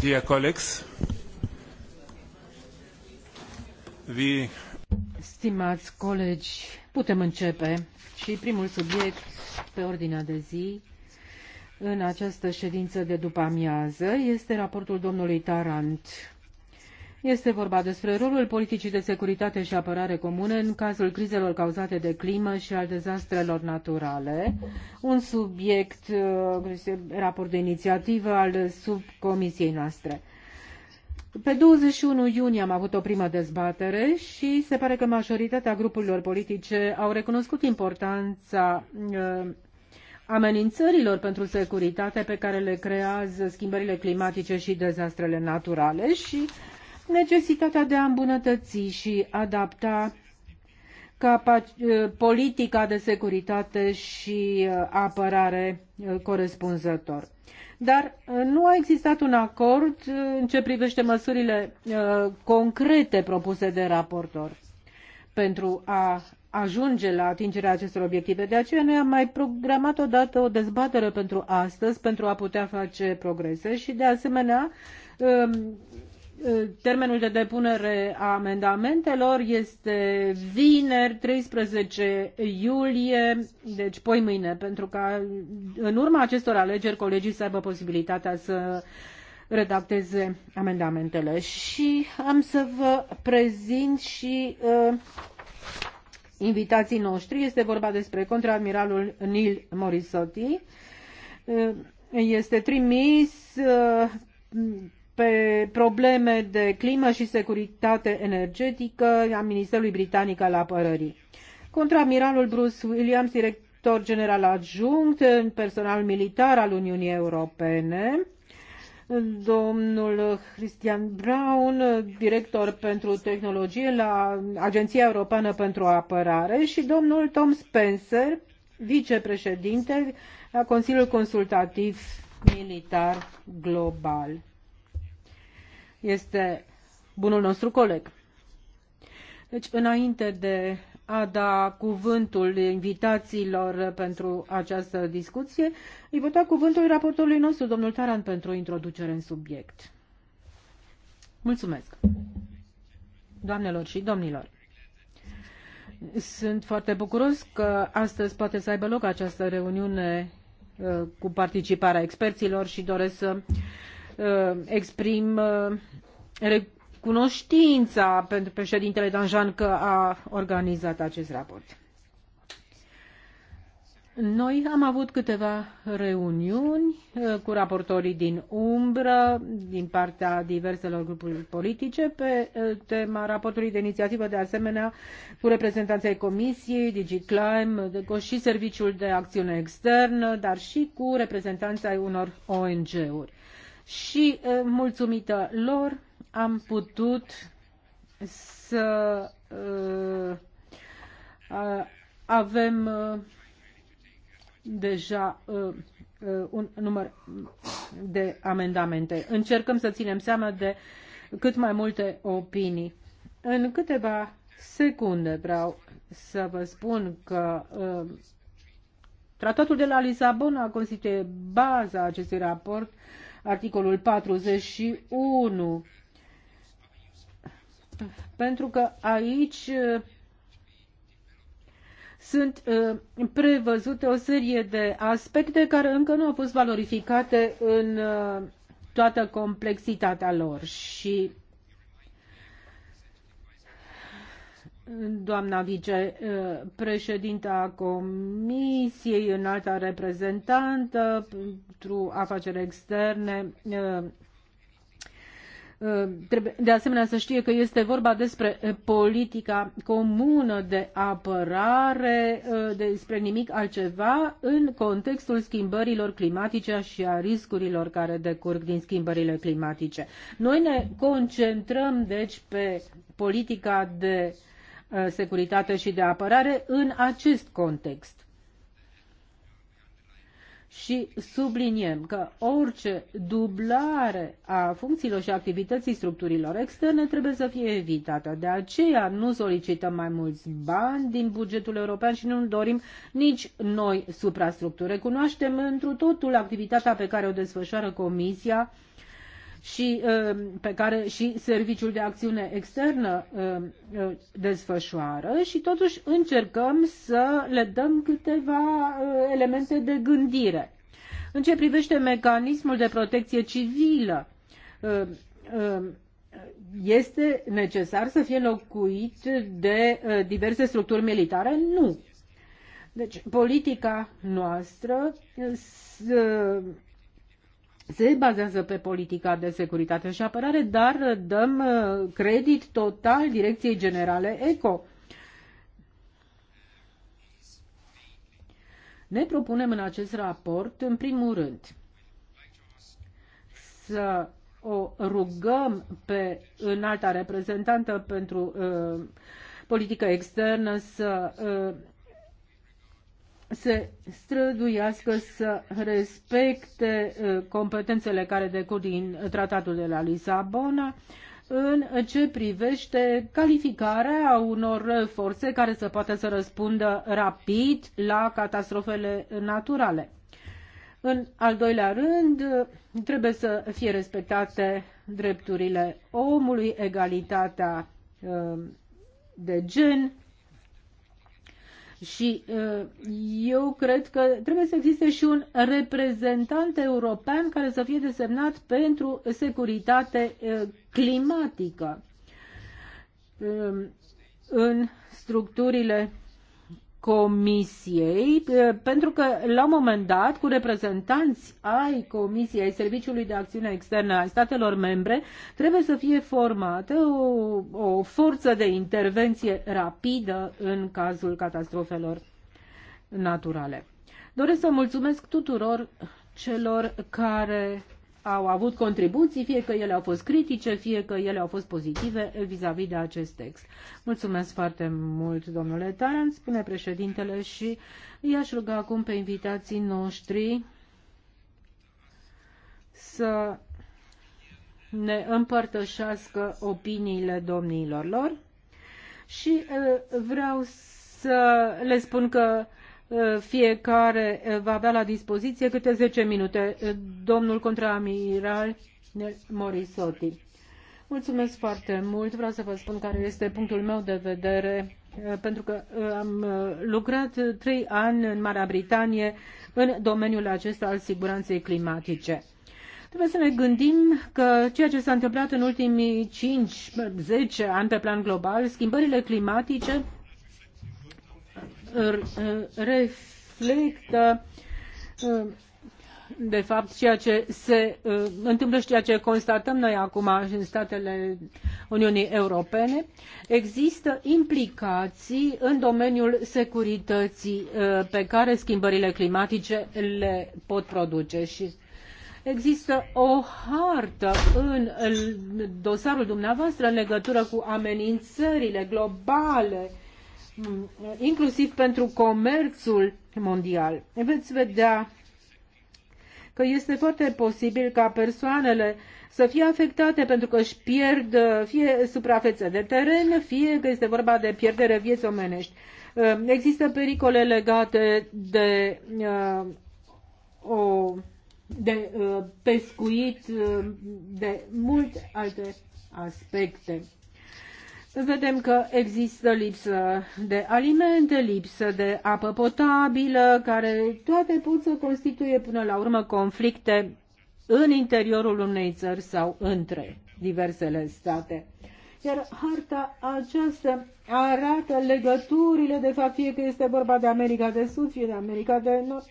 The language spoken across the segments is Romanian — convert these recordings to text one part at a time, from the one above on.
Dear colleagues, we... Stimați colegi, putem începe și primul subiect pe ordinea de zi în această ședință de după amiază este raportul domnului Tarant este vorba despre rolul politicii de securitate și apărare comune în cazul crizelor cauzate de climă și al dezastrelor naturale, un subiect, uh, raport de inițiativă al subcomisiei noastre. Pe 21 iunie am avut o primă dezbatere și se pare că majoritatea grupurilor politice au recunoscut importanța uh, amenințărilor pentru securitate pe care le creează schimbările climatice și dezastrele naturale și necesitatea de a îmbunătăți și adapta eh, politica de securitate și eh, apărare eh, corespunzător. Dar nu a existat un acord în ce privește măsurile concrete propuse de raportor pentru a ajunge la atingerea acestor obiective. De aceea noi am mai programat odată o dezbatere pentru astăzi, pentru a putea face progrese și de asemenea Termenul de depunere a amendamentelor este vineri, 13 iulie, deci poi mâine, pentru ca în urma acestor alegeri colegii să aibă posibilitatea să redacteze amendamentele. Și am să vă prezint și uh, invitații noștri. Este vorba despre contraadmiralul Neil Morisotti. Uh, este trimis uh, pe probleme de climă și securitate energetică a Ministerului Britanic al Apărării. Contramiralul Bruce Williams, director general adjunct în personal militar al Uniunii Europene, domnul Christian Brown, director pentru tehnologie la Agenția Europeană pentru Apărare și domnul Tom Spencer, vicepreședinte la Consiliul Consultativ Militar Global este bunul nostru coleg. Deci, înainte de a da cuvântul invitațiilor pentru această discuție, îi voi da cuvântul raportorului nostru, domnul Taran, pentru o introducere în subiect. Mulțumesc! Doamnelor și domnilor! Sunt foarte bucuros că astăzi poate să aibă loc această reuniune uh, cu participarea experților și doresc să Uh, exprim uh, recunoștința pentru președintele Danjan că a organizat acest raport. Noi am avut câteva reuniuni uh, cu raportorii din umbră, din partea diverselor grupuri politice, pe tema raportului de inițiativă, de asemenea, cu reprezentanții Comisiei, DigiClime, și Serviciul de Acțiune Externă, dar și cu reprezentanții unor ONG-uri și mulțumită lor am putut să avem deja un număr de amendamente. Încercăm să ținem seama de cât mai multe opinii. În câteva secunde vreau să vă spun că uh, tratatul de la Lisabona constituie baza acestui raport articolul 41. Pentru că aici uh, sunt uh, prevăzute o serie de aspecte care încă nu au fost valorificate în uh, toată complexitatea lor și doamna vicepreședinta Comisiei, înalta reprezentantă pentru afaceri externe, uh, de asemenea să știe că este vorba despre politica comună de apărare, uh, despre nimic altceva în contextul schimbărilor climatice și a riscurilor care decurg din schimbările climatice. Noi ne concentrăm deci pe politica de Uh, securitate și de apărare în acest context. Și subliniem că orice dublare a funcțiilor și activității structurilor externe trebuie să fie evitată. De aceea nu solicităm mai mulți bani din bugetul european și nu dorim nici noi suprastructuri. Recunoaștem întru totul activitatea pe care o desfășoară Comisia uh, și um, pe care și Serviciul de Acțiune Externă um, uh, desfășoară și totuși încercăm să le dăm câteva uh, elemente de gândire. În ce privește mecanismul de protecție civilă, um, este necesar să fie locuit de uh, diverse structuri militare? Nu. Deci, politica noastră se bazează pe politica de securitate și apărare, dar dăm uh, credit total Direcției Generale ECO. Ne propunem în acest raport, în primul rând, să o rugăm pe înalta reprezentantă pentru uh, politică externă să uh, se străduiască să respecte uh, competențele care decurg din tratatul de la Lisabona în ce privește calificarea unor forțe care să poată să răspundă rapid la catastrofele naturale. În al doilea rând, uh, trebuie să fie respectate drepturile omului, egalitatea uh, de gen și uh, eu cred că trebuie să existe și un reprezentant european care să fie desemnat pentru securitate uh, climatică um, în structurile Comisiei, eh, pentru că la un moment dat, cu reprezentanți ai Comisiei, ai Serviciului de Acțiune Externă ai statelor membre, trebuie să fie formată o, o forță de intervenție rapidă în cazul catastrofelor naturale. Doresc să mulțumesc tuturor celor care au avut contribuții, fie că ele au fost critice, fie că ele au fost pozitive vis-a-vis -vis de acest text. Mulțumesc foarte mult, domnule Taran, spune președintele și i-aș ruga acum pe invitații noștri să ne împărtășească opiniile domniilor lor și eh, vreau să le spun că fiecare eh, va avea la dispoziție câte 10 minute. Eh, domnul contraamiral Morisotti. Mulțumesc foarte mult. Vreau să vă spun care este punctul meu de vedere eh, pentru că am lucrat trei ani în Marea Britanie în domeniul acesta al siguranței climatice. Trebuie să ne gândim că ceea ce s-a întâmplat în ultimii 5-10 ani pe plan global, schimbările climatice, reflectă de fapt ceea ce se întâmplă și ceea ce constatăm noi acum în statele Uniunii Europene, există implicații în domeniul securității pe care schimbările climatice le pot produce și există o hartă în dosarul dumneavoastră în legătură cu amenințările globale uh, Eh, inclusiv pentru comerțul mondial. Veți vedea că este foarte posibil ca persoanele să fie afectate pentru că își pierd eh, fie suprafețe de teren, fie că este vorba de pierdere vieți omenești. Eh, există pericole legate de, o, de pescuit, de multe alte aspecte. Vedem că există lipsă de alimente, lipsă de apă potabilă, care toate pot să constituie până la urmă conflicte în interiorul unei țări sau între diversele state. Iar harta aceasta arată legăturile, de fapt, fie că este vorba de America de Sud, fie de America de Nord,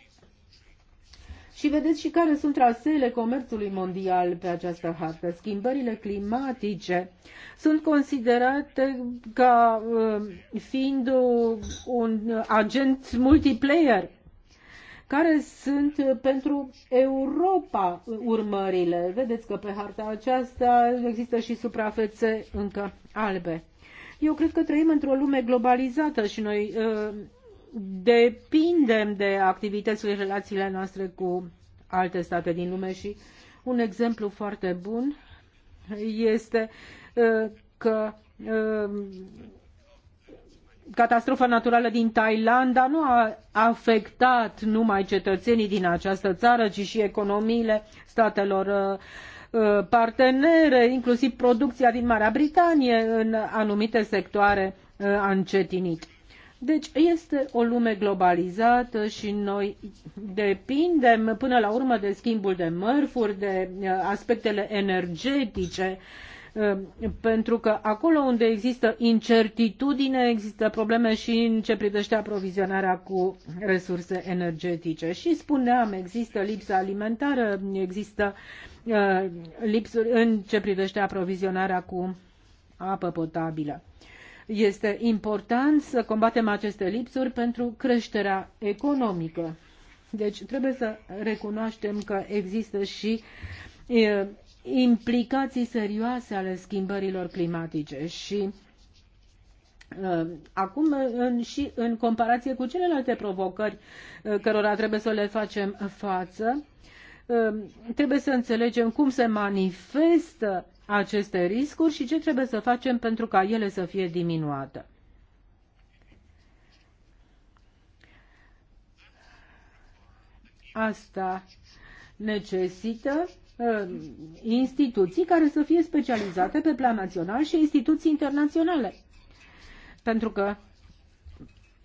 și vedeți și care sunt traseele comerțului mondial pe această hartă. Schimbările climatice sunt considerate ca uh, fiind un agent multiplayer care sunt pentru Europa urmările. Vedeți că pe harta aceasta există și suprafețe încă albe. Eu cred că trăim într-o lume globalizată și noi uh, depindem de activitățile relațiile noastre cu alte state din lume și un exemplu foarte bun este uh, că uh, catastrofa naturală din Thailanda nu a afectat numai cetățenii din această țară, ci și economiile statelor uh, partenere, inclusiv producția din Marea Britanie în anumite sectoare a încetinit. Deci este o lume globalizată și noi depindem până la urmă de schimbul de mărfuri, de uh, aspectele energetice, uh, pentru că acolo unde există incertitudine, există probleme și în ce privește aprovizionarea cu resurse energetice. Și spuneam, există lipsa alimentară, există uh, lipsuri în ce privește aprovizionarea cu apă potabilă. Este important să combatem aceste lipsuri pentru creșterea economică. Deci trebuie să recunoaștem că există și e, implicații serioase ale schimbărilor climatice și Acum în, și în comparație cu celelalte provocări cărora trebuie să le facem față, trebuie să înțelegem cum se manifestă aceste riscuri și ce trebuie să facem pentru ca ele să fie diminuate. Asta necesită uh, instituții care să fie specializate pe plan național și instituții internaționale. Pentru că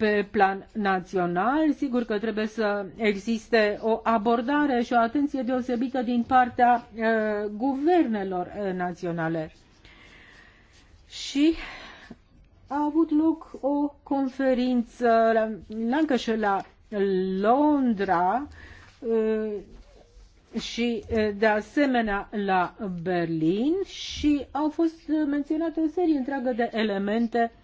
pe plan național, sigur că trebuie să existe o abordare și o atenție deosebită din partea uh, guvernelor uh, naționale. Și a avut loc o conferință la Lancashire, la Londra uh, și uh, de asemenea la Berlin și au fost uh, menționate o serie întreagă de elemente uh,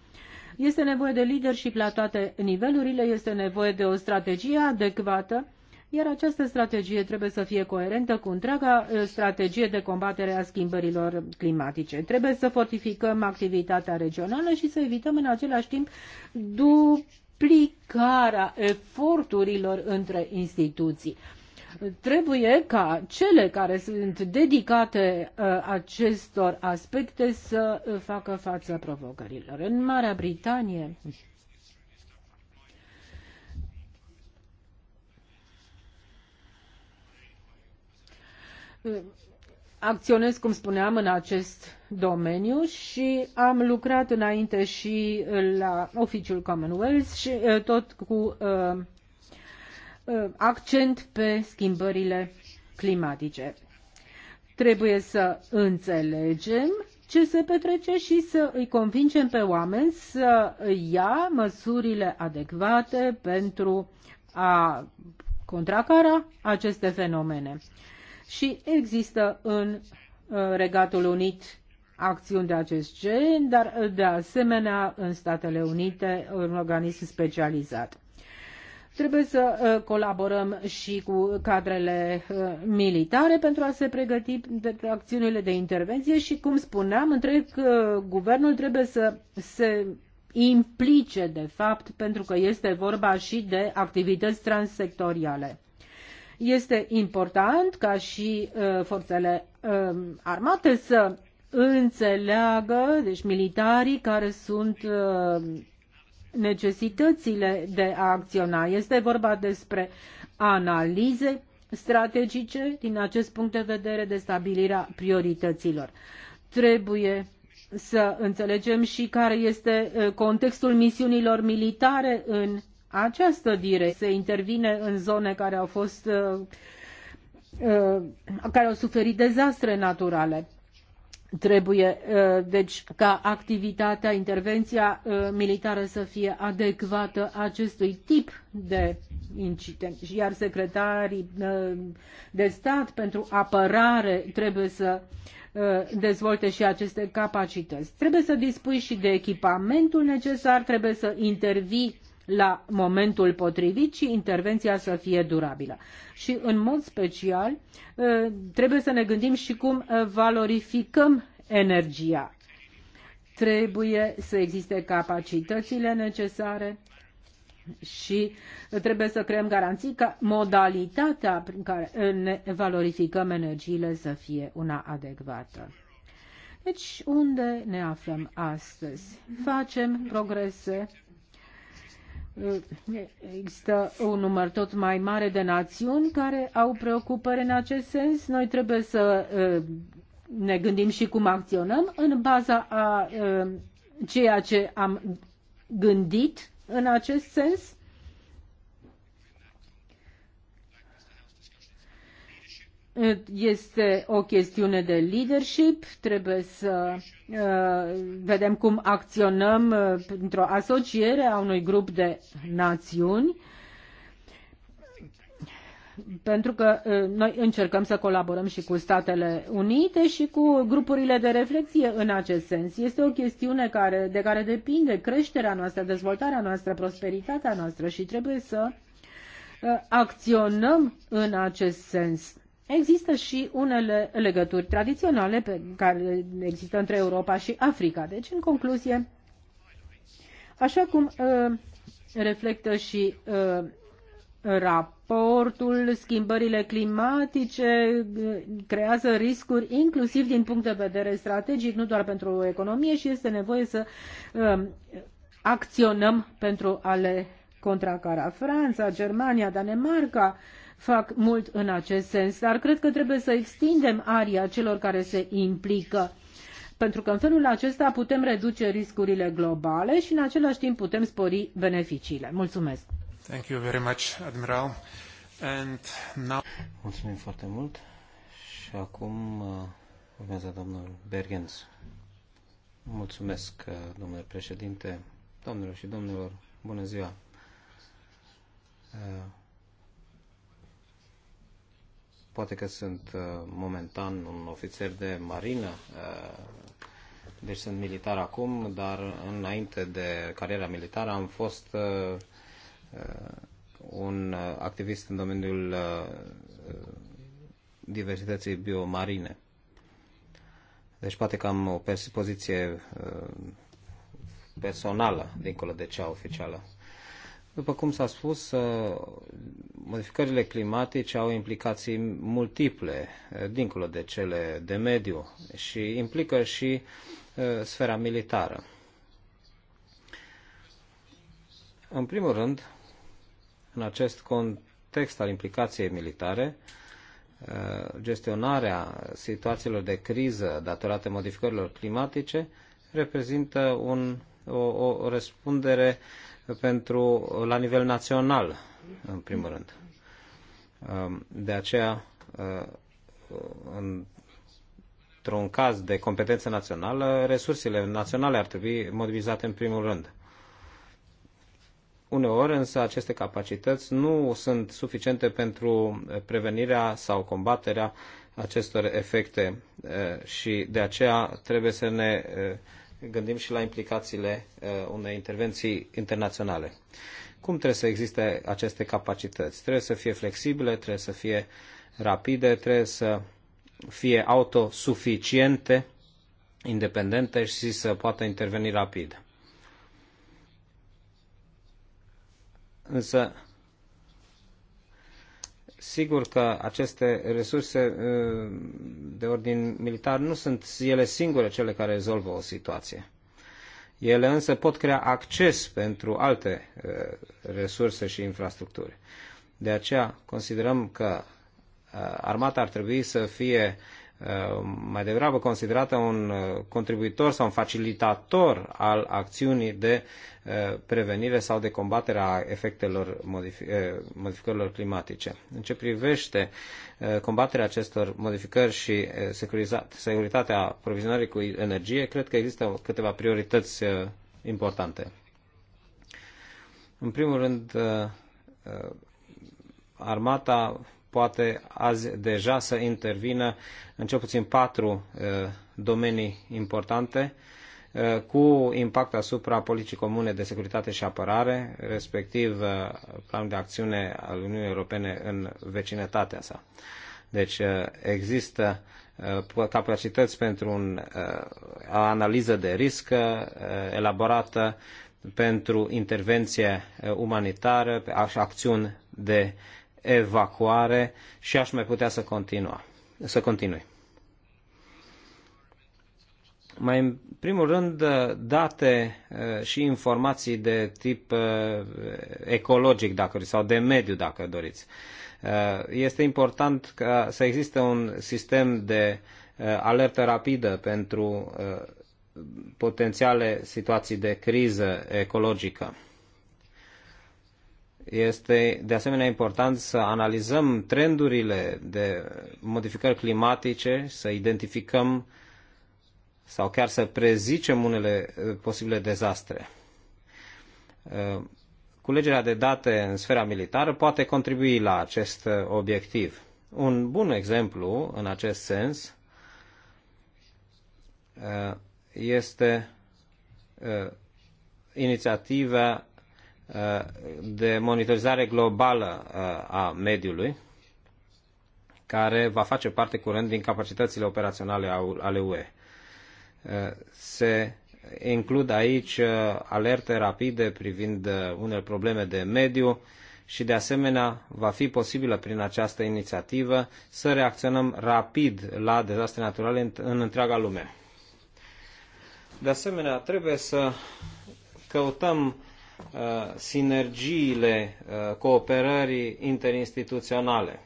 este nevoie de leadership la toate nivelurile, este nevoie de o strategie adecvată, iar această strategie trebuie să fie coerentă cu întreaga strategie de combatere a schimbărilor climatice. Trebuie să fortificăm activitatea regională și să evităm în același timp duplicarea eforturilor între instituții. Trebuie ca cele care sunt dedicate uh, acestor aspecte să uh, facă față provocărilor. În Marea Britanie, uh, acționez, cum spuneam, în acest domeniu și am lucrat înainte și la oficiul Commonwealth și tot cu Uh, accent pe schimbările climatice. Trebuie să înțelegem ce se petrece și să îi convingem pe oameni să ia măsurile adecvate pentru a contracara aceste fenomene. Și există în uh, Regatul Unit acțiuni de acest gen, dar uh, de asemenea în Statele Unite un organism specializat. Trebuie să uh, colaborăm și cu cadrele uh, militare pentru a se pregăti pentru acțiunile de intervenție și, cum spuneam, întreg uh, guvernul trebuie să se implice, de fapt, pentru că este vorba și de activități transsectoriale. Este important ca și uh, forțele uh, armate să înțeleagă, deci militarii care sunt uh, necesitățile de a acționa. Este vorba despre analize strategice din acest punct de vedere de stabilirea priorităților. Trebuie să înțelegem și care este uh, contextul misiunilor militare în această direcție. Se intervine în zone care au fost uh, uh, care au suferit dezastre naturale. Trebuie, uh, deci, ca activitatea, intervenția uh, militară să fie adecvată acestui tip de incident. Iar secretarii uh, de stat pentru apărare trebuie să dezvolte și aceste capacități. Trebuie să dispui și de echipamentul necesar, trebuie să intervii la momentul potrivit și intervenția să fie durabilă. Și în mod special ă, trebuie să ne gândim și cum ă, valorificăm energia. Trebuie să existe capacitățile necesare, și ă, trebuie să creăm garanții ca modalitatea prin care ne valorificăm energiile să fie una adecvată. Deci, unde ne aflăm astăzi? Facem progrese Există un număr tot mai mare de națiuni care au preocupări în acest sens. Noi trebuie să ne gândim și cum acționăm în baza a ceea ce am gândit în acest sens este o chestiune de leadership, trebuie să uh, vedem cum acționăm uh, într-o asociere a unui grup de națiuni, pentru că uh, noi încercăm să colaborăm și cu Statele Unite și cu grupurile de reflexie în acest sens. Este o chestiune care, de care depinde creșterea noastră, dezvoltarea noastră, prosperitatea noastră și trebuie să uh, acționăm în acest sens Există și unele legături tradiționale pe care există între Europa și Africa. Deci, în concluzie, așa cum uh, reflectă și uh, raportul, schimbările climatice uh, creează riscuri inclusiv din punct de vedere strategic, nu doar pentru economie și este nevoie să uh, acționăm pentru a le contracara. Franța, Germania, Danemarca, uh, fac mult în acest sens, dar cred că trebuie să extindem aria celor care se implică pentru că în felul acesta putem reduce riscurile globale și în același timp putem spori beneficiile. Mulțumesc! Thank you very much, Admiral. And now... Mulțumim foarte mult și acum uh, urmează domnul Bergens. Mulțumesc, uh, domnule președinte, domnilor și domnilor, bună ziua! Uh, Poate că sunt uh, momentan un ofițer de marină, uh, deci sunt militar acum, dar înainte de cariera militară am fost uh, un activist în domeniul diversității biomarine. Deci poate că am o poziție personală dincolo de cea oficială. După cum s-a spus, uh, modificările climatice au implicații multiple, uh, dincolo de cele de mediu, și implică și uh, sfera militară. În primul rând, în acest context al implicației militare, gestionarea situațiilor de criză datorate modificărilor climatice reprezintă un, o, o răspundere uh, pentru, la nivel național, în primul rând. Um, de aceea, uh, într-un caz de competență națională, resursele naționale ar trebui mobilizate în primul rând. Uneori însă aceste capacități nu sunt suficiente pentru prevenirea sau combaterea acestor efecte uh, și de aceea trebuie să ne uh, gândim și la implicațiile uh, unei intervenții internaționale. Cum trebuie să existe aceste capacități? Trebuie să fie flexibile, trebuie să fie rapide, trebuie să fie autosuficiente, independente și să poată interveni rapid. Însă, Sigur că aceste resurse uh, de ordin militar nu sunt ele singure cele care rezolvă o situație. Ele însă pot crea acces pentru alte uh, resurse și infrastructuri. De aceea considerăm că uh, armata ar trebui să fie uh, Uh, mai degrabă considerată un uh, contribuitor sau un facilitator al acțiunii de uh, prevenire sau de combatere a efectelor modificărilor climatice. În ce privește combaterea acestor modificări și securitatea aprovizionării cu energie, cred că există câteva priorități importante. În primul rând, armata poate azi deja să intervină în cel puțin patru uh, domenii importante uh, cu impact asupra politicii comune de securitate și apărare, respectiv uh, planul de acțiune al Uniunii Europene în vecinătatea sa. Deci există capacități pentru un, o analiză de risc elaborată pentru intervenție umanitară și acțiuni de evacuare și aș mai putea să, continua, să continui. Mai în primul rând, date eh, și informații de tip eh, ecologic, dacă doriți, sau de mediu, dacă doriți. Eh, este important ca să existe un sistem de alertă rapidă pentru potențiale situații de criză ecologică este de asemenea important să analizăm trendurile de modificări climatice, să identificăm sau chiar să prezicem unele uh, posibile dezastre. Uh, culegerea de date în sfera militară poate contribui la acest uh, obiectiv. Un bun exemplu în acest sens este inițiativa Uh, de monitorizare globală uh, a mediului, care va face parte curând din capacitățile operaționale ale UE. Uh, se includ aici alerte rapide privind unele probleme de mediu și de asemenea va fi posibilă prin această inițiativă să reacționăm rapid la dezastre naturale în întreaga lume. De asemenea, trebuie să căutăm Uh, sinergiile uh, cooperării interinstituționale.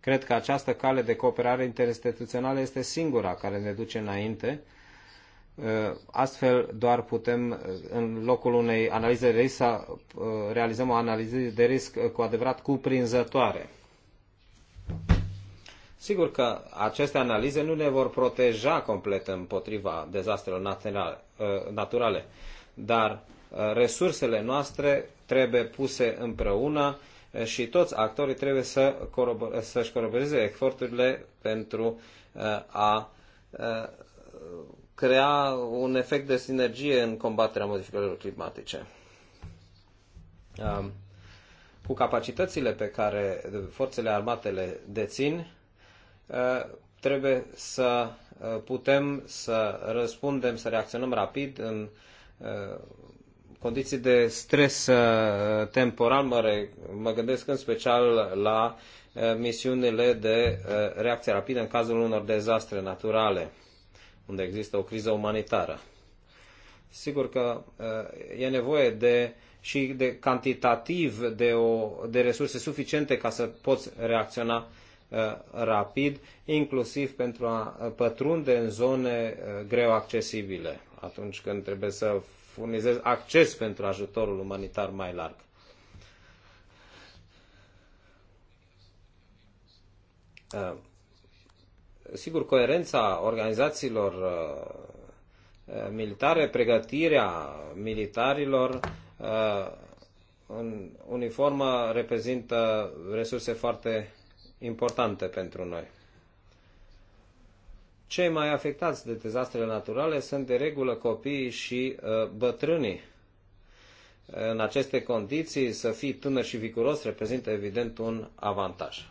Cred că această cale de cooperare interinstituțională este singura care ne duce înainte. Uh, astfel doar putem, în locul unei analize de risc, să realizăm o analiză de risc cu adevărat cuprinzătoare. Sigur că aceste analize nu ne vor proteja complet împotriva dezastrelor naturale, dar Uh, resursele noastre trebuie puse împreună uh, și toți actorii trebuie să corobor, să-și coroboreze eforturile pentru uh, a crea un efect de sinergie în combaterea modificărilor climatice. Um, cu capacitățile pe care forțele armate le dețin, trebuie să putem să răspundem, să reacționăm rapid în condiții de stres uh, temporal, mă, re, mă gândesc în special la uh, misiunile de uh, reacție rapidă în cazul unor dezastre naturale, unde există o criză umanitară. Sigur că e nevoie de și de cantitativ de, o, de resurse suficiente ca să poți reacționa rapid, inclusiv pentru a pătrunde în zone greu accesibile atunci când trebuie să furnizez acces pentru ajutorul umanitar mai larg. Uh, sigur, coerența organizațiilor uh, uh, militare, pregătirea militarilor în uniformă reprezintă resurse foarte importante pentru noi. Cei mai afectați de dezastrele naturale sunt de regulă copiii și uh, bătrânii. În aceste condiții, să fii tânăr și vigoros reprezintă evident un avantaj.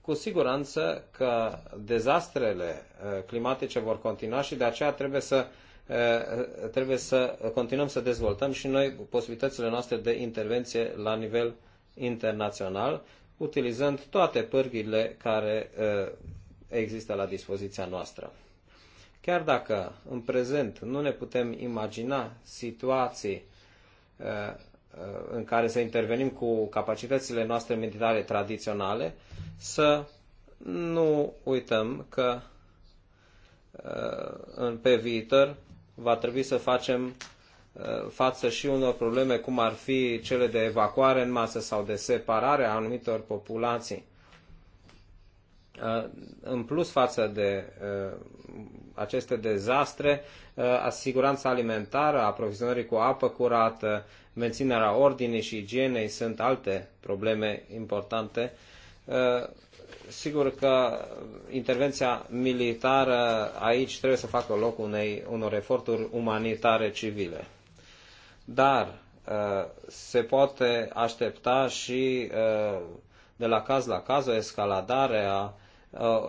cu siguranță că dezastrele uh, climatice vor continua și de aceea trebuie să, uh, trebuie să continuăm să dezvoltăm și noi posibilitățile noastre de intervenție la nivel internațional utilizând toate pârghile care uh, există la dispoziția noastră. Chiar dacă în prezent nu ne putem imagina situații uh, uh, în care să intervenim cu capacitățile noastre militare tradiționale, să nu uităm că în pe viitor va trebui să facem Uh, față și unor probleme cum ar fi cele de evacuare în masă sau de separare a anumitor populații. Uh, în plus față de uh, aceste dezastre, asiguranța alimentară, aprovizionării cu apă curată, menținerea ordinii și igienei sunt alte probleme importante. Sigur că intervenția militară aici trebuie să facă loc unei, unor eforturi umanitare civile dar uh, se poate aștepta și uh, de la caz la caz o escaladare a, a,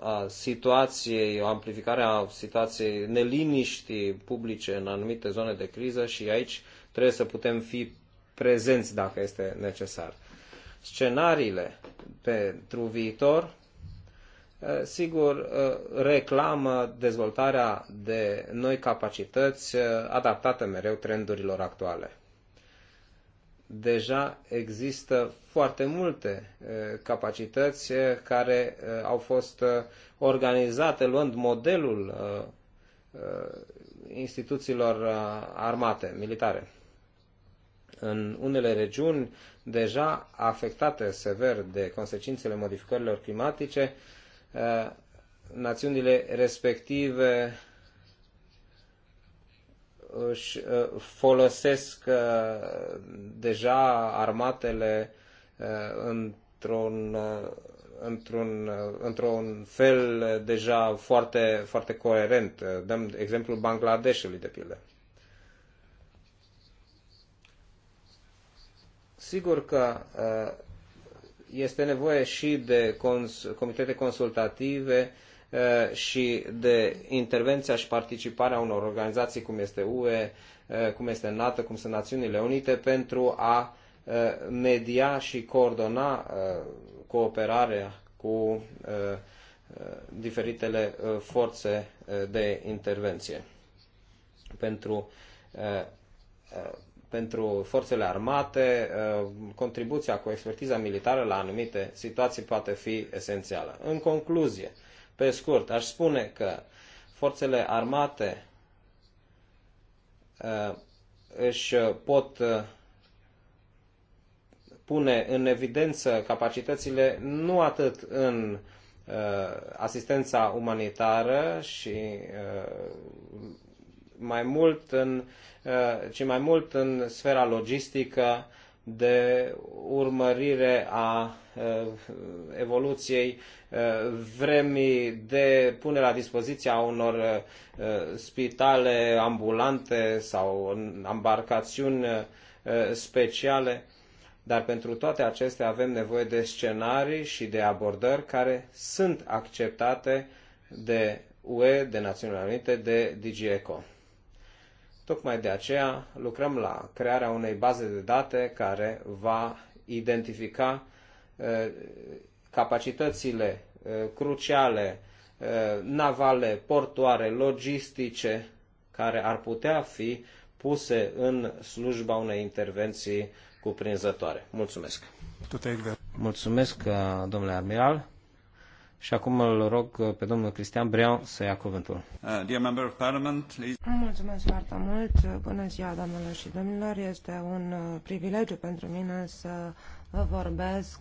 a situației, o amplificare a situației neliniștii publice în anumite zone de criză și aici trebuie să putem fi prezenți dacă este necesar. Scenariile pentru viitor Eh, sigur, eh, reclamă dezvoltarea de noi capacități eh, adaptate mereu trendurilor actuale. Deja există foarte multe capacități care au fost organizate luând modelul instituțiilor armate, militare. În unele regiuni deja afectate sever de consecințele modificărilor climatice, Uh, națiunile respective își uh, folosesc uh, deja armatele într-un într-un, într fel deja foarte, foarte coerent. Dăm exemplul Bangladeshului, de pildă. Sigur că este nevoie și de cons- comitete consultative uh, și de intervenția și participarea unor organizații cum este UE, uh, cum este NATO, cum sunt Națiunile Unite, pentru a uh, media și coordona cooperarea cu diferitele forțe de intervenție. Pentru pentru forțele armate, uh, contribuția cu expertiza militară la anumite situații poate fi esențială. În concluzie, pe scurt, aș spune că forțele armate uh, își pot uh, pune în evidență capacitățile nu atât în asistența umanitară și mai mult în, uh, ci mai mult în sfera logistică de urmărire a uh, evoluției uh, vremii de pune la dispoziția unor spitale ambulante sau embarcațiuni speciale. Dar pentru toate acestea avem nevoie de scenarii și de abordări care sunt acceptate de UE, de Națiunile Unite, de DGECO. Tocmai de aceea lucrăm la crearea unei baze de date care va identifica uh, capacitățile uh, cruciale, uh, navale, portoare, logistice, care ar putea fi puse în slujba unei intervenții cuprinzătoare. Mulțumesc! Mulțumesc, domnule admiral. Și acum îl rog pe domnul Cristian Breau să ia cuvântul. Uh, mulțumesc foarte mult. Bună ziua, doamnelor și domnilor. Este un uh, privilegiu pentru mine să vă uh, vorbesc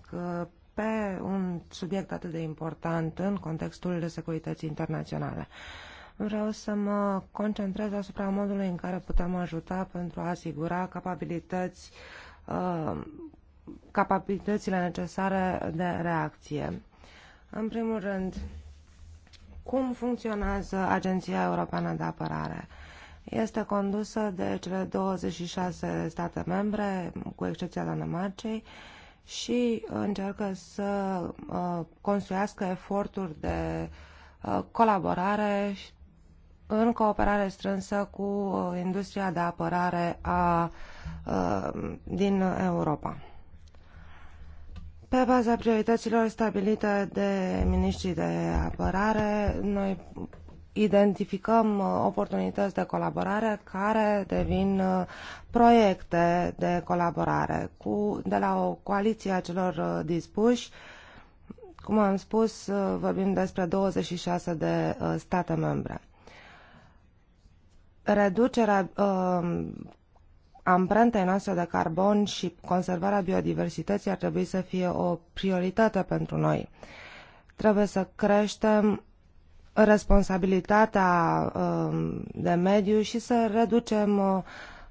pe un subiect atât de important în contextul de securității internaționale. Vreau să mă concentrez asupra modului în care putem ajuta pentru a asigura capabilități, capabilitățile necesare de reacție în primul rând, cum funcționează Agenția Europeană de Apărare? Este condusă de cele 26 state membre, cu excepția Danemarcei, și încearcă să uh, construiască eforturi de uh, colaborare în cooperare strânsă cu uh, industria de apărare a, din Europa. Pe baza priorităților stabilite de ministrii de apărare, noi identificăm uh, oportunități de colaborare care devin uh, proiecte de colaborare cu, de la o coaliție a celor uh, dispuși. Cum am spus, vorbim despre 26 de state membre reducerea uh, amprentei noastre de carbon și conservarea biodiversității ar trebui să fie o prioritate pentru noi. Trebuie să creștem responsabilitatea um, de mediu și să reducem uh,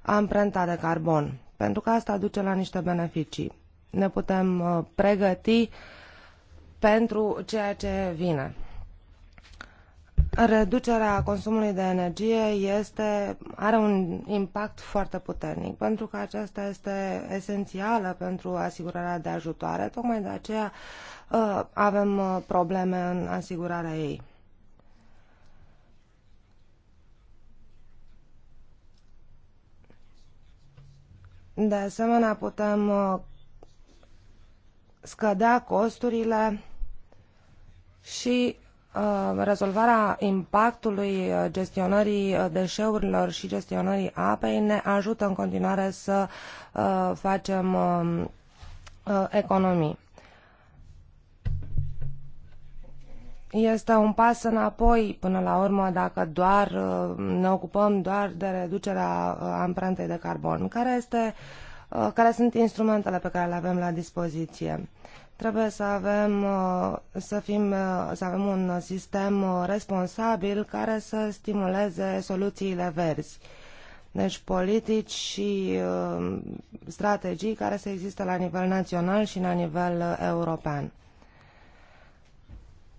amprenta de carbon, pentru că asta duce la niște beneficii. Ne putem uh, pregăti pentru ceea ce vine. Reducerea consumului de energie este, are un impact foarte puternic, pentru că aceasta este esențială pentru asigurarea de ajutoare, tocmai de aceea uh, avem uh, probleme în asigurarea ei. De asemenea, putem uh, scădea costurile și Uh, rezolvarea impactului uh, gestionării uh, deșeurilor și gestionării apei ne ajută în continuare să facem um, economii. Este un pas înapoi până la urmă dacă doar ne ocupăm doar de reducerea amprentei de carbon. Care, este, care sunt instrumentele pe care le avem la dispoziție? Trebuie să avem, uh, să, fim, uh, să avem un sistem uh, responsabil care să stimuleze soluțiile verzi. Deci politici și strategii care să existe la nivel național și la nivel european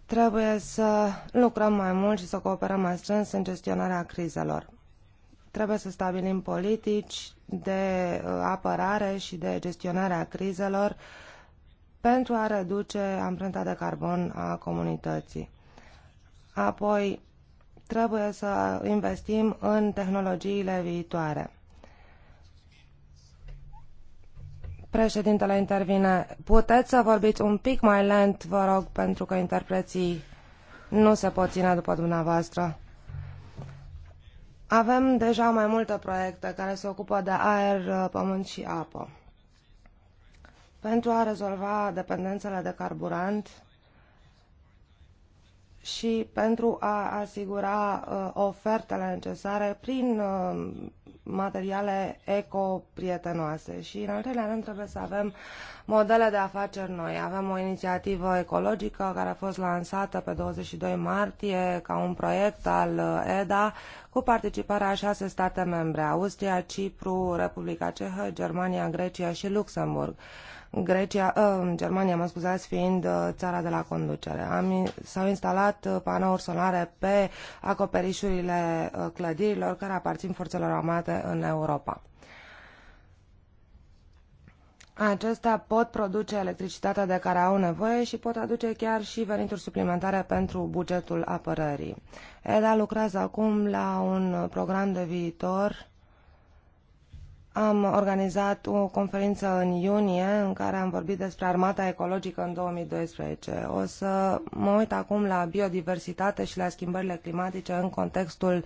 trebuie să lucrăm mai mult și să cooperăm mai strâns în gestionarea crizelor. Trebuie să stabilim politici de apărare și de gestionare a crizelor pentru a reduce amprenta de carbon a comunității. Apoi, trebuie să investim în tehnologiile viitoare. Președintele intervine. Puteți să vorbiți un pic mai lent, vă rog, pentru că interpreții nu se pot ține după dumneavoastră. Avem deja mai multe proiecte care se ocupă de aer, pământ și apă pentru a rezolva dependențele de carburant și pentru a asigura uh, ofertele necesare prin uh, materiale eco-prietenoase. Și, în al treilea rând, trebuie să avem modele de afaceri noi. Avem o inițiativă ecologică care a fost lansată pe 22 martie ca un proiect al uh, EDA cu participarea a șase state membre, Austria, Cipru, Republica Cehă, Germania, Grecia și Luxemburg. Uh, Grecia, uh, Germania, mă scuzați, fiind uh, țara de la conducere. Am, s-au instalat uh, panouri solare pe acoperișurile uh, clădirilor care aparțin forțelor armate în Europa. Acestea pot produce electricitatea de care au nevoie și pot aduce chiar și venituri suplimentare pentru bugetul apărării. EDA lucrează acum la un program de viitor am organizat o conferință în iunie în care am vorbit despre armata ecologică în 2012. O să mă uit acum la biodiversitate și la schimbările climatice în contextul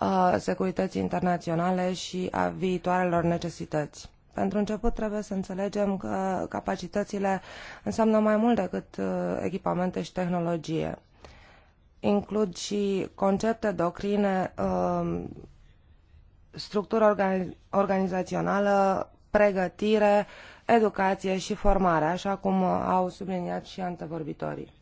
uh, securității internaționale și a viitoarelor necesități. Pentru început trebuie să înțelegem că capacitățile înseamnă mai mult decât uh, echipamente și tehnologie includ și concepte, doctrine, structură organ organizațională, pregătire, educație și formare, așa cum au subliniat și antevorbitorii.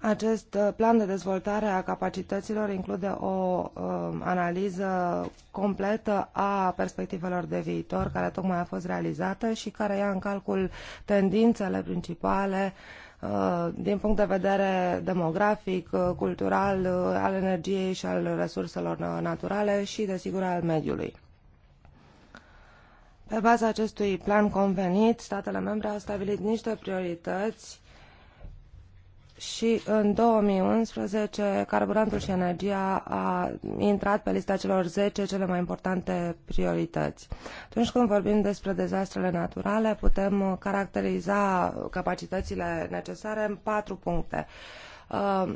Acest uh, plan de dezvoltare a capacităților include o uh, analiză completă a perspectivelor de viitor care tocmai a fost realizată și care ia în calcul tendințele principale uh, Uh, din punct de vedere demografic, uh, cultural, uh, al energiei și al resurselor naturale și, desigur, al mediului. Pe baza acestui plan convenit, statele membre au stabilit niște priorități și în 2011 carburantul și energia a intrat pe lista celor 10 cele mai importante priorități. Atunci când vorbim despre dezastrele naturale, putem caracteriza capacitățile necesare în patru puncte. Uh,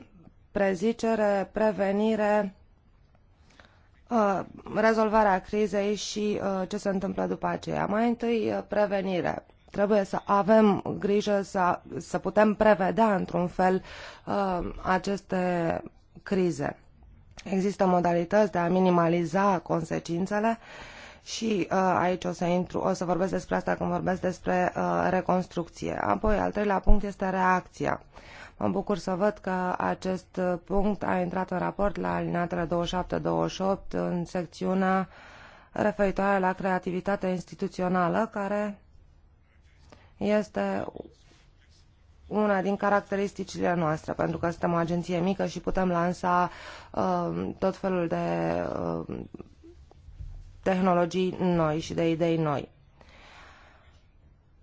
prezicere, prevenire, uh, rezolvarea crizei și uh, ce se întâmplă după aceea. Mai întâi, prevenire. Trebuie să avem grijă să, să putem prevedea într-un fel uh, aceste crize. Există modalități de a minimaliza consecințele și uh, aici o să intru, o să vorbesc despre asta când vorbesc despre uh, reconstrucție. Apoi, al treilea punct este reacția. Mă bucur să văd că acest punct a intrat în raport la alineatele 27-28 în secțiunea referitoare la creativitatea instituțională, care este una din caracteristicile noastre, pentru că suntem o agenție mică și putem lansa uh, tot felul de uh, tehnologii noi și de idei noi.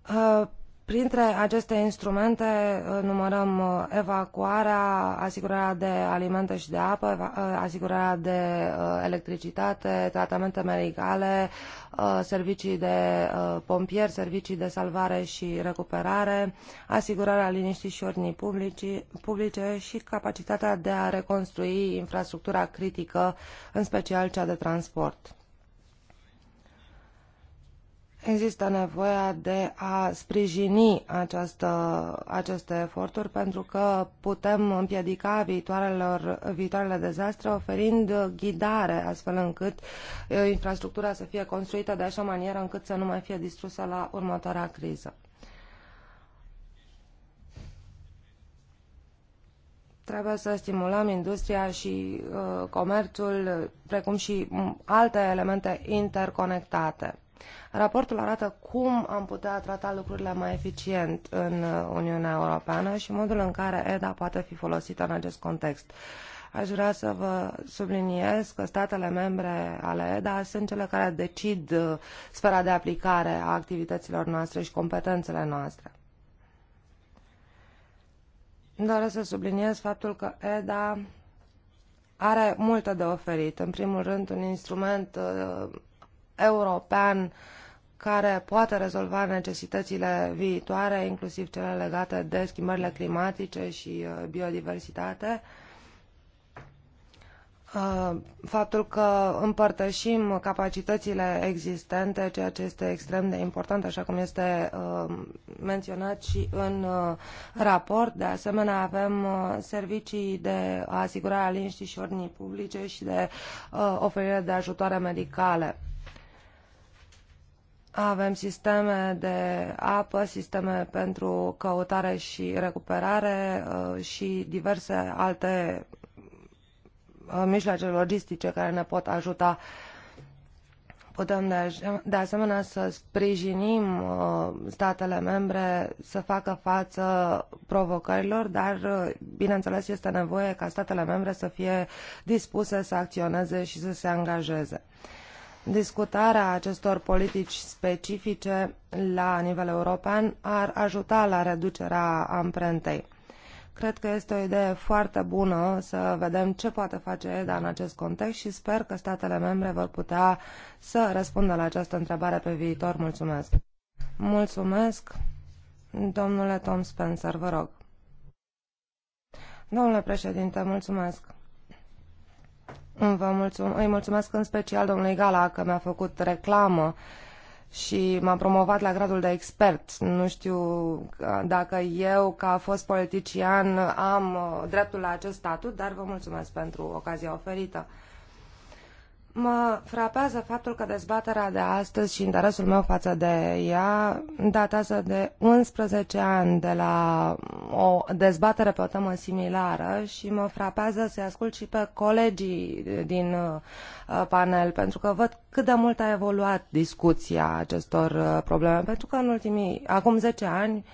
Uh, Printre aceste instrumente uh, numărăm uh, evacuarea, asigurarea de alimente și de apă, uh, asigurarea de electricitate, tratamente medicale, servicii de pompieri, servicii de salvare și recuperare, asigurarea liniștii și ordinii publice și capacitatea de a reconstrui infrastructura critică, în special cea de transport. Există nevoia de a sprijini această, aceste eforturi pentru că putem împiedica viitoarelor, viitoarele dezastre oferind ghidare astfel încât uh, infrastructura să fie construită de așa manieră încât să nu mai fie distrusă la următoarea criză. trebuie să stimulăm industria și uh, comerțul, precum și alte elemente interconectate. Raportul arată cum am putea trata lucrurile mai eficient în uh, Uniunea Europeană și modul în care EDA poate fi folosită în acest context. Aș vrea să vă subliniez că statele membre ale EDA sunt cele care decid uh, sfera de aplicare a activităților noastre și competențele noastre. Doresc să subliniez faptul că EDA are multe de oferit. În primul rând, un instrument uh, european care poate rezolva necesitățile viitoare, inclusiv cele legate de schimbările climatice și uh, biodiversitate. Uh, faptul că împărtășim capacitățile existente, ceea ce este extrem de important, așa cum este uh, menționat și în raport. De asemenea, avem servicii de asigurare a liniștii și ordinii publice și de oferire de ajutoare medicale avem sisteme de apă, sisteme pentru căutare și recuperare uh, și diverse alte uh, mijloace logistice care ne pot ajuta. Putem de asemenea să sprijinim uh, statele membre să facă față provocărilor, dar bineînțeles este nevoie ca statele membre să fie dispuse să acționeze și să se angajeze discutarea acestor politici specifice la nivel european ar ajuta la reducerea amprentei. Cred că este o idee foarte bună să vedem ce poate face EDA în acest context și sper că statele membre vor putea să răspundă la această întrebare pe viitor. Mulțumesc! Mulțumesc, domnule Tom Spencer, vă rog. Domnule președinte, mulțumesc. Vă mulțum- îi mulțumesc în special domnului Gala că mi-a făcut reclamă și m-a promovat la gradul de expert. Nu știu dacă eu, ca fost politician, am uh, dreptul la acest statut, dar vă mulțumesc pentru ocazia oferită. Mă frapează faptul că dezbaterea de astăzi și interesul meu față de ea datează de 11 ani de la o dezbatere pe o temă similară și mă frapează să-i ascult și pe colegii din uh, panel, pentru că văd cât de mult a evoluat discuția acestor uh, probleme, pentru că în ultimii, acum 10 ani,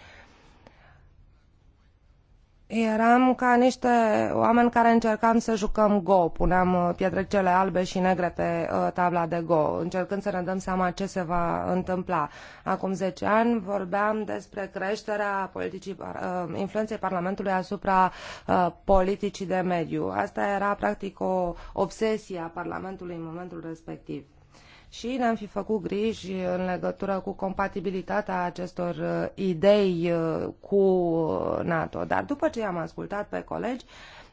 Eram ca niște oameni care încercam să jucăm Go, puneam uh, pietrecele albe și negre pe uh, tabla de Go, încercând să ne dăm seama ce se va întâmpla. Acum 10 ani vorbeam despre creșterea politicii, uh, influenței Parlamentului asupra politicii de mediu. Asta era practic o obsesie a Parlamentului în momentul respectiv și ne-am fi făcut griji în legătură cu compatibilitatea acestor uh, idei uh, cu uh, NATO. Dar după ce am ascultat pe colegi,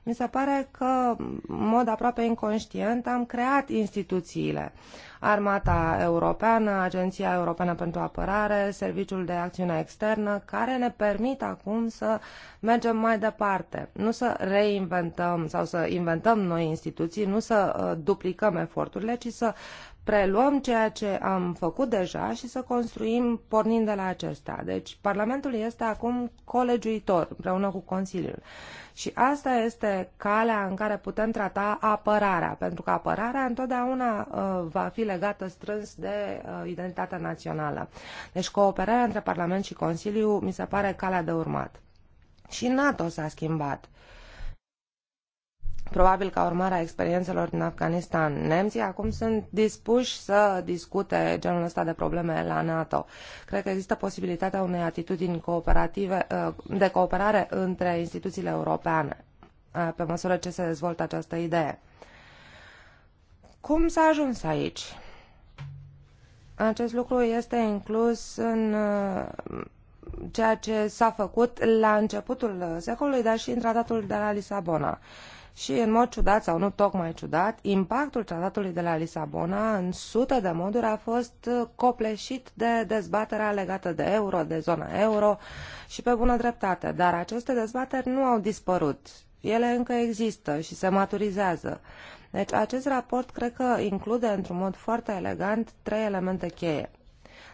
mi se pare că, în mod aproape inconștient, am creat instituțiile. Armata Europeană, Agenția Europeană pentru Apărare, Serviciul de Acțiune Externă, care ne permit acum să mergem mai departe. Nu să reinventăm sau să inventăm noi instituții, nu să duplicăm eforturile, ci să preluăm ceea ce am făcut deja și să construim pornind de la acesta. Deci Parlamentul este acum colegiuitor împreună cu Consiliul. Și asta este calea în care putem trata apărarea, pentru că apărarea întotdeauna uh, va fi legată strâns de uh, identitatea națională. Deci cooperarea între Parlament și Consiliu mi se pare calea de urmat. Și NATO s-a schimbat probabil ca urmare a experiențelor din Afganistan. Nemții acum sunt dispuși să discute genul ăsta de probleme la NATO. Cred că există posibilitatea unei atitudini cooperative, uh, de cooperare între instituțiile europene uh, pe măsură ce se dezvoltă această idee. Cum s-a ajuns aici? Acest lucru este inclus în uh, ceea ce s-a făcut la începutul secolului, dar și în tratatul de la Lisabona și, în mod ciudat sau nu tocmai ciudat, impactul tratatului de la Lisabona în sute de moduri a fost uh, copleșit de dezbaterea legată de euro, de zona euro și pe bună dreptate. Dar aceste dezbateri nu au dispărut. Ele încă există și se maturizează. Deci acest raport cred că include într-un mod foarte elegant trei elemente cheie.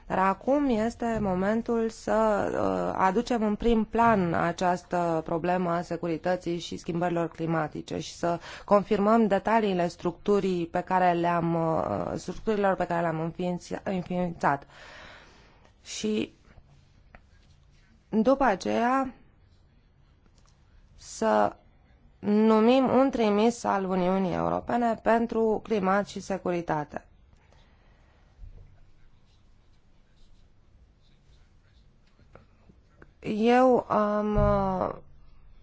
Dar acum este momentul să uh, aducem în prim plan această problemă a securității și schimbărilor climatice și să confirmăm detaliile structurii pe care le-am, uh, structurilor pe care le-am înființat. Și după aceea să numim un trimis al Uniunii Europene pentru climat și securitate. Eu am uh,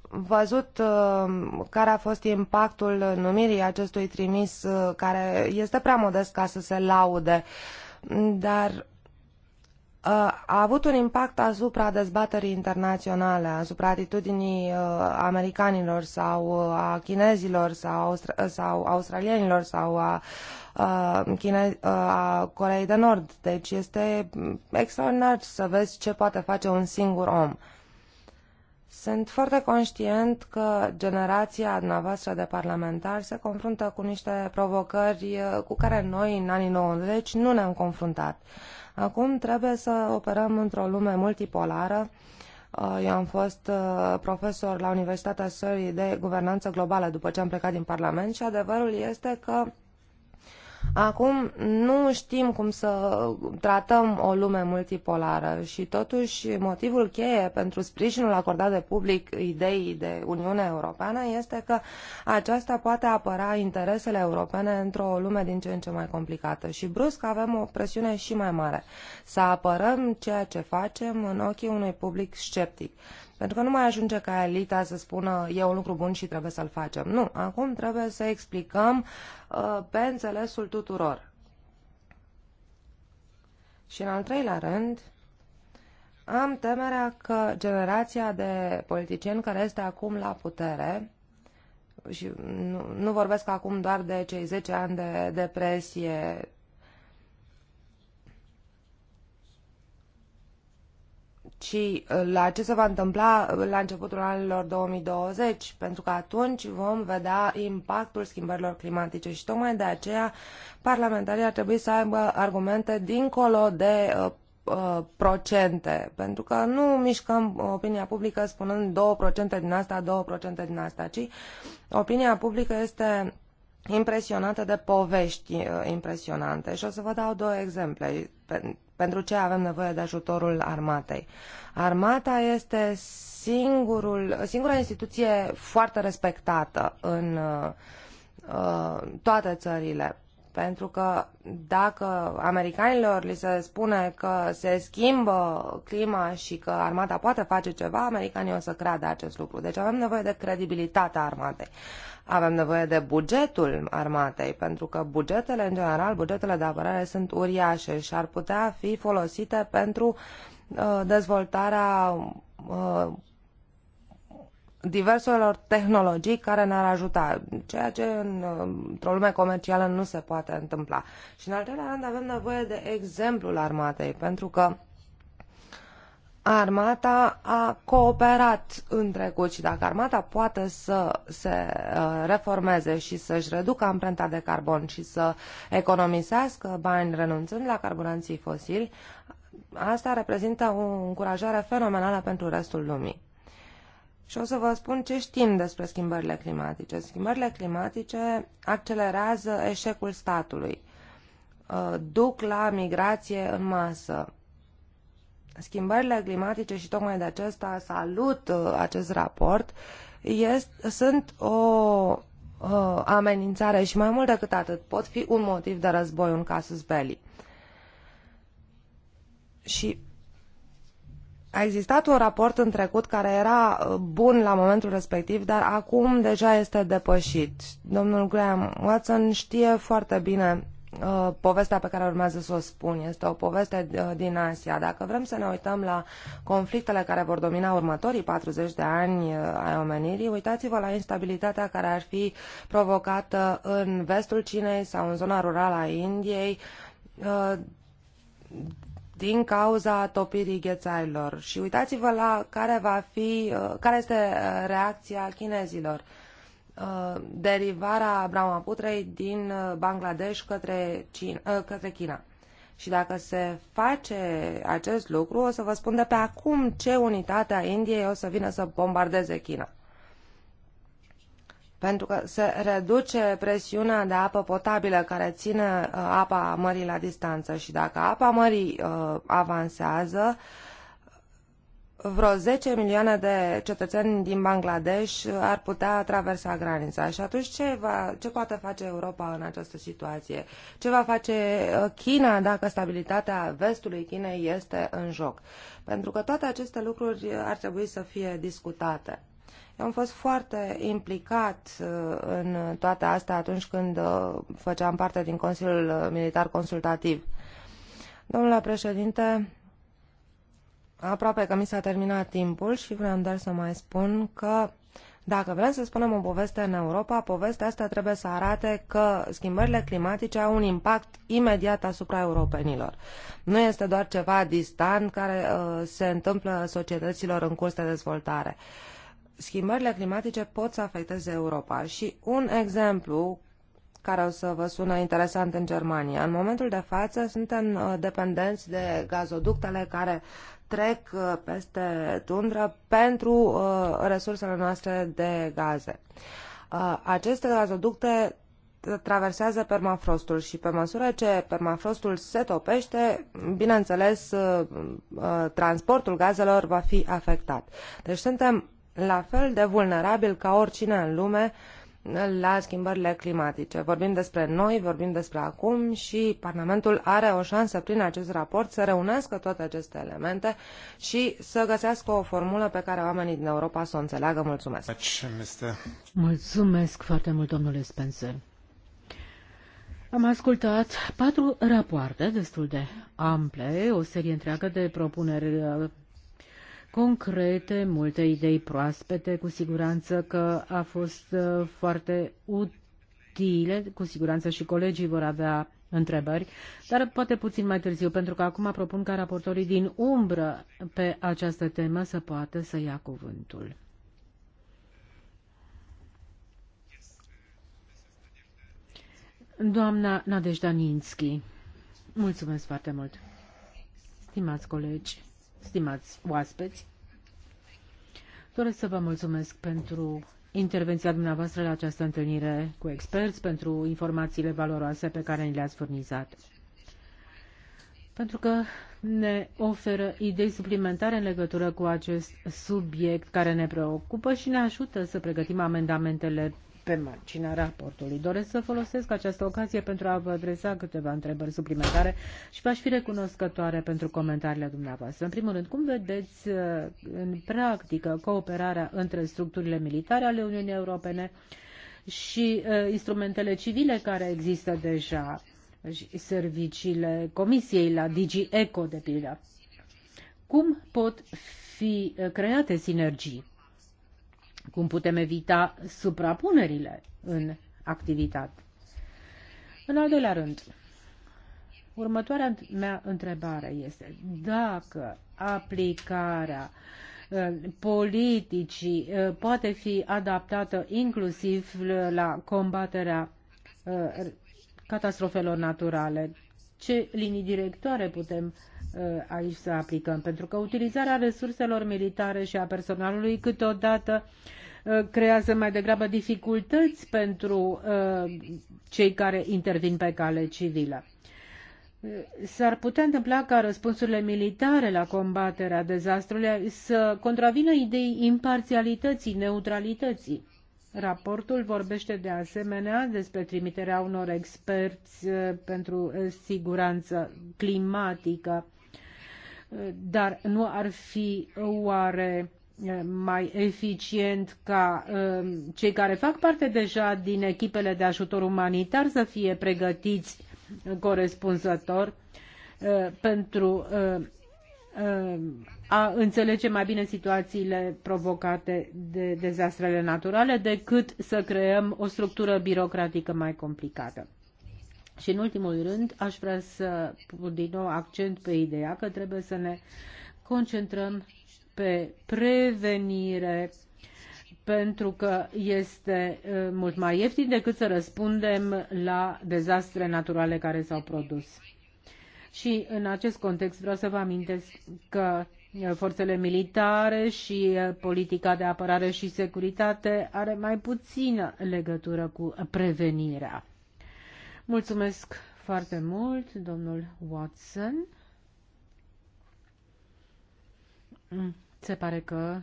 văzut uh, care a fost impactul numirii acestui trimis, uh, care este prea modest ca să se laude, dar a avut un impact asupra dezbaterii internaționale, asupra atitudinii uh, americanilor sau uh, a chinezilor sau, austra- uh, sau australienilor sau a, a, chine- a Coreei de Nord. Deci este extraordinar să vezi ce poate face un singur om. Sunt foarte conștient că generația dumneavoastră de parlamentari se confruntă cu niște provocări cu care noi în anii 90 nu ne-am confruntat. Acum trebuie să operăm într-o lume multipolară. Uh, eu am fost uh, profesor la Universitatea Sării de Guvernanță Globală după ce am plecat din Parlament și adevărul este că Acum nu știm cum să tratăm o lume multipolară și totuși motivul cheie pentru sprijinul acordat de public ideii de Uniunea Europeană este că aceasta poate apăra interesele europene într-o lume din ce în ce mai complicată și brusc avem o presiune și mai mare să apărăm ceea ce facem în ochii unui public sceptic. Pentru că nu mai ajunge ca elita să spună e un lucru bun și trebuie să-l facem. Nu, acum trebuie să explicăm uh, pe înțelesul tuturor. Și în al treilea rând, am temerea că generația de politicieni care este acum la putere, și nu, nu vorbesc acum doar de cei 10 ani de depresie ci uh, la ce se va întâmpla uh, la începutul anilor 2020, pentru că atunci vom vedea impactul schimbărilor climatice și tocmai de aceea parlamentarii ar trebui să aibă argumente dincolo de uh, procente, pentru că nu mișcăm opinia publică spunând 2% din asta, 2% din asta, ci opinia publică este impresionată de povești impresionante. Și o să vă dau două exemple pentru ce avem nevoie de ajutorul armatei. Armata este singurul, singura instituție foarte respectată în uh, toate țările. Pentru că dacă americanilor li se spune că se schimbă clima și că armata poate face ceva, americanii o să creadă acest lucru. Deci avem nevoie de credibilitatea armatei. Avem nevoie de bugetul armatei, pentru că bugetele, în general, bugetele de apărare sunt uriașe și ar putea fi folosite pentru uh, dezvoltarea uh, diverselor tehnologii care ne-ar ajuta, ceea ce în, într-o lume comercială nu se poate întâmpla. Și în al treilea rând avem nevoie de exemplul armatei, pentru că uh, armata a cooperat în trecut și dacă armata poate să se uh, reformeze și să-și reducă amprenta de carbon și să economisească bani renunțând la carburanții fosili, asta reprezintă o încurajare fenomenală pentru restul lumii. Și o să vă spun ce știm despre schimbările climatice. Schimbările climatice accelerează eșecul statului, uh, duc la migrație în masă, schimbările climatice și tocmai de acesta salut uh, acest raport, este, sunt o uh, amenințare și mai mult decât atât pot fi un motiv de război, un casus belli. Și a existat un raport în trecut care era uh, bun la momentul respectiv, dar acum deja este depășit. Domnul Graham Watson știe foarte bine Uh, povestea pe care urmează să o spun. Este o poveste uh, din Asia. Dacă vrem să ne uităm la conflictele care vor domina următorii 40 de ani uh, ai omenirii, uitați-vă la instabilitatea care ar fi provocată în vestul Cinei sau în zona rurală a Indiei din cauza topirii ghețailor. Și uitați-vă la care va fi, care este reacția chinezilor Uh, derivarea Brahmaputrei din uh, Bangladesh către, China, uh, către China. Și dacă se face acest lucru, o să vă spun de pe acum ce unitate a Indiei o să vină să bombardeze China. Pentru că se reduce presiunea de apă potabilă care ține apa mării la distanță și dacă apa mării uh, avansează, uh, vreo 10 milioane de cetățeni din Bangladesh ar putea traversa granița. Și atunci ce, va, ce poate face Europa în această situație? Ce va face uh, China dacă stabilitatea vestului Chinei este în joc? Pentru că toate aceste lucruri ar trebui să fie discutate. Eu am fost foarte implicat uh, în toate astea atunci când uh, făceam parte din Consiliul Militar Consultativ. Domnule președinte, aproape că mi s-a terminat timpul și vreau doar să mai spun că dacă vrem să spunem o poveste în Europa, povestea asta trebuie să arate că schimbările climatice au un impact imediat asupra europenilor. Nu este doar ceva distant care uh, se întâmplă societăților în curs de dezvoltare. Schimbările climatice pot să afecteze Europa și un exemplu care o să vă sună interesant în Germania. În momentul de față suntem uh, dependenți de gazoductele care trec uh, peste tundră pentru uh, resursele noastre de gaze. Uh, aceste gazoducte traversează permafrostul și pe măsură ce permafrostul se topește, bineînțeles, transportul gazelor va fi afectat. Deci suntem la fel de vulnerabil ca oricine în lume uh, la schimbările climatice. Vorbim despre noi, vorbim despre acum și Parlamentul are o șansă prin acest raport să reunească toate aceste elemente și să găsească o formulă pe care oamenii din Europa să o înțeleagă. Mulțumesc! Mulțumesc foarte mult, domnule Spencer! Am ascultat patru rapoarte destul de ample, o serie întreagă de propuneri concrete, multe idei proaspete, cu siguranță că a fost uh, foarte utile, cu siguranță și colegii vor avea întrebări, dar poate puțin mai târziu, pentru că acum propun ca raportorii din umbră pe această temă să poată să ia cuvântul. Doamna Nadejda Ninski, mulțumesc foarte mult. Stimați colegi, stimați oaspeți. Doresc să vă mulțumesc pentru intervenția dumneavoastră la această întâlnire cu experți, pentru informațiile valoroase pe care ni le-ați furnizat. Pentru că ne oferă idei suplimentare în legătură cu acest subiect care ne preocupă și ne ajută să pregătim amendamentele pe marginea raportului. Doresc să folosesc această ocazie pentru a vă adresa câteva întrebări suplimentare și v-aș fi recunoscătoare pentru comentariile dumneavoastră. În primul rând, cum vedeți uh, în practică cooperarea între structurile militare ale Uniunii Europene și uh, instrumentele civile care există deja și serviciile Comisiei la DigiEco, de pildă? Cum pot fi uh, create sinergii? Cum putem evita suprapunerile în activitate? În al doilea rând, următoarea mea întrebare este dacă aplicarea uh, politicii uh, poate fi adaptată inclusiv la combaterea uh, catastrofelor naturale. Ce linii directoare putem uh, Uh, aici să aplicăm, pentru că utilizarea resurselor militare și a personalului câteodată uh, creează mai degrabă dificultăți pentru uh, cei care intervin pe cale civilă. S-ar putea întâmpla ca răspunsurile militare la combaterea dezastrului să contravină idei imparțialității, neutralității. Raportul vorbește de asemenea despre trimiterea unor experți pentru siguranță climatică dar nu ar fi uh, oare uh, mai eficient ca uh, cei care fac parte deja din echipele de ajutor umanitar să fie pregătiți corespunzător pentru a înțelege mai bine situațiile provocate de dezastrele naturale decât să creăm o structură birocratică mai complicată. Și în ultimul rând, aș vrea să pun din nou accent pe ideea că trebuie să ne concentrăm pe prevenire pentru că este uh, mult mai ieftin decât să răspundem la dezastre naturale care s-au produs. Și în acest context vreau să vă amintesc că uh, forțele militare și uh, politica de apărare și securitate are mai puțină legătură cu prevenirea. Mulțumesc foarte mult, domnul Watson. Mm, se pare că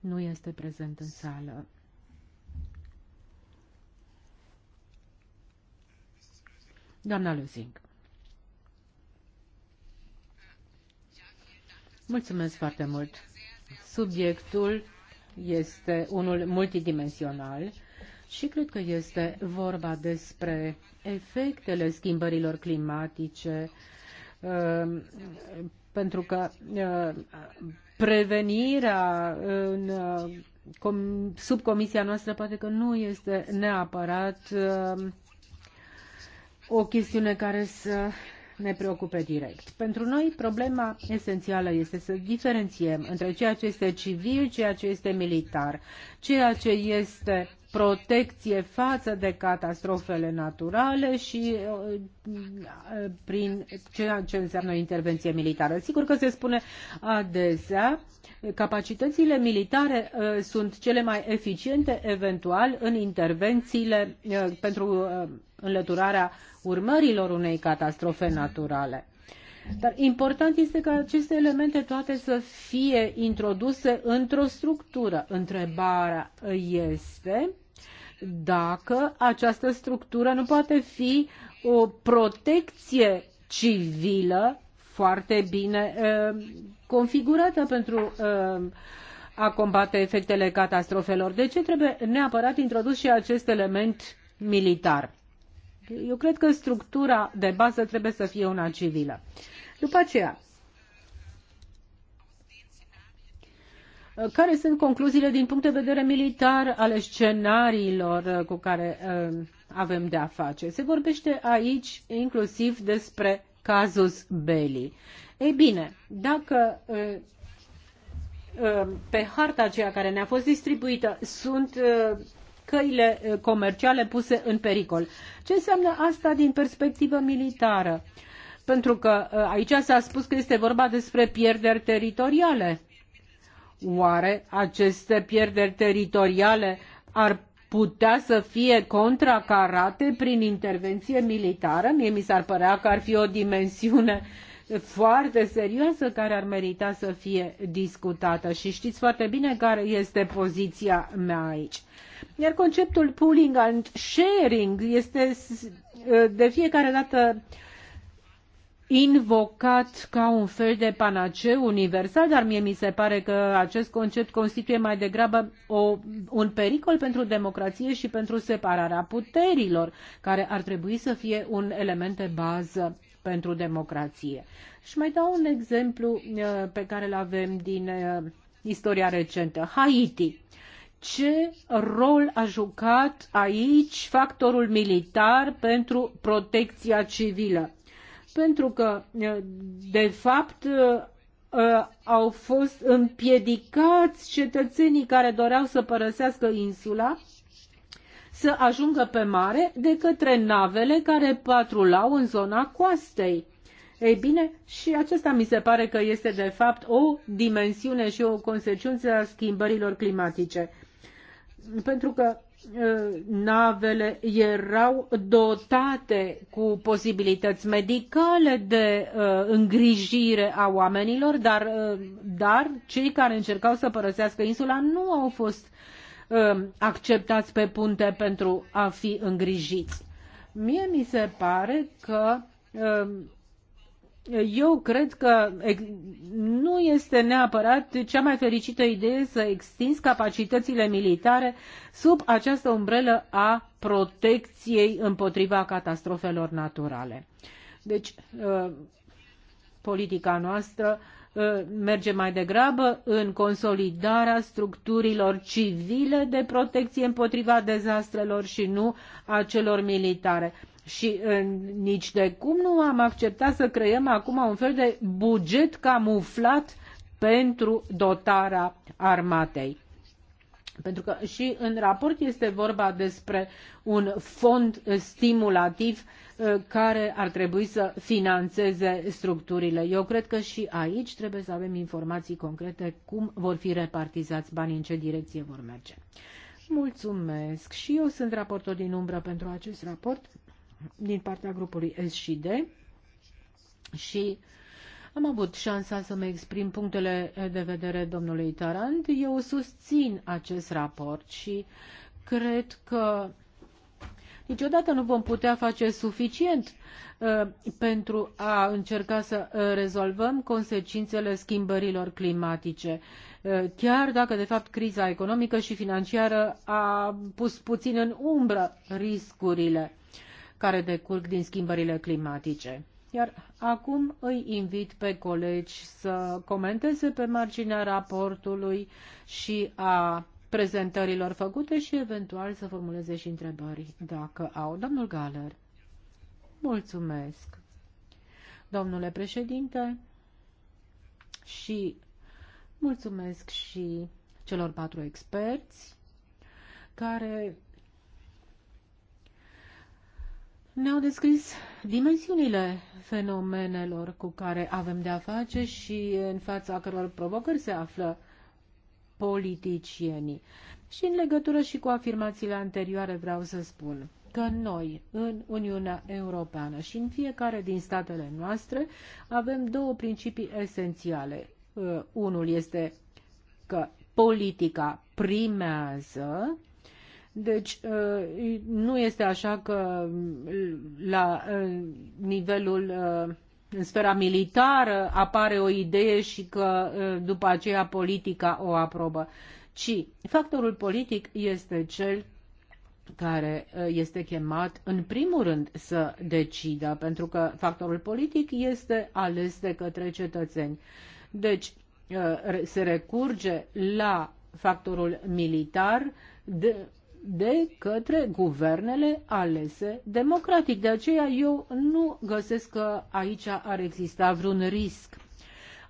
nu este prezent în sală. Doamna Lusing. Mulțumesc foarte mult. Subiectul este unul multidimensional și cred că este vorba despre efectele schimbărilor climatice, uh, pentru că uh, prevenirea în uh, sub comisia noastră poate că nu este neapărat o chestiune care să ne preocupe direct. Pentru noi, problema esențială este să diferențiem între ceea ce este civil, ceea ce este militar, ceea ce este protecție față de catastrofele naturale și uh, uh, prin ceea ce înseamnă intervenție militară. Sigur că se spune adesea, capacitățile militare uh, sunt cele mai eficiente eventual în intervențiile pentru înlăturarea urmărilor unei catastrofe naturale. Dar important este ca aceste elemente toate să fie introduse într-o structură. Întrebarea este dacă această structură nu poate fi o protecție civilă foarte bine uh, configurată pentru uh, a combate efectele catastrofelor. De ce trebuie neapărat introdus și acest element militar? Eu cred că structura de bază trebuie să fie una civilă. După aceea, Care sunt concluziile din punct de vedere militar ale scenariilor uh, cu care uh, avem de a face? Se vorbește aici inclusiv despre cazus belli. Ei bine, dacă uh, pe harta aceea care ne-a fost distribuită sunt căile comerciale puse în pericol. Ce înseamnă asta din perspectivă militară? Pentru că aici s-a spus că este vorba despre pierderi teritoriale. Oare aceste pierderi teritoriale ar putea să fie contracarate prin intervenție militară? Mie mi s-ar părea că ar fi o dimensiune foarte serioasă care ar merita să fie discutată și știți foarte bine care este poziția mea aici. Iar conceptul pooling and sharing este de fiecare dată uh, invocat ca un fel de panaceu universal, dar mie mi se pare că acest concept constituie mai degrabă o, un pericol pentru democrație și pentru separarea puterilor, care ar trebui să fie un element de bază pentru democrație. Și mai dau un exemplu uh, pe care îl avem din uh, istoria recentă, Haiti ce rol a jucat aici factorul militar pentru protecția civilă pentru că, de fapt, au fost împiedicați cetățenii care doreau să părăsească insula să ajungă pe mare de către navele care patrulau în zona coastei. Ei bine, și acesta mi se pare că este de fapt o dimensiune și o consecință a schimbărilor climatice. Pentru că navele erau dotate cu posibilități medicale de uh, îngrijire a oamenilor, dar, uh, dar cei care încercau să părăsească insula nu au fost uh, acceptați pe punte pentru a fi îngrijiți. Mie mi se pare că uh, eu cred că nu este neapărat cea mai fericită idee să extinzi capacitățile militare sub această umbrelă a protecției împotriva catastrofelor naturale. Deci, uh, politica noastră uh, merge mai degrabă în consolidarea structurilor civile de protecție împotriva dezastrelor și nu a celor militare și nici de cum nu am acceptat să creăm acum un fel de buget camuflat pentru dotarea armatei. Pentru că și în raport este vorba despre un fond stimulativ uh, care ar trebui să financeze structurile. Eu cred că și aici trebuie să avem informații concrete cum vor fi repartizați banii, în ce direcție vor merge. Mulțumesc și eu sunt raportor din umbră pentru acest raport din partea grupului S și D și am avut șansa să-mi exprim punctele de vedere domnului Tarand. Eu susțin acest raport și cred că niciodată nu vom putea face suficient uh, pentru a încerca să uh, rezolvăm consecințele schimbărilor climatice. Uh, chiar dacă, de fapt, criza economică și financiară a pus puțin în umbră riscurile care decurg din schimbările climatice. Iar acum îi invit pe colegi să comenteze pe marginea raportului și a prezentărilor făcute și eventual să formuleze și întrebări dacă au. Domnul Galer. Mulțumesc. Domnule președinte, și mulțumesc și celor patru experți care ne-au descris dimensiunile fenomenelor cu care avem de-a face și în fața căror provocări se află politicienii. Și în legătură și cu afirmațiile anterioare vreau să spun că noi, în Uniunea Europeană și în fiecare din statele noastre, avem două principii esențiale. Uh, unul este că politica primează deci uh, nu este așa că uh, la uh, nivelul în sfera militară apare o idee și că după aceea politica o aprobă, ci factorul politic este cel care este chemat în primul rând să decidă, pentru că factorul politic este ales de către cetățeni. Deci se recurge la factorul militar de, de către guvernele alese democratic. De aceea eu nu găsesc că aici ar exista vreun risc.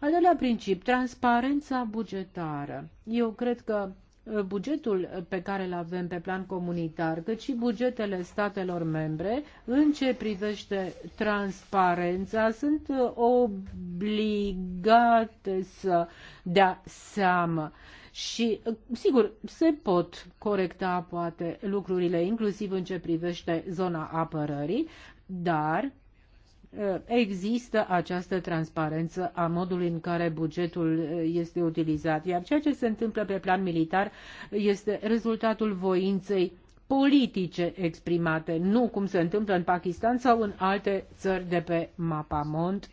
Al doilea principiu, transparența bugetară. Eu cred că uh, bugetul pe care îl avem pe plan comunitar, cât și bugetele statelor membre, în ce privește transparența, sunt uh, obligate să dea seamă. Uh, și, uh, sigur, se pot corecta poate lucrurile, inclusiv în ce privește zona apărării, dar uh, există această transparență a modului în care bugetul uh, este utilizat, iar ceea ce se întâmplă pe plan militar este rezultatul voinței politice exprimate, nu cum se întâmplă în Pakistan sau în alte țări de pe mapamont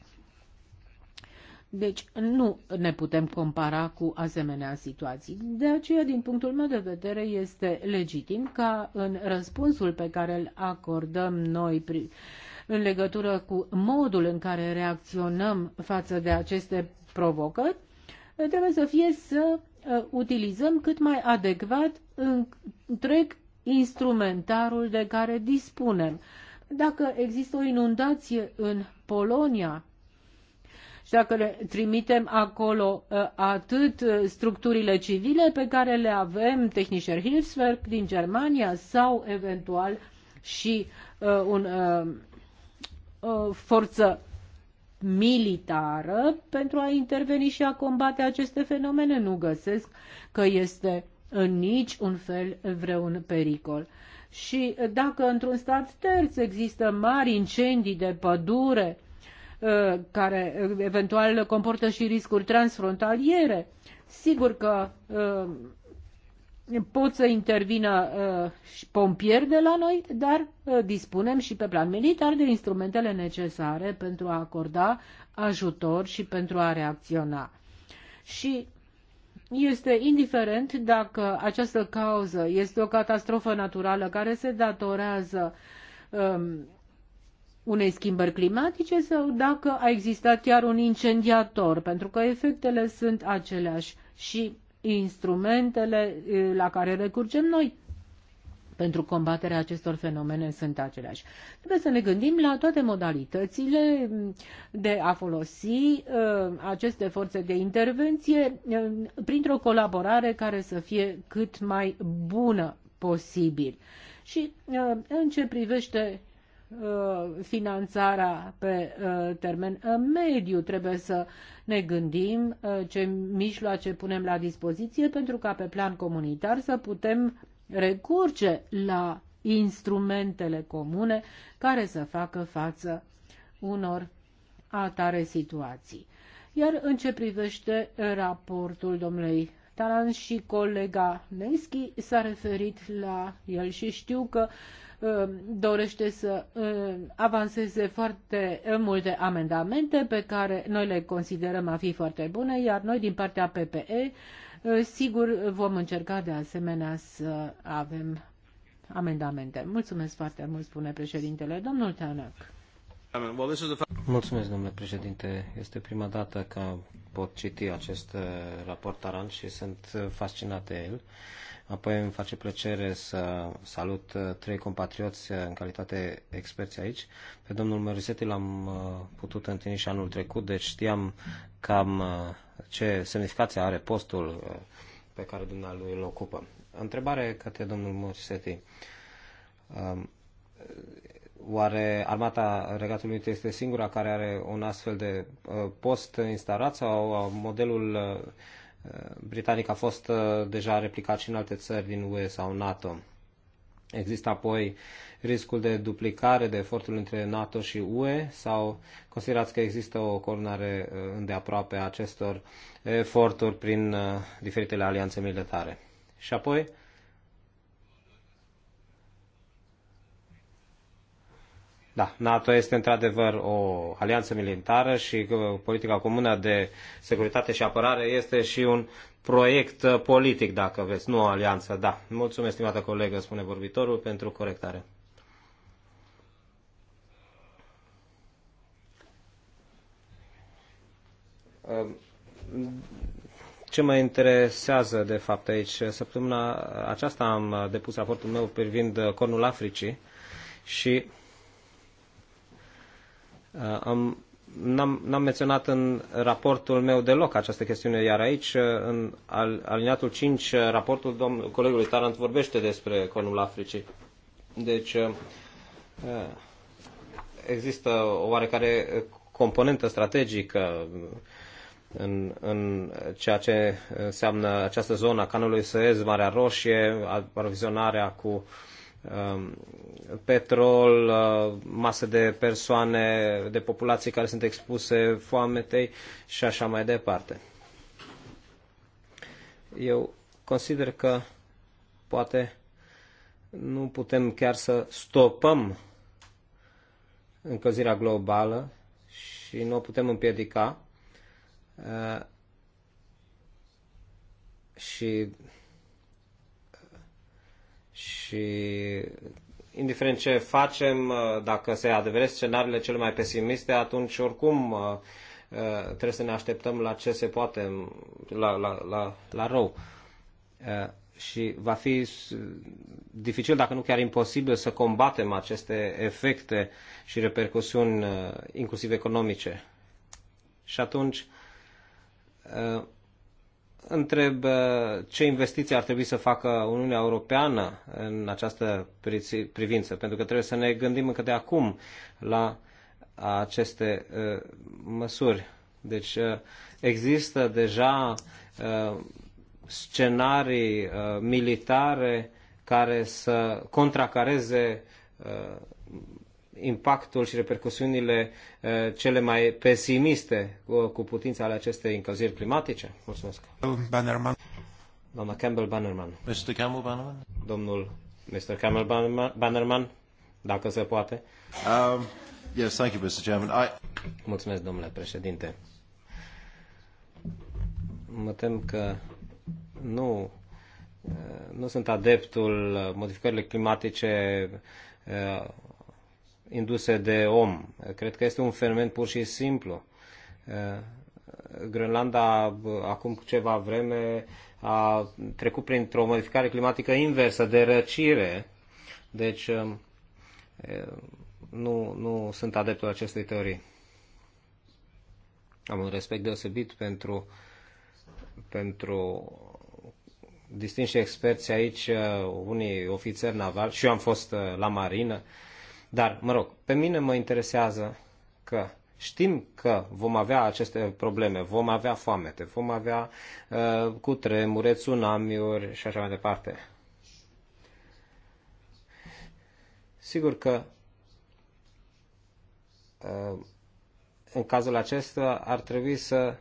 deci nu ne putem compara cu asemenea situații. De aceea, din punctul meu de vedere, este legitim ca în răspunsul pe care îl acordăm noi în legătură cu modul în care reacționăm față de aceste provocări, trebuie să fie să uh, utilizăm cât mai adecvat întreg instrumentarul de care dispunem. Dacă există o inundație în Polonia, și dacă le trimitem acolo uh, atât uh, structurile civile pe care le avem, Technischer Hilfswerk din Germania sau eventual și uh, un, uh, o uh, forță militară pentru a interveni și a combate aceste fenomene. Nu găsesc că este în nici un fel vreun pericol. Și dacă într-un stat terț există mari incendii de pădure, Uh, care uh, eventual comportă și riscuri transfrontaliere. Sigur că uh, pot să intervină pompieri de la noi, dar dispunem și pe plan militar de instrumentele necesare pentru a acorda ajutor și pentru a reacționa. Și este indiferent dacă această cauză este o catastrofă naturală care se datorează um, unei schimbări climatice sau dacă a existat chiar un incendiator, pentru că efectele sunt aceleași și instrumentele la care recurgem noi pentru combaterea acestor fenomene sunt aceleași. Trebuie să ne gândim la toate modalitățile de a folosi aceste forțe de intervenție printr-o colaborare care să fie cât mai bună posibil. Și în ce privește Uh, finanțarea pe uh, termen uh, mediu. Trebuie să ne gândim ce mijloace punem la dispoziție pentru ca pe plan comunitar să putem recurge la instrumentele comune care să facă față unor atare situații. Iar în ce privește raportul domnului Taran și colega Neschi s-a referit la el și știu că uh, Uh, dorește să uh, avanseze foarte uh, multe amendamente pe care noi le considerăm a fi foarte bune, iar noi din partea PPE sigur vom încerca de asemenea să avem amendamente. Mulțumesc foarte mult, spune președintele. Domnul Teanac. Mulțumesc, domnule președinte. Este prima dată că pot citi acest raport aran și sunt fascinat de el. Apoi îmi face plăcere să salut uh, trei compatrioți uh, în calitate experți aici. Pe domnul Măriseti l-am uh, putut întâlni și anul trecut, deci știam cam ce semnificație are postul pe care dumnealui îl ocupă. Întrebare către domnul Măriseti. Um, oare armata Regatului Unit este singura care are un astfel de post instalat sau modelul britanic a fost uh, deja replicat și în alte țări din UE sau NATO. Există apoi riscul de duplicare de efortul între NATO și UE sau considerați că există o coordonare uh, îndeaproape a acestor eforturi prin uh, diferitele alianțe militare? Și apoi, Da, NATO este într-adevăr o alianță militară și uh, politica comună de securitate și apărare este și un proiect uh, politic, dacă veți, nu o alianță. Da, mulțumesc, stimată colegă, spune vorbitorul, pentru corectare. Uh, ce mă interesează, de fapt, aici, săptămâna aceasta am depus raportul meu privind cornul Africii și Uh, am, n-am, n-am menționat în raportul meu deloc această chestiune, iar aici, uh, în aliniatul 5, uh, raportul domnului colegului Tarant vorbește despre conul Africii. Deci, există o oarecare componentă strategică în, în ceea ce înseamnă această zonă a canalului Suez, Marea Roșie, aprovizionarea cu uh, Um, petrol, uh, masă de persoane, de populații care sunt expuse foametei și așa mai departe. Eu consider că poate nu putem chiar să stopăm încălzirea globală și nu o putem împiedica. Uh, și și indiferent ce facem, uh, dacă se adeveresc scenariile cele mai pesimiste, atunci oricum uh, uh, trebuie să ne așteptăm la ce se poate, la, la, la, la rău. Și va fi dificil, dacă nu chiar imposibil, să combatem aceste efecte și repercusiuni, inclusiv economice. Și atunci, întreb uh, ce investiții ar trebui să facă Uniunea Europeană în această privință, pentru că trebuie să ne gândim încă de acum la aceste uh, măsuri. Deci uh, există deja scenarii militare care să contracareze impactul și repercusiunile eh, cele mai pesimiste cu putința ale acestei încălziri climatice? Mulțumesc. Bannerman. Doamna Campbell Bannerman. Mr. Campbell Bannerman. Domnul Mr. Campbell Bannerman, dacă se poate. Um, yes, thank you, Mr. Chairman. I... Mulțumesc, domnule președinte. Mă tem că nu, eh, nu sunt adeptul eh, modificările climatice induse de om. Cred că este un fenomen pur și simplu. Grenlanda acum ceva vreme a trecut printr-o modificare climatică inversă de răcire. Deci um, nu, nu sunt adeptul acestei teorii. Am un respect deosebit pentru, pentru distinși experți aici, uh, unii ofițeri navali, și eu am fost uh, la marină, dar, mă rog, pe mine mă interesează că știm că vom avea aceste probleme, vom avea foamete, vom avea uh, cutremure, tsunamiuri și așa mai departe. Sigur că uh, în cazul acesta ar trebui să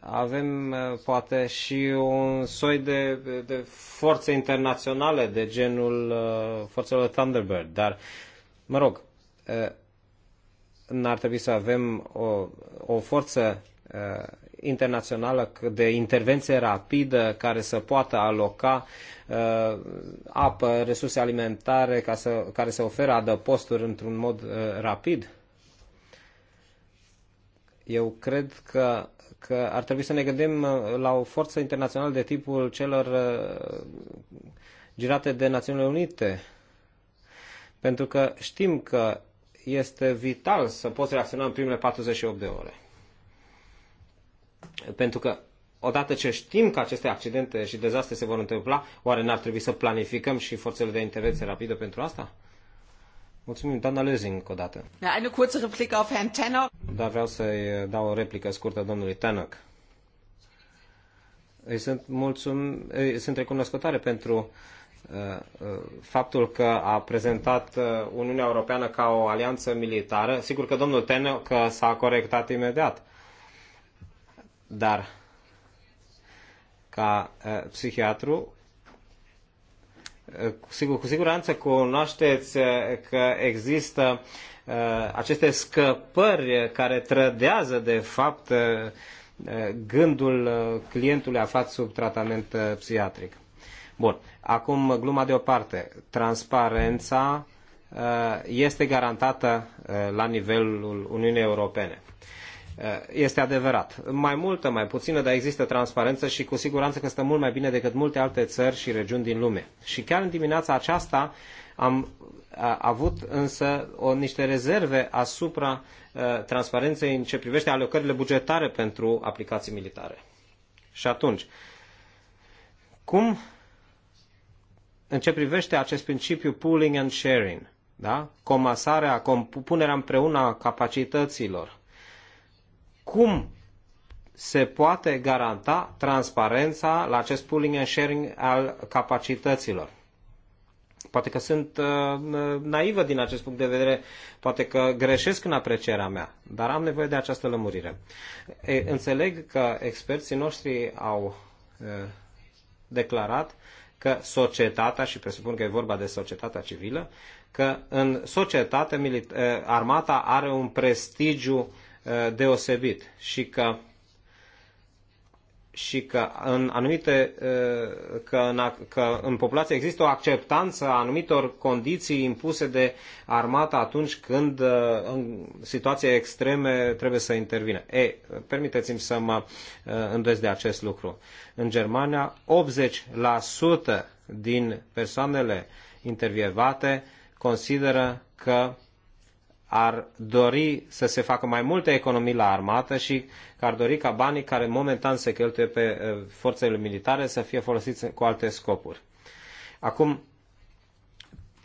avem uh, poate și un soi de, de forțe internaționale de genul uh, forțelor Thunderbird, dar Mă rog, n-ar trebui să avem o, o forță internațională de intervenție rapidă care să poată aloca uh, apă, resurse alimentare ca să, care să ofere adăposturi într-un mod uh, rapid? Eu cred că, că ar trebui să ne gândim la o forță internațională de tipul celor uh, girate de Națiunile Unite, pentru că știm că este vital să poți reacționa în primele 48 de ore. Pentru că odată ce știm că aceste accidente și dezastre se vor întâmpla, oare n-ar trebui să planificăm și forțele de intervenție rapidă pentru asta? Mulțumim, doamna Lezing, o dată. Da, eine kurze replică auf Herrn Tannock. Dar vreau să-i dau o replică scurtă domnului Tannock. Îi sunt, mulțum, îi sunt recunoscătoare pentru Uh, uh, faptul că a prezentat uh, Uniunea Europeană ca o alianță militară. Sigur că domnul că s-a corectat imediat. Dar ca psihiatru, sigur, cu siguranță cunoașteți că există aceste scăpări care trădează, de fapt, gândul clientului aflat sub tratament psihiatric. Bun, acum gluma deoparte. Transparența uh, este garantată uh, la nivelul Uniunii Europene. Uh, este adevărat. Mai multă, mai puțină, dar există transparență și cu siguranță că stă mult mai bine decât multe alte țări și regiuni din lume. Și chiar în dimineața aceasta am avut însă o, niște rezerve asupra transparenței în ce privește alocările bugetare pentru aplicații militare. Și atunci, cum în ce privește acest principiu pooling and sharing, da? comasarea, punerea împreună a capacităților, cum se poate garanta transparența la acest pooling and sharing al capacităților? Poate că sunt uh, naivă din acest punct de vedere, poate că greșesc în aprecierea mea, dar am nevoie de această lămurire. E, înțeleg că experții noștri au uh, declarat că societatea, și presupun că e vorba de societatea civilă, că în societate eh, armata are un prestigiu eh, deosebit și că și că în anumite uh, că în, că în populație există o acceptanță a anumitor condiții impuse de armată atunci când uh, în situații extreme trebuie să intervină. E, permiteți-mi să mă uh, îndoiesc de acest lucru. În Germania, 80% din persoanele intervievate consideră că ar dori să se facă mai multe economii la armată și că ar dori ca banii care momentan se cheltuie pe eh, forțele militare să fie folosiți cu alte scopuri. Acum,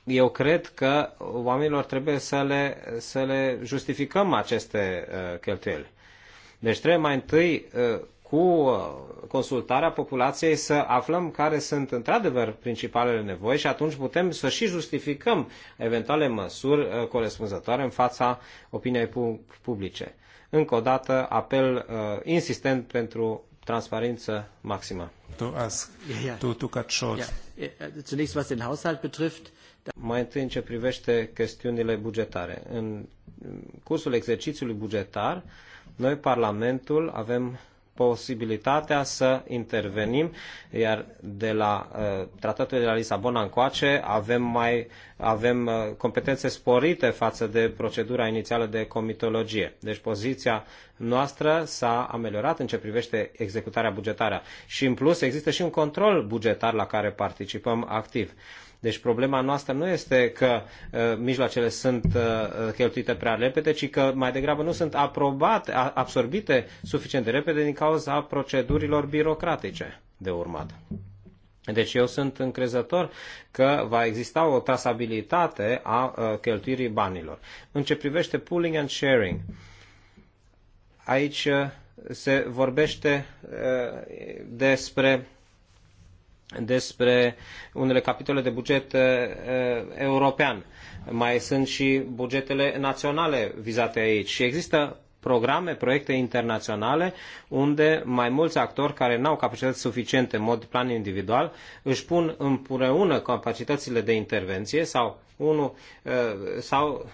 eu cred că oamenilor trebuie să le, să le justificăm aceste eh, cheltuieli. Deci trebuie mai întâi eh, cu uh, consultarea populației să aflăm care sunt într-adevăr principalele nevoi și atunci putem să și justificăm eventuale măsuri uh, corespunzătoare în fața opiniei publice. Încă o dată, apel uh, insistent pentru transparență maximă. Tu ask, tu, tu cut äh, Zunächst was den Haushalt betrifft, da mai întâi în ce privește chestiunile bugetare. În cursul exercițiului bugetar, noi, Parlamentul, avem posibilitatea să intervenim, iar de la uh, tratatul de la Lisabona încoace avem, mai, avem uh, competențe sporite față de procedura inițială de comitologie. Deci poziția noastră s-a ameliorat în ce privește executarea bugetară și în plus există și un control bugetar la care participăm activ. Deci problema noastră nu este că uh, mijloacele sunt uh, cheltuite prea repede, ci că mai degrabă nu sunt aprobate, absorbite suficient de repede din cauza procedurilor birocratice de urmat. Deci eu sunt încrezător că va exista o trasabilitate a uh, cheltuirii banilor. În ce privește pooling and sharing, aici se vorbește despre despre unele capitole de buget uh, european. Mai sunt și bugetele naționale vizate aici și există programe, proiecte internaționale unde mai mulți actori care nu au capacități suficiente în mod plan individual își pun împreună capacitățile de intervenție sau unul eh, sau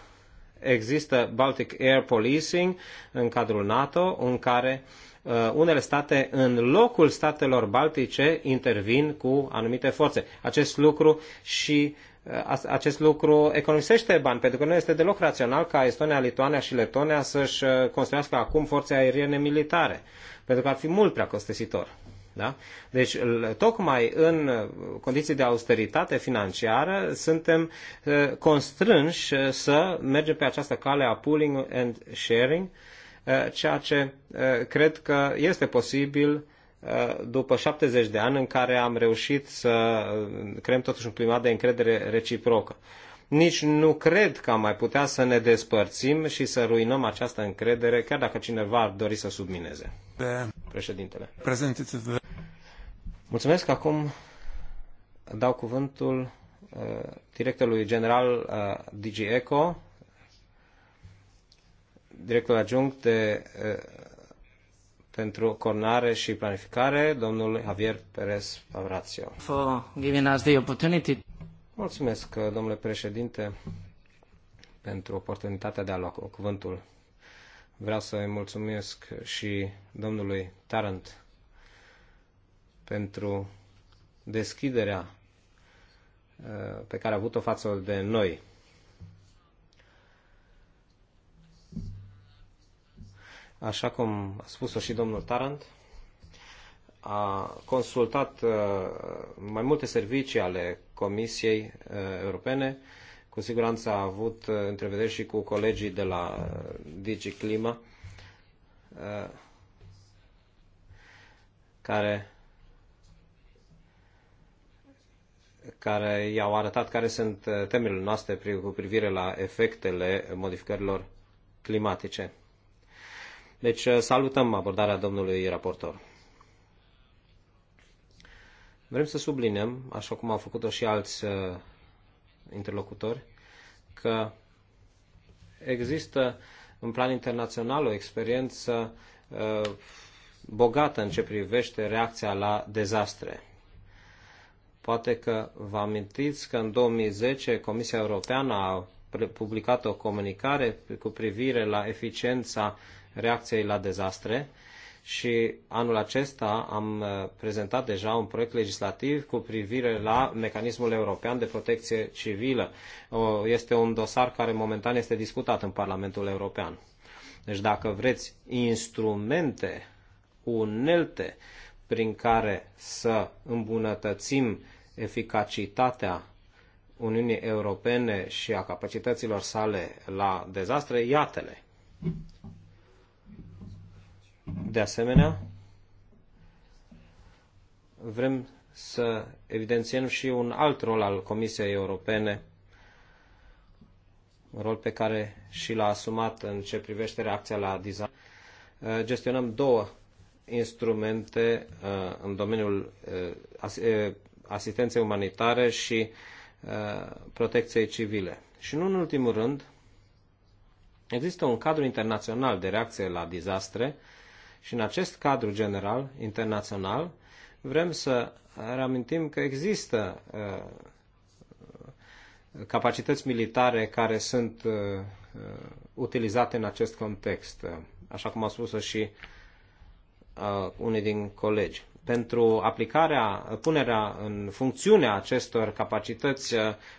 există Baltic Air Policing în cadrul NATO în care uh, Uh, unele state în locul statelor baltice intervin cu anumite forțe. Acest lucru și uh, acest lucru economisește bani, pentru că nu este deloc rațional ca Estonia, Lituania și Letonia să-și uh, construiască acum forțe aeriene militare, pentru că ar fi mult prea costisitor. Da? Deci, tocmai în condiții de austeritate financiară, suntem constrânși să mergem pe această cale a pooling and sharing, Eh, ceea ce eh, cred că este posibil eh, după 70 de ani în care am reușit să creăm totuși un climat de încredere reciprocă. Nici nu cred că am mai putea să ne despărțim și să ruinăm această încredere, chiar dacă cineva ar dori să submineze. Președintele. prezentiți Mulțumesc. Acum dau cuvântul directorului general DG ECO, directul adjunct de, eh, pentru coordonare și planificare, domnul Javier Perez Pavrațio. giving us the opportunity. Mulțumesc, eh, domnule președinte, pentru oportunitatea de a lua cuvântul. Vreau să îi mulțumesc și domnului Tarant pentru deschiderea eh, pe care a avut-o față de noi așa cum a spus-o și domnul Tarant, a consultat uh, mai multe servicii ale Comisiei uh, Europene. Cu siguranță a avut uh, întrevederi și cu colegii de la DigiClima, care care i-au arătat care sunt temerile noastre cu privire la efectele modificărilor climatice. Deci uh, salutăm abordarea domnului raportor. Vrem să subliniem, așa cum au făcut-o și alți uh, interlocutori, că există în plan internațional o experiență uh, bogată în ce privește reacția la dezastre. Poate că vă amintiți că în 2010 Comisia Europeană a publicat o comunicare cu privire la eficiența reacției la dezastre și anul acesta am uh, prezentat deja un proiect legislativ cu privire la mecanismul european de protecție civilă. Este un dosar care momentan este discutat în Parlamentul European. Deci dacă vreți instrumente, unelte prin care să îmbunătățim eficacitatea Uniunii Europene și a capacităților sale la dezastre, iată-le. De asemenea, vrem să evidențiem și un alt rol al Comisiei Europene, un rol pe care și l-a asumat în ce privește reacția la design. Uh, gestionăm două instrumente uh, în domeniul uh, asistenței umanitare și protecției civile. Și nu în ultimul rând, există un cadru internațional de reacție la dizastre și în acest cadru general internațional vrem să reamintim că există uh, capacități militare care sunt uh, uh, utilizate în acest context, așa cum a spus și unii din colegi. Pentru aplicarea, punerea în funcțiune acestor capacități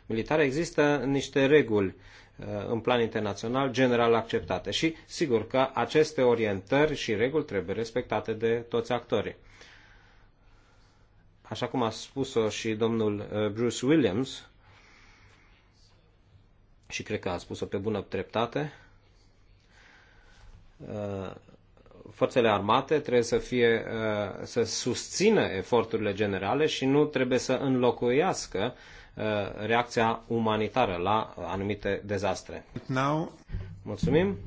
militare există niște reguli Uh, în plan internațional general acceptate. Și sigur că aceste orientări și reguli trebuie respectate de toți actorii. Așa cum a spus-o și domnul uh, Bruce Williams, și cred că a spus-o pe bună dreptate, uh, forțele armate trebuie să, fie, să susțină eforturile generale și nu trebuie să înlocuiască uh, Uh, reacția umanitară la anumite dezastre. Now... Mulțumim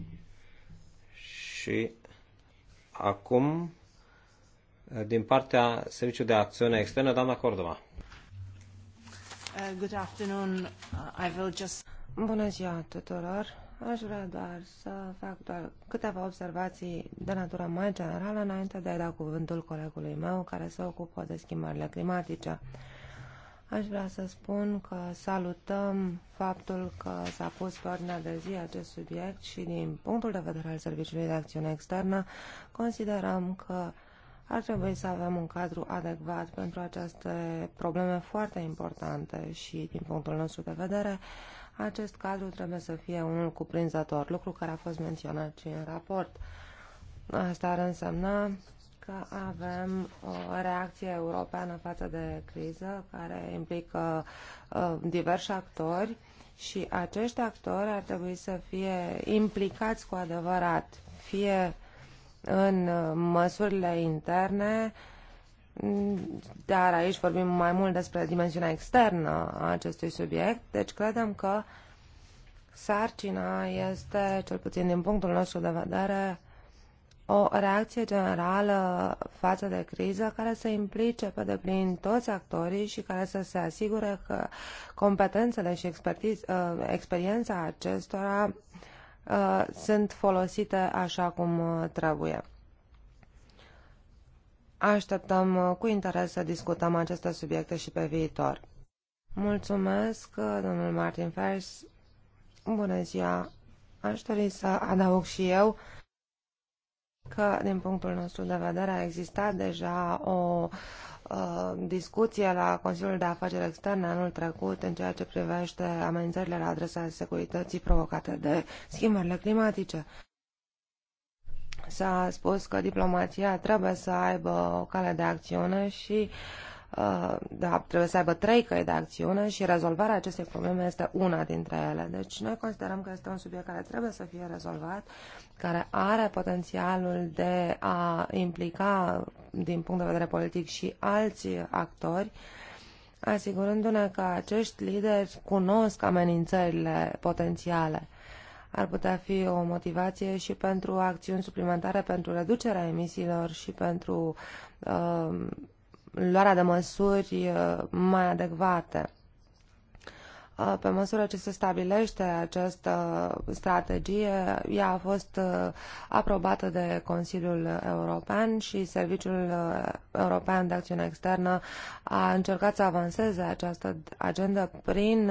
și acum uh, din partea Serviciului de Acțiune Externă, doamna Cordova. Uh, good afternoon. I will just... Bună ziua tuturor! Aș vrea doar să fac doar câteva observații de natură mai generală înainte de a da cuvântul colegului meu care se ocupă de schimbările climatice. Uh, Aș vrea să spun că salutăm faptul că s-a pus pe ordinea de zi acest subiect și din punctul de vedere al Serviciului de Acțiune Externă considerăm că ar trebui să avem un cadru adecvat pentru aceste probleme foarte importante și, din punctul nostru de vedere, acest cadru trebuie să fie unul cuprinzător, lucru care a fost menționat și în raport. Asta ar însemna să avem o reacție europeană față de criză care implică uh, diversi actori și acești actori ar trebui să fie implicați cu adevărat, fie în uh, măsurile interne, dar aici vorbim mai mult despre dimensiunea externă a acestui subiect, deci credem că sarcina este, cel puțin din punctul nostru de vedere, o reacție generală față de criză care să implice pe deplin toți actorii și care să se asigure că competențele și uh, experiența acestora uh, sunt folosite așa cum uh, trebuie. Așteptăm cu interes să discutăm aceste subiecte și pe viitor. Mulțumesc, domnul Martin Fers. Bună ziua! Aș dori să adaug și eu că, din punctul nostru de vedere, a existat deja o uh, discuție la Consiliul de Afaceri Externe anul trecut în ceea ce privește amenințările la adresa securității provocate de schimbările climatice. S-a spus că diplomația trebuie să aibă o cale de acțiune și uh, Uh, da, trebuie să aibă trei căi de acțiune și rezolvarea acestei probleme este una dintre ele. Deci noi considerăm că este un subiect care trebuie să fie rezolvat, care are potențialul de a implica din punct de vedere politic și alți actori, asigurându-ne că acești lideri cunosc amenințările potențiale ar putea fi o motivație și pentru acțiuni suplimentare pentru reducerea emisiilor și pentru uh, luarea de măsuri uh, mai adecvate. Uh, pe măsură ce se stabilește această strategie, ea a fost uh, aprobată de Consiliul European și Serviciul European de Acțiune Externă a încercat să avanseze această agendă prin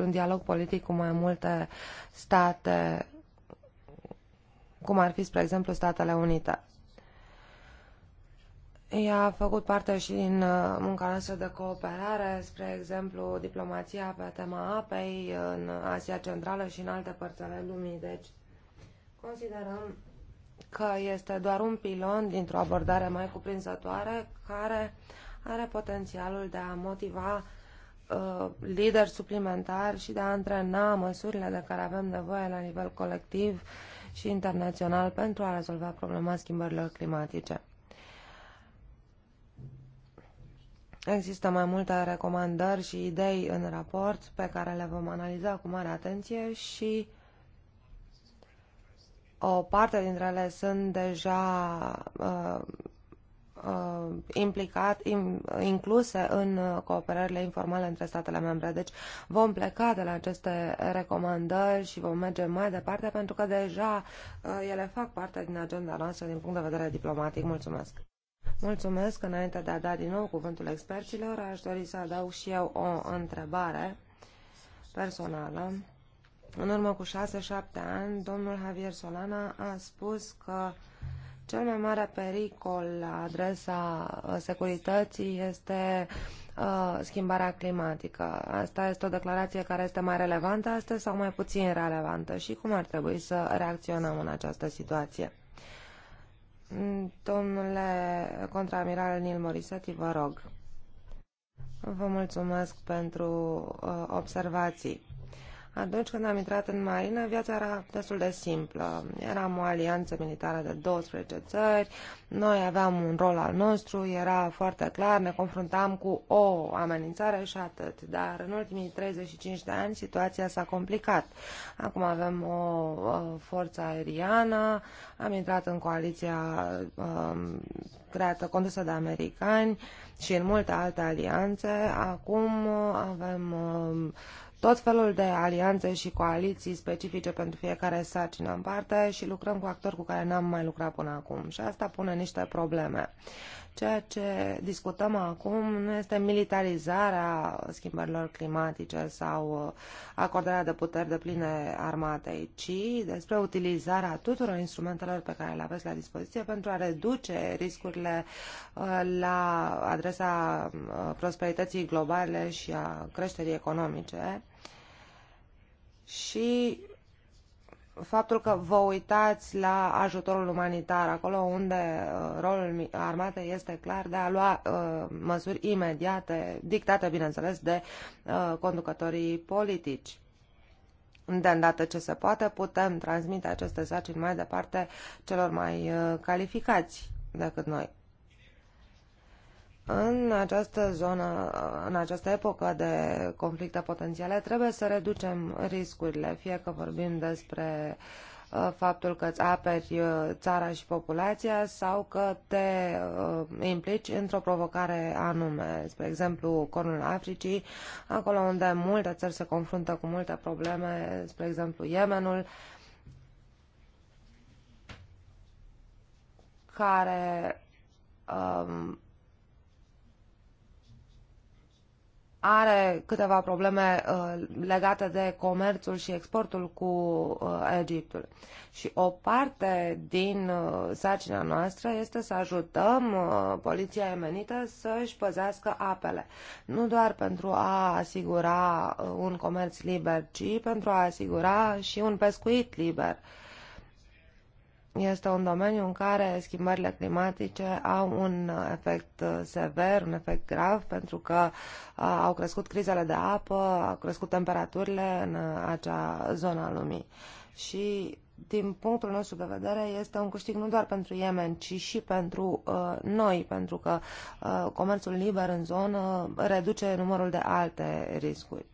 un dialog politic cu mai multe state, cum ar fi, spre exemplu, Statele Unite. Ea a făcut parte și din uh, munca noastră de cooperare, spre exemplu, diplomația pe tema apei în Asia Centrală și în alte părți ale lumii. Deci, considerăm că este doar un pilon dintr-o abordare mai cuprinzătoare care are potențialul de a motiva uh, lideri suplimentari și de a antrena măsurile de care avem nevoie la nivel colectiv și internațional pentru a rezolva problema schimbărilor climatice. Există mai multe recomandări și idei în raport pe care le vom analiza cu mare atenție și o parte dintre ele sunt deja uh, uh, implicat, im, incluse în cooperările informale între statele membre. Deci vom pleca de la aceste recomandări și vom merge mai departe pentru că deja uh, ele fac parte din agenda noastră din punct de vedere diplomatic. Mulțumesc! Mulțumesc. Înainte de a da din nou cuvântul experților, aș dori să adaug și eu o întrebare personală. În urmă cu 6-7 ani, domnul Javier Solana a spus că cel mai mare pericol la adresa uh, securității este uh, schimbarea climatică. Asta este o declarație care este mai relevantă astăzi sau mai puțin relevantă și cum ar trebui să reacționăm în această situație? Domnule contraamiral Nil Morisetti, vă rog. Vă mulțumesc pentru uh, observații. Atunci când am intrat în marină, viața era destul de simplă. Eram o alianță militară de 12 țări, noi aveam un rol al nostru, era foarte clar, ne confruntam cu o amenințare și atât. Dar în ultimii 35 de ani situația s-a complicat. Acum avem o forță aeriană, am intrat în coaliția um, creată, condusă de americani și în multe alte alianțe. Acum avem um, tot felul de alianțe și coaliții specifice pentru fiecare sarcină în parte și lucrăm cu actori cu care n-am mai lucrat până acum și asta pune niște probleme. Ceea ce discutăm acum nu este militarizarea schimbărilor climatice sau uh, acordarea de puteri de pline armatei, ci despre utilizarea tuturor instrumentelor pe care le aveți la dispoziție pentru a reduce riscurile uh, la adresa uh, prosperității globale și a creșterii economice și faptul că vă uitați la ajutorul umanitar, acolo unde uh, rolul armatei este clar de a lua uh, măsuri imediate, dictate, bineînțeles, de uh, conducătorii politici. De îndată ce se poate, putem transmite aceste sarcini mai departe celor mai calificați decât noi. În această zonă, în această epocă de conflicte potențiale, trebuie să reducem riscurile, fie că vorbim despre uh, faptul că îți aperi uh, țara și populația sau că te uh, implici într-o provocare anume. Spre exemplu, Cornul Africii, acolo unde multe țări se confruntă cu multe probleme, spre exemplu Yemenul, care um, are câteva probleme uh, legate de comerțul și exportul cu uh, Egiptul. Și o parte din uh, sarcina noastră este să ajutăm uh, poliția emenită să-și păzească apele. Nu doar pentru a asigura uh, un comerț liber, ci pentru a asigura și un pescuit liber. Uh, este un domeniu în care schimbările climatice au un efect sever, un efect grav, pentru că au crescut crizele de apă, au crescut temperaturile în acea zonă a lumii. Și din punctul nostru de vedere, este un câștig nu doar pentru Yemen, ci și pentru uh, noi, pentru că uh, comerțul liber în zonă reduce numărul de alte riscuri.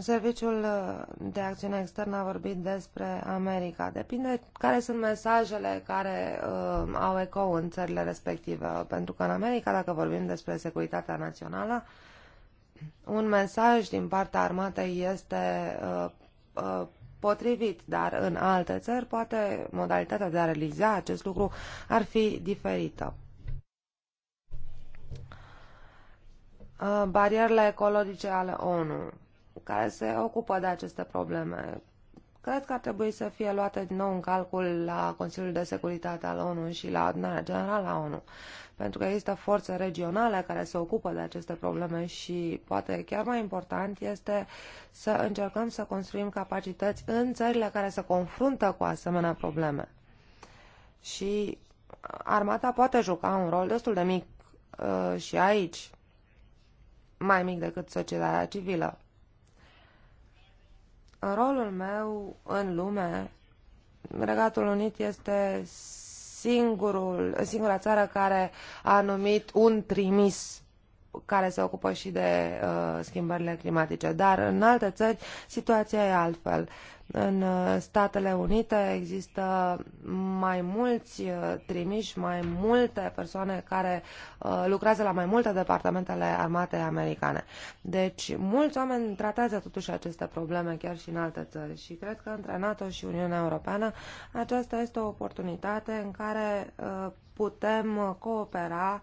Serviciul uh, de acțiune externă a vorbit despre America. Depinde care sunt mesajele care uh, au eco în țările respective. Pentru că în America, dacă vorbim despre securitatea națională, un mesaj din partea armatei este uh, uh, potrivit, dar în alte țări poate modalitatea de a realiza acest lucru ar fi diferită. Uh, barierele ecologice ale ONU care se ocupă de aceste probleme. Cred că ar trebui să fie luate din nou în calcul la Consiliul de Securitate al ONU și la Adunarea Generală a ONU, pentru că există forțe regionale care se ocupă de aceste probleme și poate chiar mai important este să încercăm să construim capacități în țările care se confruntă cu asemenea probleme. Și armata poate juca un rol destul de mic uh, și aici, mai mic decât societatea civilă rolul meu în lume, Regatul Unit este singurul, singura țară care a numit un trimis care se ocupă și de uh, schimbările climatice. Dar în alte țări situația e altfel. Uh, în uh, Statele Unite există mai mulți uh, trimiși, mai multe persoane care uh, lucrează la mai multe departamentele armate americane. Deci, mulți oameni tratează totuși aceste probleme chiar și în alte țări și cred că între NATO și Uniunea Europeană aceasta este o oportunitate în care putem coopera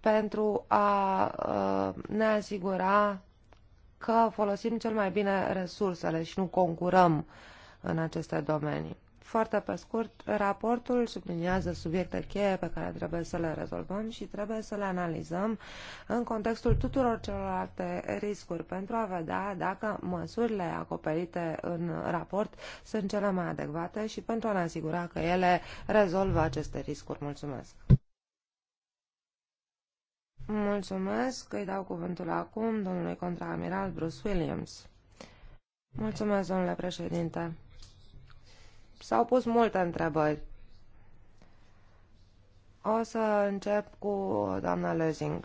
pentru a ne asigura că folosim cel mai bine resursele și nu concurăm în aceste domenii. Foarte pe scurt, raportul subliniază subiecte cheie pe care trebuie să le rezolvăm și trebuie să le analizăm în contextul tuturor celorlalte riscuri pentru a vedea dacă măsurile acoperite în raport sunt cele mai adecvate și pentru a ne asigura că ele rezolvă aceste riscuri. Mulțumesc! Mulțumesc. Îi dau cuvântul acum domnului contraamiral Bruce Williams. Mulțumesc, domnule președinte. S-au pus multe întrebări. O să încep cu doamna Lezing.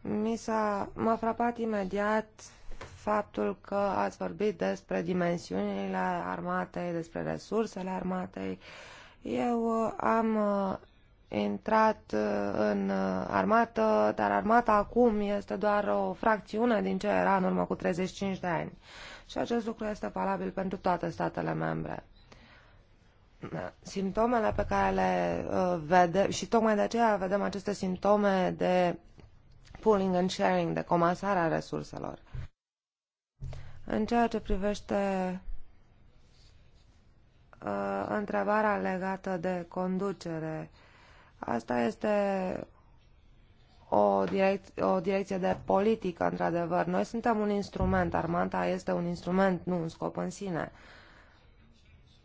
Mi s-a, m-a frapat imediat faptul că ați vorbit despre dimensiunile armatei, despre resursele armatei. Eu am intrat uh, în uh, armată, dar armata acum este doar o fracțiune din ce era în urmă cu 35 de ani. Și acest lucru este valabil pentru toate statele membre. Simptomele pe care le uh, vedem, și tocmai de aceea vedem aceste simptome de pooling and sharing, de comasarea resurselor. În ceea ce privește întrebarea legată de conducere, uh, Asta este o, direc- o direcție de politică, într-adevăr. Noi suntem un instrument, armata este un instrument, nu un scop în sine,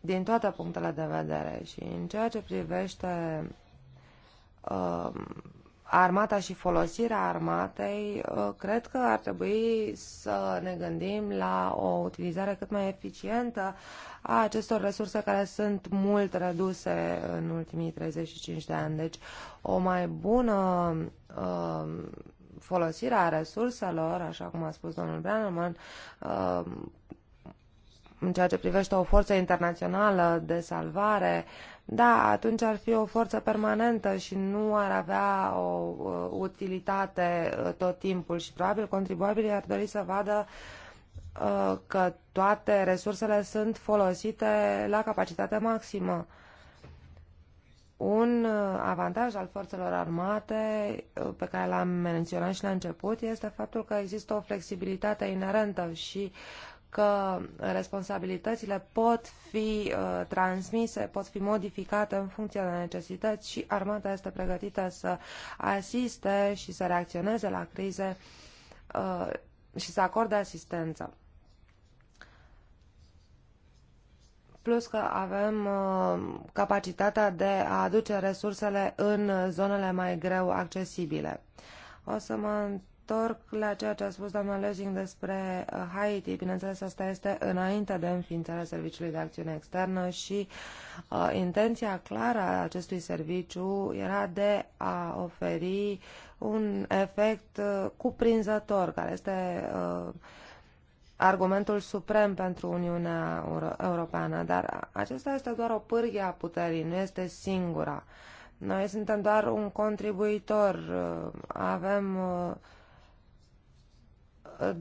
din toate punctele de vedere. Și în ceea ce privește uh, armata și folosirea armatei, uh, cred că ar trebui să ne gândim la o utilizare cât mai eficientă a acestor resurse care sunt mult reduse în ultimii 35 de ani. Deci o mai bună uh, folosire a resurselor, așa cum a spus domnul Brannerman, uh, în ceea ce privește o forță internațională de salvare, uh, da, atunci ar fi o forță permanentă și nu ar avea o utilitate uh, tot timpul și probabil contribuabilii ar dori să vadă uh, că toate resursele sunt folosite la capacitate maximă. Un uh, avantaj al forțelor armate pe care l-am menționat și la început este faptul că există o flexibilitate inerentă și uh, că responsabilitățile pot fi uh, transmise, pot fi modificate în funcție de necesități și armata este pregătită să asiste și să reacționeze la crize uh, și să acorde asistență. plus că avem uh, capacitatea de a aduce resursele în zonele mai greu accesibile. O să mă întorc la ceea ce a spus doamna Lezing despre uh, Haiti. Bineînțeles, asta este înainte de înființarea Serviciului de Acțiune Externă și uh, intenția clară a acestui serviciu era de a oferi un efect uh, cuprinzător, care este uh, argumentul suprem pentru Uniunea Euro Europeană, dar acesta este doar o pârghie a puterii, nu este singura. Noi suntem doar un contribuitor, uh, avem uh,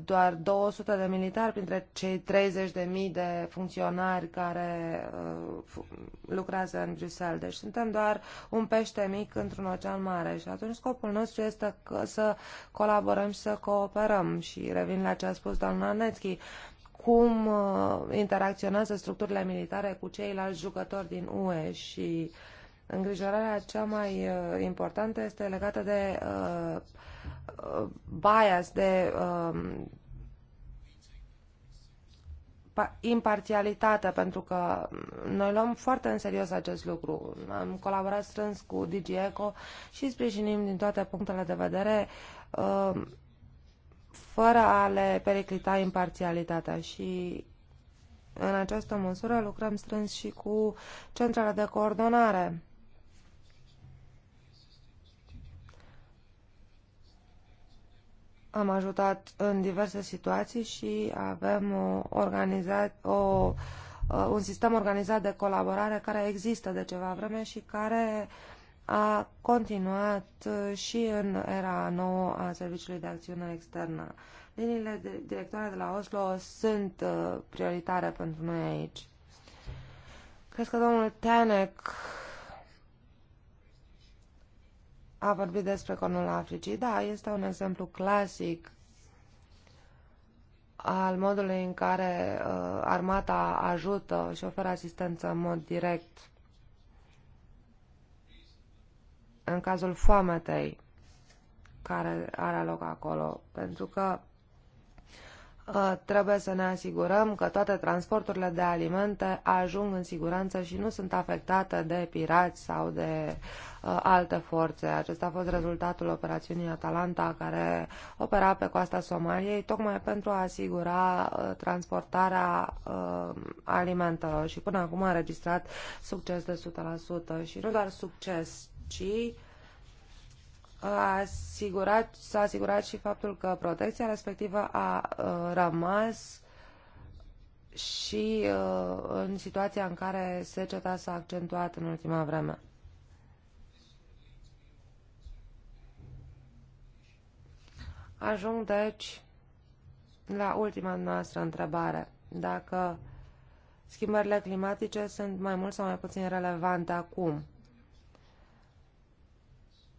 doar 200 de militari printre cei 30.000 de funcționari care uh, lucrează în Bruxelles. Deci suntem doar un pește mic într-un ocean mare și atunci scopul nostru este că să colaborăm și să cooperăm. Și revin la ce a spus doamna Netschi, cum uh, interacționează structurile militare cu ceilalți jucători din UE și îngrijorarea cea mai uh, importantă este legată de uh, Uh, bias, de um, imparțialitate, pentru că noi luăm foarte în serios acest lucru. Am colaborat strâns cu DigiEco și sprijinim din toate punctele de vedere um, fără a le periclita imparțialitatea și în această măsură lucrăm strâns și cu centrele de coordonare Am ajutat în diverse situații și avem o organiza- o, un sistem organizat de colaborare care există de ceva vreme și care a continuat uh, și în era nouă a Serviciului de Acțiune Externă. Liniile directoare de la Oslo sunt uh, prioritare pentru noi aici. Cred că domnul Tenec a vorbit despre conul Africii. Da, este un exemplu clasic al modului în care uh, armata ajută și oferă asistență în mod direct în cazul foametei care are loc acolo, pentru că Uh, trebuie să ne asigurăm că toate transporturile de alimente ajung în siguranță și nu sunt afectate de pirați sau de uh, alte forțe. Acesta a fost rezultatul operațiunii Atalanta care opera pe coasta Somaliei tocmai pentru a asigura uh, transportarea uh, alimentelor și până acum a înregistrat succes de 100% și nu doar succes, ci uh, a asigurat, s-a asigurat și faptul că protecția respectivă a uh, rămas și uh, în situația în care seceta s-a accentuat în ultima vreme. Ajung, deci, la ultima noastră întrebare. Dacă schimbările climatice sunt mai mult sau mai puțin relevante acum.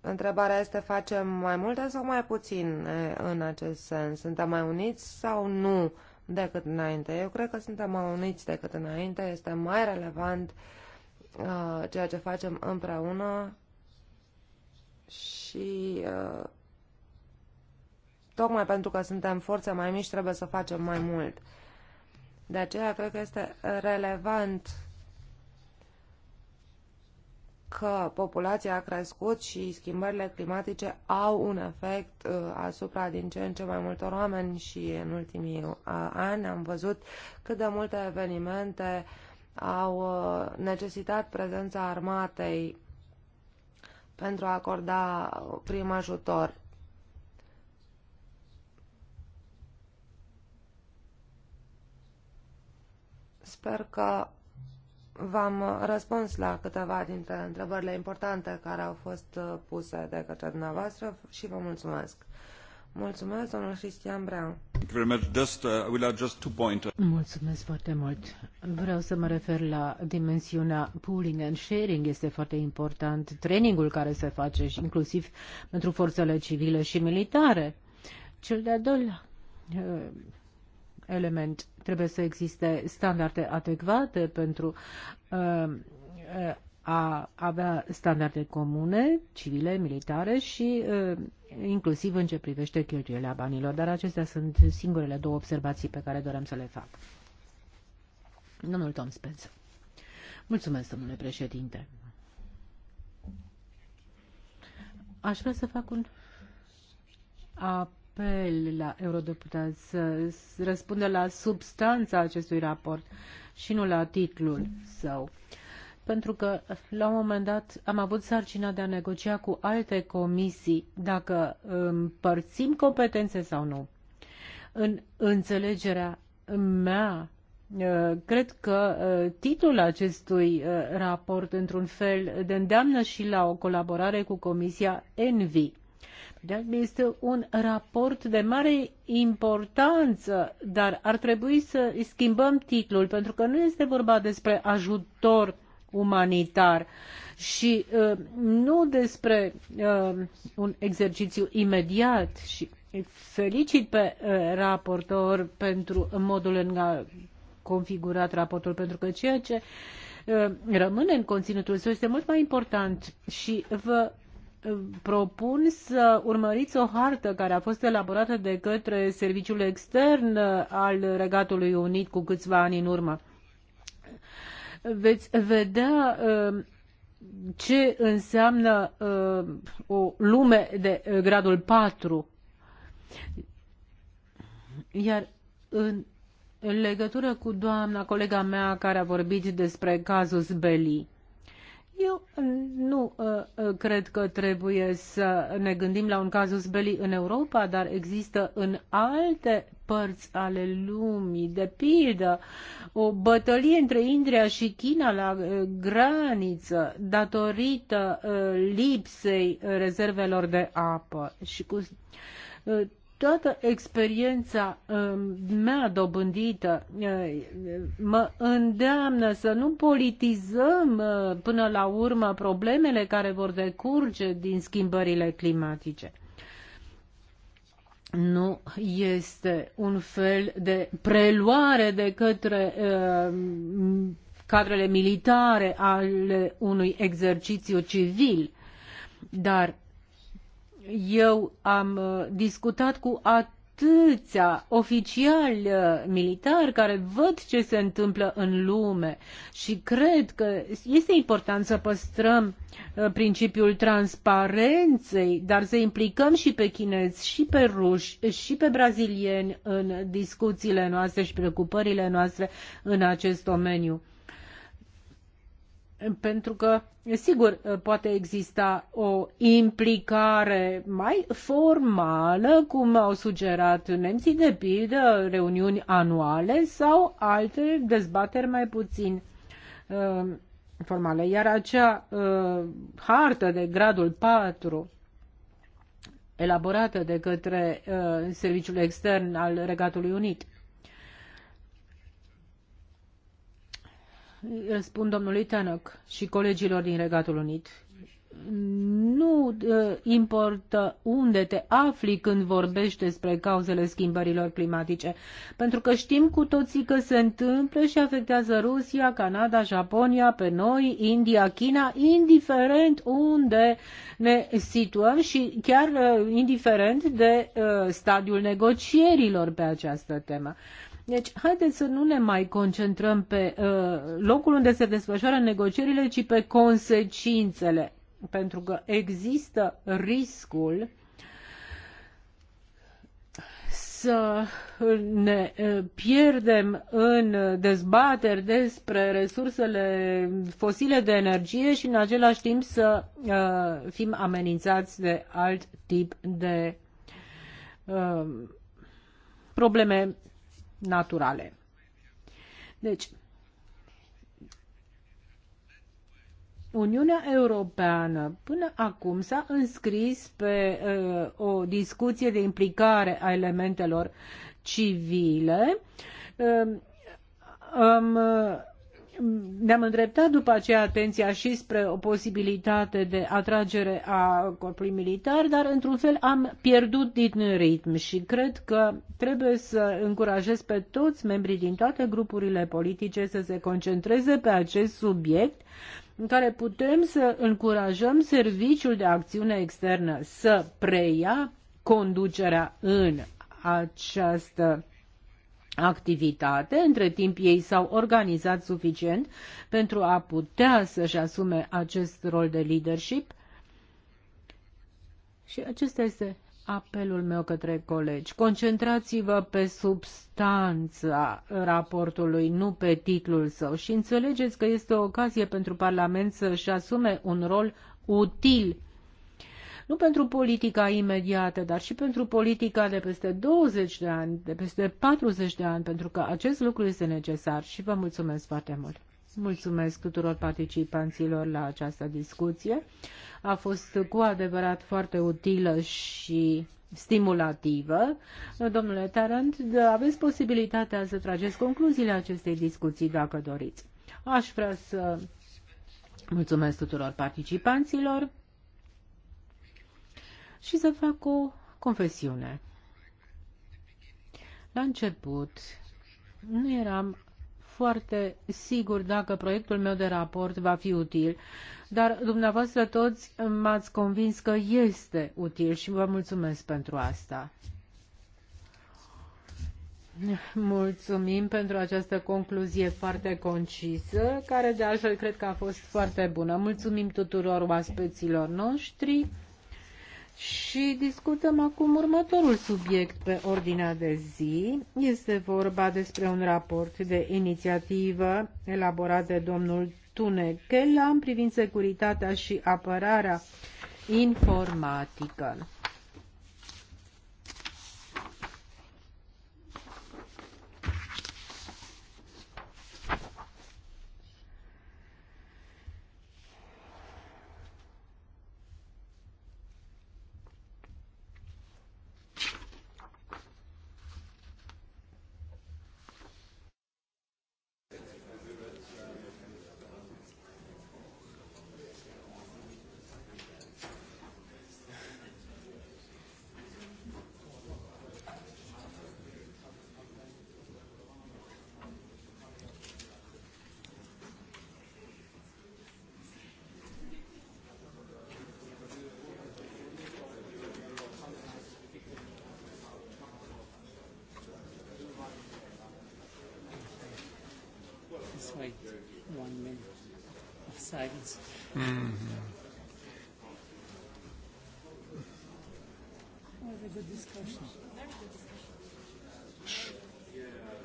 Întrebarea este, facem mai multe sau mai puțin în acest sens? Suntem mai uniți sau nu decât înainte? Eu cred că suntem mai uniți decât înainte. Este mai relevant uh, ceea ce facem împreună și uh, tocmai pentru că suntem forțe mai mici trebuie să facem mai mult. De aceea cred că este relevant că populația a crescut și schimbările climatice au un efect uh, asupra din ce în ce mai multor oameni și în ultimii uh, ani am văzut cât de multe evenimente au uh, necesitat prezența armatei pentru a acorda prim ajutor. Sper că v-am uh, răspuns la câteva dintre întrebările importante care au fost uh, puse de către dumneavoastră și vă mulțumesc. Mulțumesc, domnul Cristian Brean. Uh, mulțumesc foarte mult. Vreau să mă refer la dimensiunea pooling and sharing. Este foarte important trainingul care se face, inclusiv pentru forțele civile și militare. Cel de-al doilea element. Trebuie să existe standarde adecvate pentru uh, uh, a avea standarde comune, civile, militare și uh, inclusiv în ce privește cheltuielile banilor. Dar acestea sunt singurele două observații pe care doream să le fac. Domnul Tom Spence. Mulțumesc, domnule președinte. Aș vrea să fac un a apel la eurodeputați să răspundă la substanța acestui raport și nu la titlul său. Pentru că, la un moment dat, am avut sarcina de a negocia cu alte comisii dacă împărțim competențe sau nu. În înțelegerea mea, ă, cred că ă, titlul acestui ă, raport, într-un fel, de îndeamnă și la o colaborare cu Comisia ENVI deci este un raport de mare importanță, dar ar trebui să schimbăm titlul, pentru că nu este vorba despre ajutor umanitar și uh, nu despre uh, un exercițiu imediat și felicit pe uh, raportor pentru modul în care configurat raportul, pentru că ceea ce uh, rămâne în conținutul său este mult mai important și vă propun să urmăriți o hartă care a fost elaborată de către Serviciul Extern al Regatului Unit cu câțiva ani în urmă. Veți vedea uh, ce înseamnă uh, o lume de uh, gradul 4. Iar în legătură cu doamna colega mea care a vorbit despre cazul Zbelii, eu uh, nu uh, uh, cred că trebuie să ne gândim la un cazus belli în Europa, dar există în alte părți ale lumii, de pildă, o bătălie între India și China la uh, graniță datorită uh, lipsei uh, rezervelor de apă și cu toată experiența um, mea dobândită uh, mă îndeamnă să nu politizăm uh, până la urmă problemele care vor decurge din schimbările climatice. Nu este un fel de preluare de către uh, cadrele militare ale unui exercițiu civil, dar eu am uh, discutat cu atâția oficiali uh, militari care văd ce se întâmplă în lume și cred că este important să păstrăm uh, principiul transparenței, dar să implicăm și pe chinezi, și pe ruși, și pe brazilieni în discuțiile noastre și preocupările noastre în acest domeniu pentru că, sigur, poate exista o implicare mai formală, cum au sugerat nemții, de pildă, reuniuni anuale sau alte dezbateri mai puțin uh, formale. Iar acea uh, hartă de gradul 4 elaborată de către uh, Serviciul Extern al Regatului Unit răspund domnului Tanăc și colegilor din Regatul Unit. Nu ă, importă unde te afli când vorbești despre cauzele schimbărilor climatice, pentru că știm cu toții că se întâmplă și afectează Rusia, Canada, Japonia, pe noi, India, China, indiferent unde ne situăm și chiar ă, indiferent de ă, stadiul negocierilor pe această temă. Deci, haideți să nu ne mai concentrăm pe uh, locul unde se desfășoară negocierile, ci pe consecințele. Pentru că există riscul să ne uh, pierdem în dezbateri despre resursele fosile de energie și în același timp să uh, fim amenințați de alt tip de uh, probleme naturale. Deci, Uniunea Europeană până acum s-a înscris pe uh, o discuție de implicare a elementelor civile. Um, uh, um, uh, ne-am îndreptat după aceea atenția și spre o posibilitate de atragere a corpului militar, dar într-un fel am pierdut din ritm și cred că trebuie să încurajez pe toți membrii din toate grupurile politice să se concentreze pe acest subiect în care putem să încurajăm serviciul de acțiune externă să preia conducerea în această activitate, între timp ei s-au organizat suficient pentru a putea să-și asume acest rol de leadership și acesta este apelul meu către colegi. Concentrați-vă pe substanța raportului, nu pe titlul său și înțelegeți că este o ocazie pentru Parlament să-și asume un rol util nu pentru politica imediată, dar și pentru politica de peste 20 de ani, de peste 40 de ani, pentru că acest lucru este necesar și vă mulțumesc foarte mult. Mulțumesc tuturor participanților la această discuție. A fost cu adevărat foarte utilă și stimulativă. Domnule Tarant, aveți posibilitatea să trageți concluziile acestei discuții dacă doriți. Aș vrea să mulțumesc tuturor participanților și să fac o confesiune. La început nu eram foarte sigur dacă proiectul meu de raport va fi util, dar dumneavoastră toți m-ați convins că este util și vă mulțumesc pentru asta. Mulțumim pentru această concluzie foarte concisă, care de altfel cred că a fost foarte bună. Mulțumim tuturor oaspeților noștri. Și discutăm acum următorul subiect pe ordinea de zi. Este vorba despre un raport de inițiativă elaborat de domnul Tunechela în privind securitatea și apărarea informatică. silence.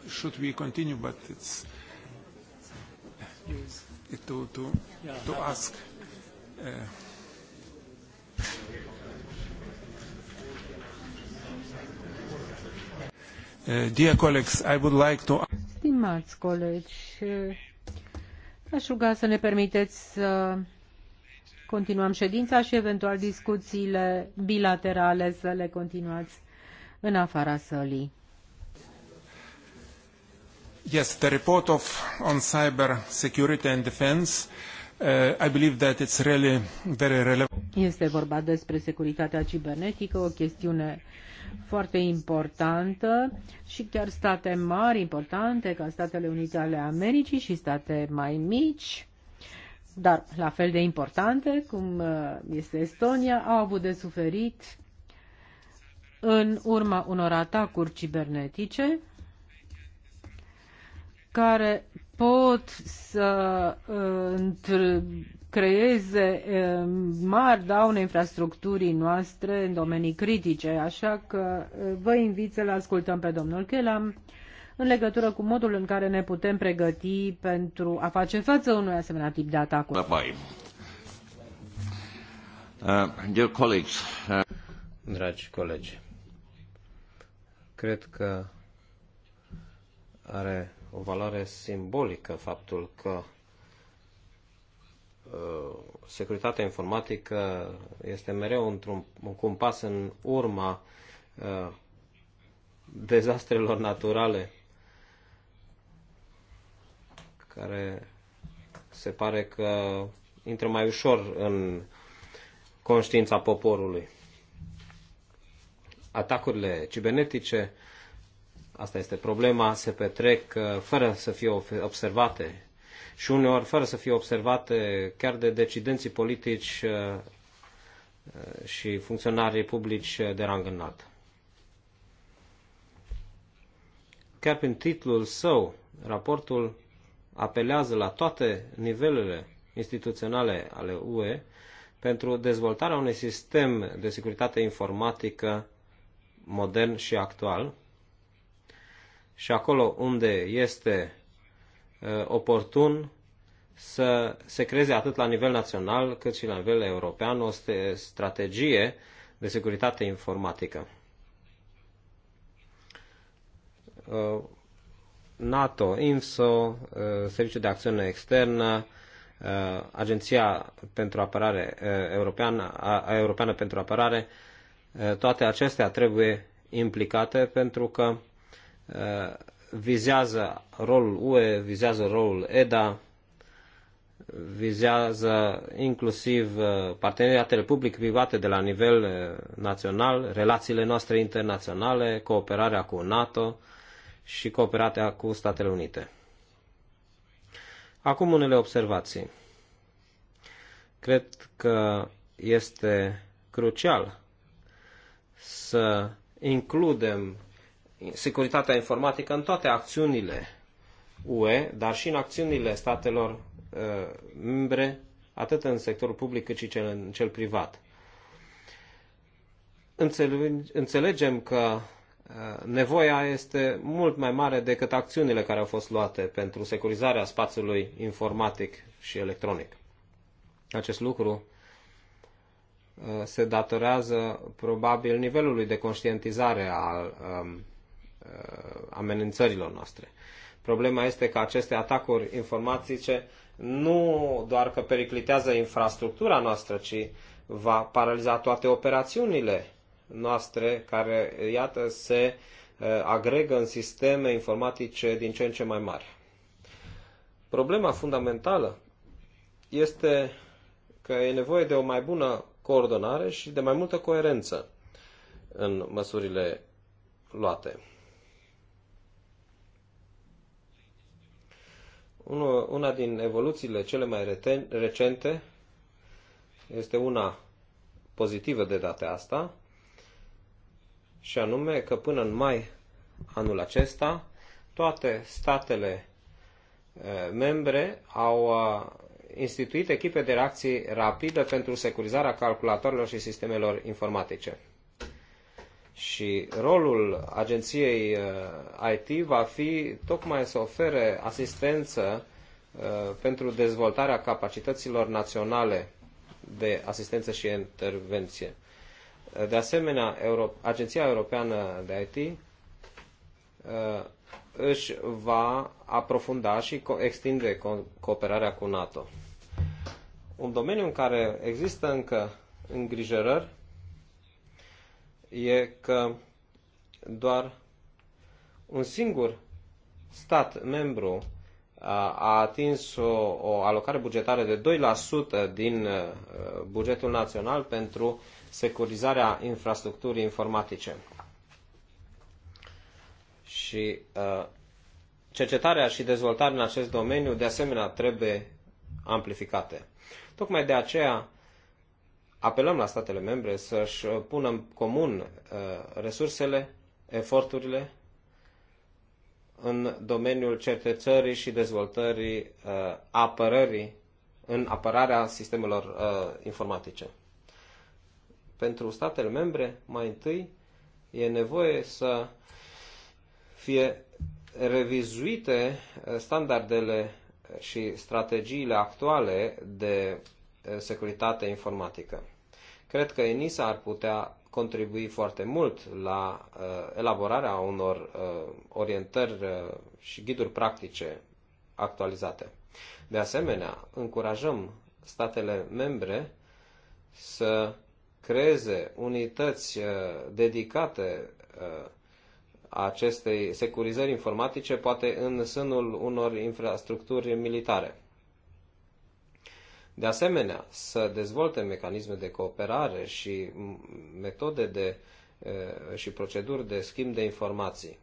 Should we continue? But it's yes. to to yeah, to ask. Uh, uh, dear colleagues, I would like to. Stimați colegi, uh, Aș ruga să ne permiteți să continuăm ședința și eventual discuțiile bilaterale să le continuați în afara sălii. Yes, the report of on cyber security and defense, uh, I believe that it's really very relevant. Este vorba despre securitatea cibernetică, o chestiune foarte importantă și chiar state mari importante ca Statele Unite ale Americii și state mai mici, dar la fel de importante cum uh, este Estonia, au avut de suferit în urma unor atacuri cibernetice care pot să uh, creeze mari daune infrastructurii noastre în domenii critice, așa că vă invit să-l ascultăm pe domnul Chelam în legătură cu modul în care ne putem pregăti pentru a face față unui asemenea tip de atacuri. Bye -bye. Uh, uh... Dragi colegi, cred că are o valoare simbolică faptul că Uh, securitatea informatică este mereu într-un cu un pas în urma uh, dezastrelor naturale care se pare că intră mai ușor în conștiința poporului. Atacurile cibernetice, asta este problema, se petrec uh, fără să fie observate și uneori fără să fie observate chiar de decidenții politici uh, uh, și funcționarii publici de rang înalt. Chiar prin titlul său, raportul apelează la toate nivelele instituționale ale UE pentru dezvoltarea unui sistem de securitate informatică modern și actual. Și acolo unde este Uh, oportun să se creeze atât la nivel național cât și la nivel european o strategie de securitate informatică. Uh, NATO, INSO, uh, Serviciul de Acțiune Externă, Agenția pentru Apărare Europeană, Europeană pentru Apărare, toate acestea trebuie implicate pentru că vizează rolul UE, vizează rolul EDA, vizează inclusiv uh, parteneriatele public-private de la nivel uh, național, relațiile noastre internaționale, cooperarea cu NATO și cooperarea cu Statele Unite. Acum unele observații. Cred că este crucial să includem securitatea informatică în toate acțiunile UE, dar și în acțiunile statelor uh, membre, atât în sectorul public cât și cel, în cel privat. Înțelegem că uh, nevoia este mult mai mare decât acțiunile care au fost luate pentru securizarea spațiului informatic și electronic. Acest lucru uh, se datorează probabil nivelului de conștientizare al um, Uh, amenințărilor noastre. Problema este că aceste atacuri informatice nu doar că periclitează infrastructura noastră, ci va paraliza toate operațiunile noastre care, iată, se uh, agregă în sisteme informatice din ce în ce mai mari. Problema fundamentală este că e nevoie de o mai bună coordonare și de mai multă coerență în măsurile luate. Una din evoluțiile cele mai recente este una pozitivă de data asta, și anume că până în mai anul acesta toate statele membre au instituit echipe de reacții rapidă pentru securizarea calculatoarelor și sistemelor informatice. Și rolul agenției uh, IT va fi tocmai să ofere asistență uh, pentru dezvoltarea capacităților naționale de asistență și intervenție. De asemenea, Agenția Europeană de IT uh, își va aprofunda și extinde cooperarea cu NATO. Un domeniu în care există încă îngrijorări e că doar un singur stat membru a atins o, o alocare bugetară de 2% din uh, bugetul național pentru securizarea infrastructurii informatice. Și uh, cercetarea și dezvoltarea în acest domeniu, de asemenea, trebuie amplificate. Tocmai de aceea apelăm la statele membre să-și uh, pună în comun uh, resursele, eforturile în domeniul cercetării și dezvoltării uh, apărării, în apărarea sistemelor informatice. Pentru statele membre, mai întâi, e nevoie să fie revizuite standardele și strategiile actuale de securitate informatică. Cred că ENISA ar putea contribui foarte mult la uh, elaborarea unor uh, orientări uh, și ghiduri practice actualizate. De asemenea, încurajăm statele membre să creeze unități uh, dedicate uh, acestei securizări informatice, poate în sânul unor infrastructuri militare. De asemenea, să dezvolte mecanisme de cooperare și metode de, și proceduri de schimb de informații.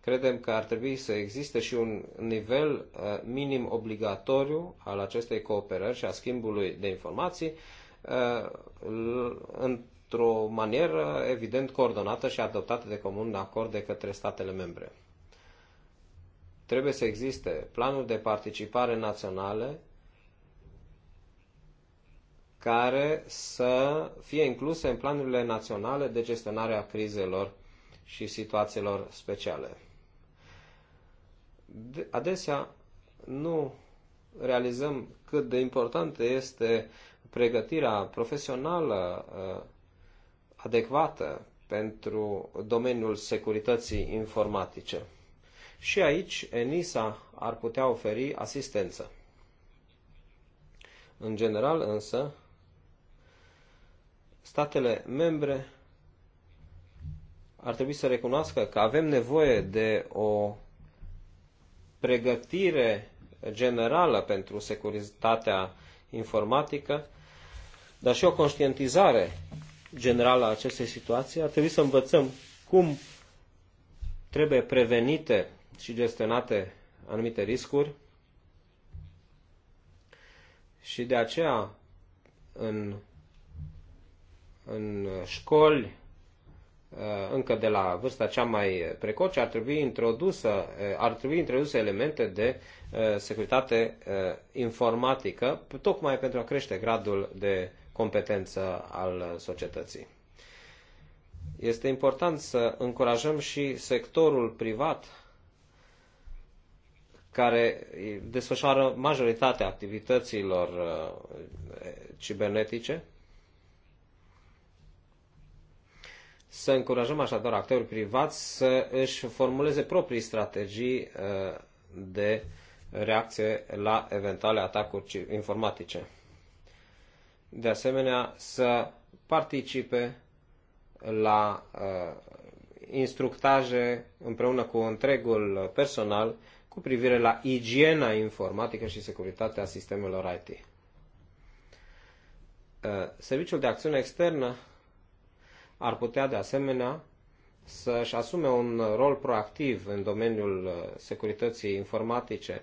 Credem că ar trebui să existe și un nivel minim obligatoriu al acestei cooperări și a schimbului de informații într-o manieră evident coordonată și adoptată de comun acord de către statele membre. Trebuie să existe planuri de participare naționale care să fie incluse în planurile naționale de gestionare a crizelor și situațiilor speciale. Adesea nu realizăm cât de importantă este pregătirea profesională uh, adecvată pentru domeniul securității informatice. Și aici ENISA ar putea oferi asistență. În general însă, statele membre ar trebui să recunoască că avem nevoie de o pregătire generală pentru securitatea informatică, dar și o conștientizare generală a acestei situații. Ar trebui să învățăm cum trebuie prevenite și gestionate anumite riscuri și de aceea în în uh, școli, uh, încă de la vârsta cea mai precoce, ar trebui, introdusă, uh, ar trebui introduse elemente de securitate informatică, tocmai pentru a crește gradul de competență al societății. Este important să încurajăm și sectorul privat care desfășoară majoritatea activităților cibernetice, Să încurajăm așadar actorii privați să își formuleze proprii strategii uh, de reacție la eventuale atacuri informatice. De asemenea, să participe la uh, instructaje împreună cu întregul personal cu privire la igiena informatică și securitatea sistemelor IT. Uh, Serviciul de acțiune externă ar putea de asemenea să-și asume un rol proactiv în domeniul uh, securității informatice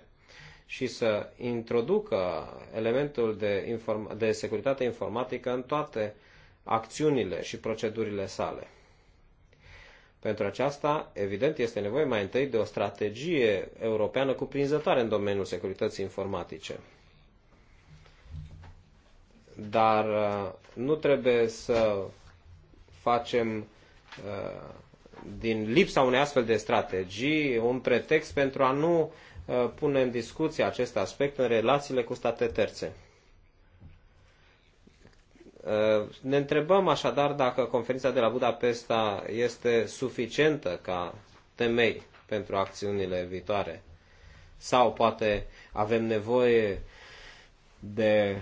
și să introducă elementul de, inform- de securitate informatică în toate acțiunile și procedurile sale. Pentru aceasta, evident, este nevoie mai întâi de o strategie europeană cuprinzătoare în domeniul securității informatice. Dar uh, nu trebuie să facem uh, din lipsa unei astfel de strategii un pretext pentru a nu uh, pune în discuție acest aspect în relațiile cu state terțe. Uh, ne întrebăm așadar dacă conferința de la Budapesta este suficientă ca temei pentru acțiunile viitoare sau poate avem nevoie de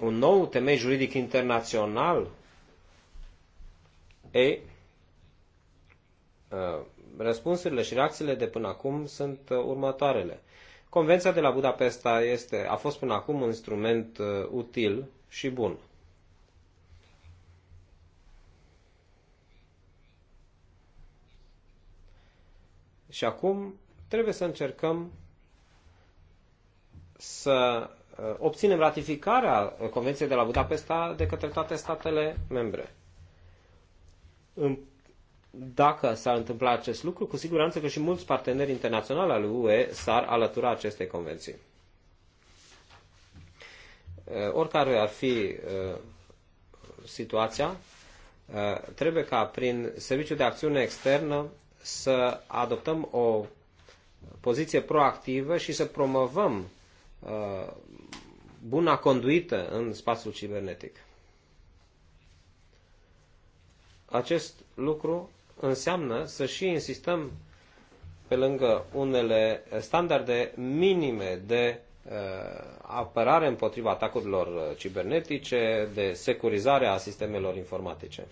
un nou temei juridic internațional ei, uh, răspunsurile și reacțiile de până acum sunt uh, următoarele. Convenția de la Budapesta este, a fost până acum un instrument uh, util și bun. Și acum trebuie să încercăm să obținem ratificarea Convenției de la Budapesta de către toate statele membre dacă s-ar întâmpla acest lucru, cu siguranță că și mulți parteneri internaționali al UE s-ar alătura acestei convenții. Uh, oricare ar fi uh, situația, uh, trebuie ca prin Serviciul de Acțiune Externă să adoptăm o poziție proactivă și să promovăm buna conduită în spațiul cibernetic. Acest lucru înseamnă să și insistăm pe lângă unele standarde minime de uh, apărare împotriva atacurilor uh, cibernetice, de securizare a sistemelor informatice.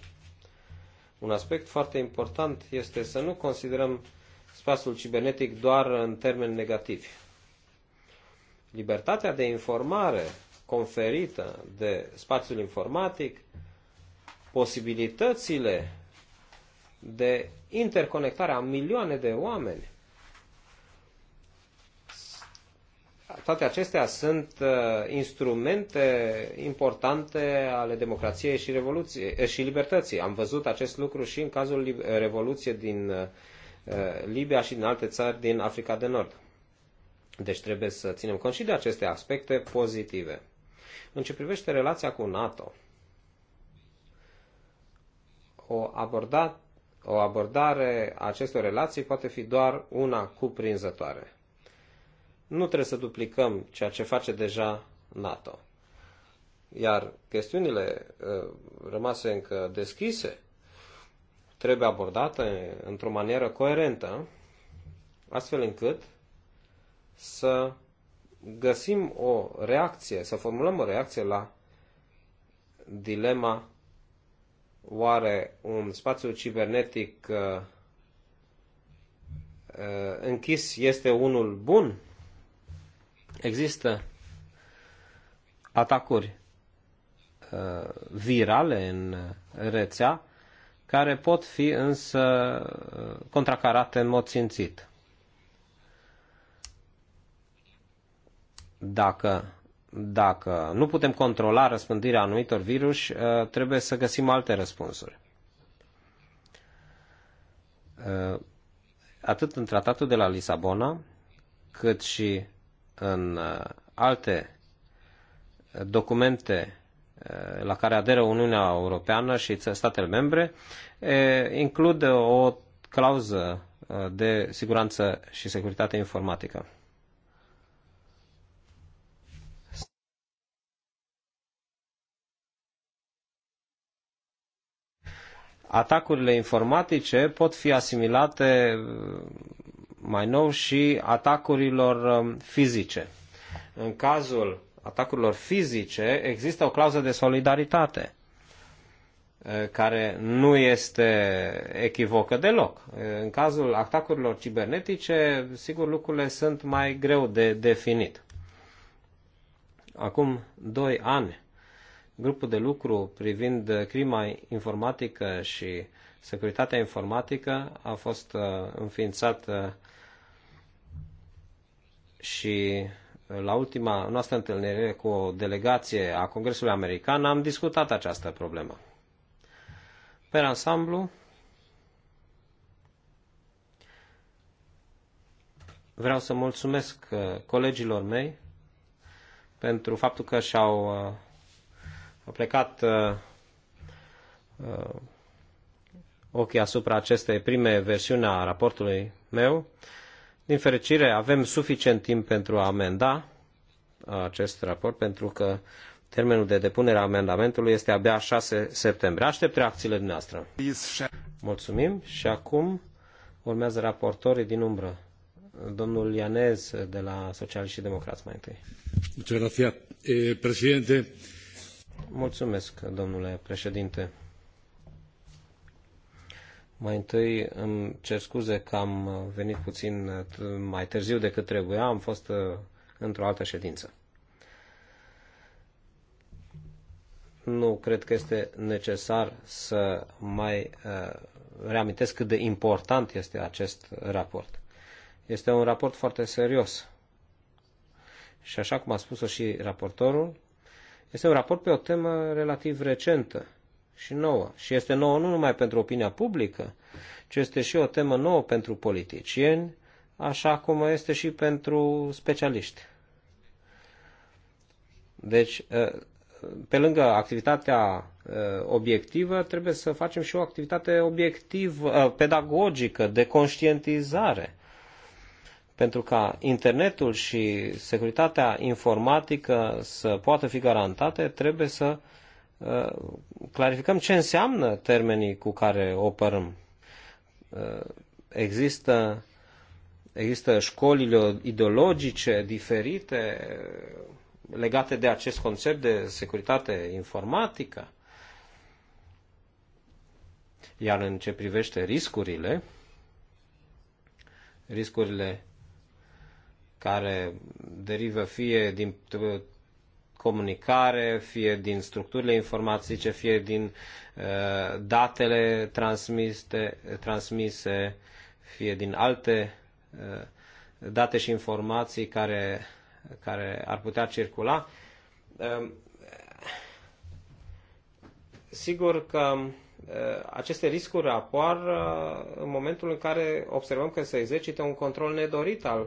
Un aspect foarte important este să nu considerăm spațiul cibernetic doar în termeni negativi. Libertatea de informare conferită de spațiul informatic posibilitățile de interconectare a milioane de oameni. Toate acestea sunt uh, instrumente importante ale democrației și, revoluției, eh, și libertății. Am văzut acest lucru și în cazul eh, Revoluției din uh, Libia și din alte țări din Africa de Nord. Deci trebuie să ținem cont și de aceste aspecte pozitive. În ce privește relația cu NATO, o, aborda, o abordare a acestor relații poate fi doar una cuprinzătoare. Nu trebuie să duplicăm ceea ce face deja NATO. Iar chestiunile uh, rămase încă deschise trebuie abordate într-o manieră coerentă, astfel încât să găsim o reacție, să formulăm o reacție la dilema oare un spațiu cibernetic uh, uh, închis este unul bun? Există atacuri uh, virale în rețea care pot fi însă contracarate în mod simțit. Dacă dacă nu putem controla răspândirea anumitor virus, uh, trebuie să găsim alte răspunsuri. Uh, atât în tratatul de la Lisabona, cât și în uh, alte documente la care aderă Uniunea Europeană și statele membre, includ o clauză de siguranță și securitate informatică. atacurile informatice pot fi asimilate uh, mai nou și atacurilor um, fizice. În cazul atacurilor fizice există o clauză de solidaritate uh, care nu este echivocă deloc. Uh, în cazul atacurilor cibernetice, sigur, lucrurile sunt mai greu de definit. Acum doi ani grupul de lucru privind crima informatică și securitatea informatică a fost uh, înființat uh, și uh, la ultima noastră întâlnire cu o delegație a Congresului American am discutat această problemă. Pe ansamblu, vreau să mulțumesc colegilor mei pentru faptul că și-au a plecat uh, uh, ochii asupra acestei prime versiuni a raportului meu. Din fericire, avem suficient timp pentru a amenda acest raport, pentru că termenul de depunere a amendamentului este abia 6 septembrie. Aștept reacțiile dumneavoastră. Mulțumim și acum urmează raportorii din umbră. Domnul Ianez de la Social și Democrați mai întâi. Mulțumesc, eh, președinte. Mulțumesc, domnule președinte. Mai întâi îmi cer scuze că am venit puțin mai târziu decât trebuia, am fost uh, într-o altă ședință. Nu cred că este necesar să mai uh, reamintesc cât de important este acest raport. Este un raport foarte serios. Și așa cum a spus-o și raportorul, este un raport pe o temă relativ recentă și nouă. Și este nouă nu numai pentru opinia publică, ci este și o temă nouă pentru politicieni, așa cum este și pentru specialiști. Deci, ă, pe lângă activitatea ă, obiectivă, trebuie să facem și o activitate obiectivă, ă, pedagogică, de conștientizare pentru ca internetul și securitatea informatică să poată fi garantate, trebuie să uh, clarificăm ce înseamnă termenii cu care operăm. Uh, există, există școlile ideologice diferite uh, legate de acest concept de securitate informatică. Iar în ce privește riscurile, riscurile care derivă fie din uh, comunicare, fie din structurile informatice, fie din uh, datele transmise, transmise, fie din alte uh, date și informații care, care ar putea circula. Um, sigur că aceste riscuri apar în momentul în care observăm că se exercită un control nedorit al uh,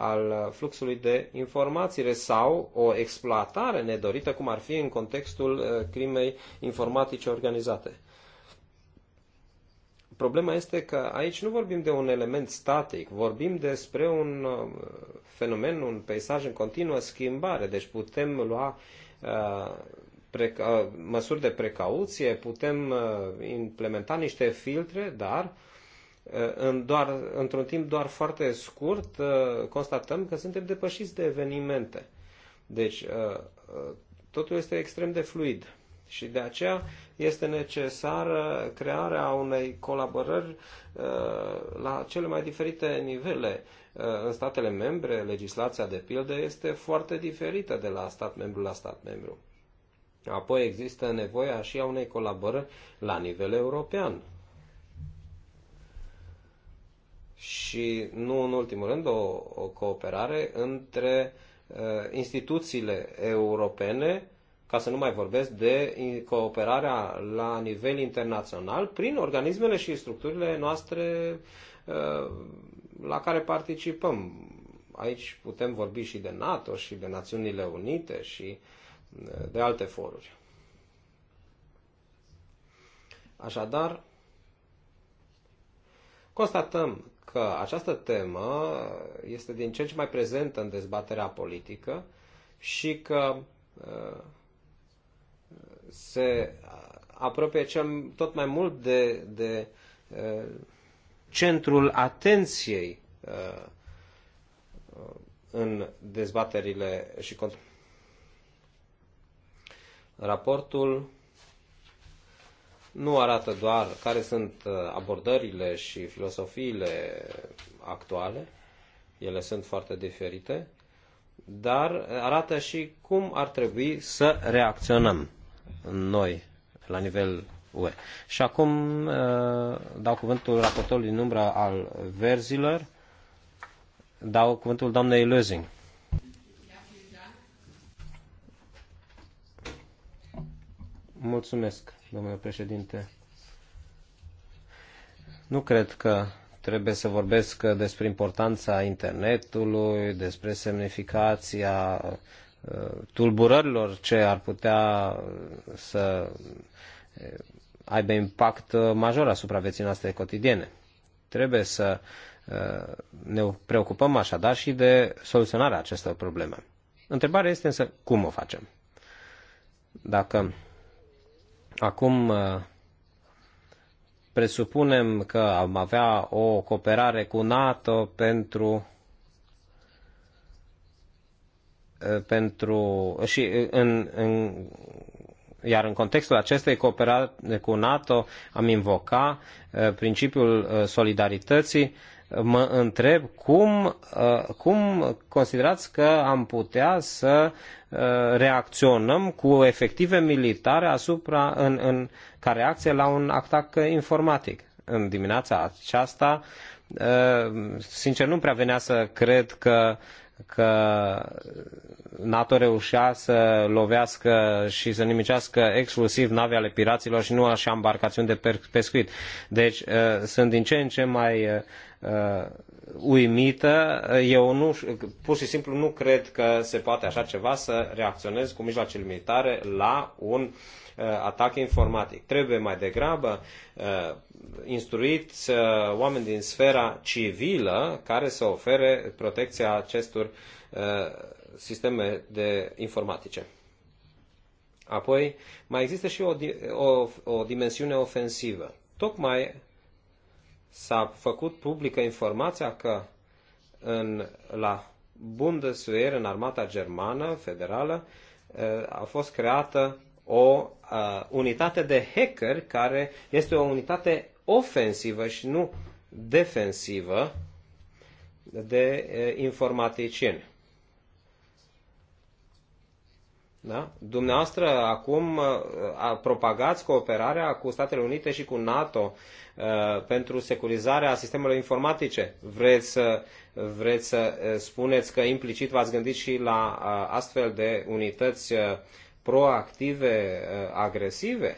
al fluxului de informații sau o exploatare nedorită, cum ar fi în contextul uh, crimei informatice organizate. Problema este că aici nu vorbim de un element static, vorbim despre un uh, fenomen, un peisaj în continuă schimbare, deci putem lua uh, preca- măsuri de precauție, putem implementa niște filtre, dar uh, Uh, în doar, într-un timp doar foarte scurt, uh, constatăm că suntem depășiți de evenimente. Deci, uh, totul este extrem de fluid și de aceea este necesară crearea unei colaborări la cele mai diferite nivele. În statele membre, legislația de pildă este foarte diferită de la stat membru la stat membru. Apoi există nevoia și a unei colaborări la nivel european, și, nu în ultimul rând, o, o cooperare între uh, instituțiile europene, ca să nu mai vorbesc de cooperarea la nivel internațional prin organismele și structurile noastre uh, la care participăm. Aici putem vorbi și de NATO și de Națiunile Unite și uh, de alte foruri. Așadar, constatăm că această temă este din ce în ce mai prezentă în dezbaterea politică și că uh, se apropie cel, tot mai mult de, de uh, centrul atenției uh, în dezbaterile și controlul. Raportul nu arată doar care sunt uh, abordările și filosofiile actuale, ele sunt foarte diferite, dar arată și cum ar trebui să reacționăm noi la nivel UE. Și acum uh, dau cuvântul raportorului în umbra al verzilor, dau cuvântul doamnei Lözing. Mulțumesc, domnule președinte. Nu cred că trebuie să vorbesc despre importanța internetului, despre semnificația uh, tulburărilor ce ar putea să uh, aibă impact major asupra vieții noastre cotidiene. Trebuie să uh, ne preocupăm așadar și de soluționarea acestor probleme. Întrebarea este însă cum o facem. Dacă Acum uh, presupunem că am avea o cooperare cu NATO pentru uh, pentru și uh, în, în iar în contextul acestei cooperare cu NATO am invoca principiul solidarității mă întreb cum, uh, cum considerați că am putea să uh, reacționăm cu efective militare asupra, în, în, ca reacție la un atac informatic. În dimineața aceasta, uh, sincer, nu prea venea să cred că uh, că NATO reușea să lovească și să nimicească exclusiv nave ale piraților și nu așa embarcațiuni de pescuit. Deci uh, sunt din ce în ce mai uh, uh, uimită. Eu nu, pur și simplu nu cred că se poate așa ceva să reacționezi cu mijloace militare la un uh, atac informatic. Trebuie mai degrabă uh, instruit uh, oameni din sfera civilă care să ofere protecția acestor uh, sisteme de informatice. Apoi, mai există și o, o, o dimensiune ofensivă. Tocmai s-a făcut publică informația că în, la Bundeswehr, în armata germană federală, a fost creată o a, unitate de hacker care este o unitate ofensivă și nu defensivă de informaticieni. Da? Dumneavoastră acum uh, propagați cooperarea cu Statele Unite și cu NATO uh, pentru securizarea sistemelor informatice. Vreți să, vreți să uh, spuneți că implicit v-ați gândit și la astfel de unități proactive, agresive?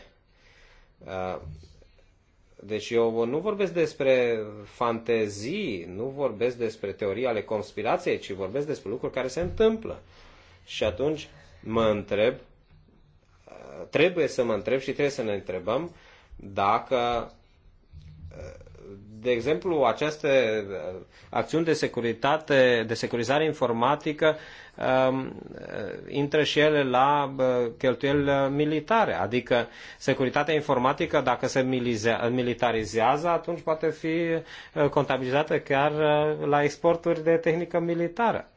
Deci eu nu vorbesc despre fantezii, nu vorbesc despre teorii ale conspirației, ci vorbesc despre lucruri care se întâmplă. Și atunci mă întreb, trebuie să mă întreb și trebuie să ne întrebăm dacă, de exemplu, aceste uh, acțiuni de securitate, de securizare informatică, um, uh, intră și ele la uh, cheltuieli militare. Adică securitatea informatică, dacă se militarizează, atunci poate fi contabilizată chiar la exporturi de tehnică militară.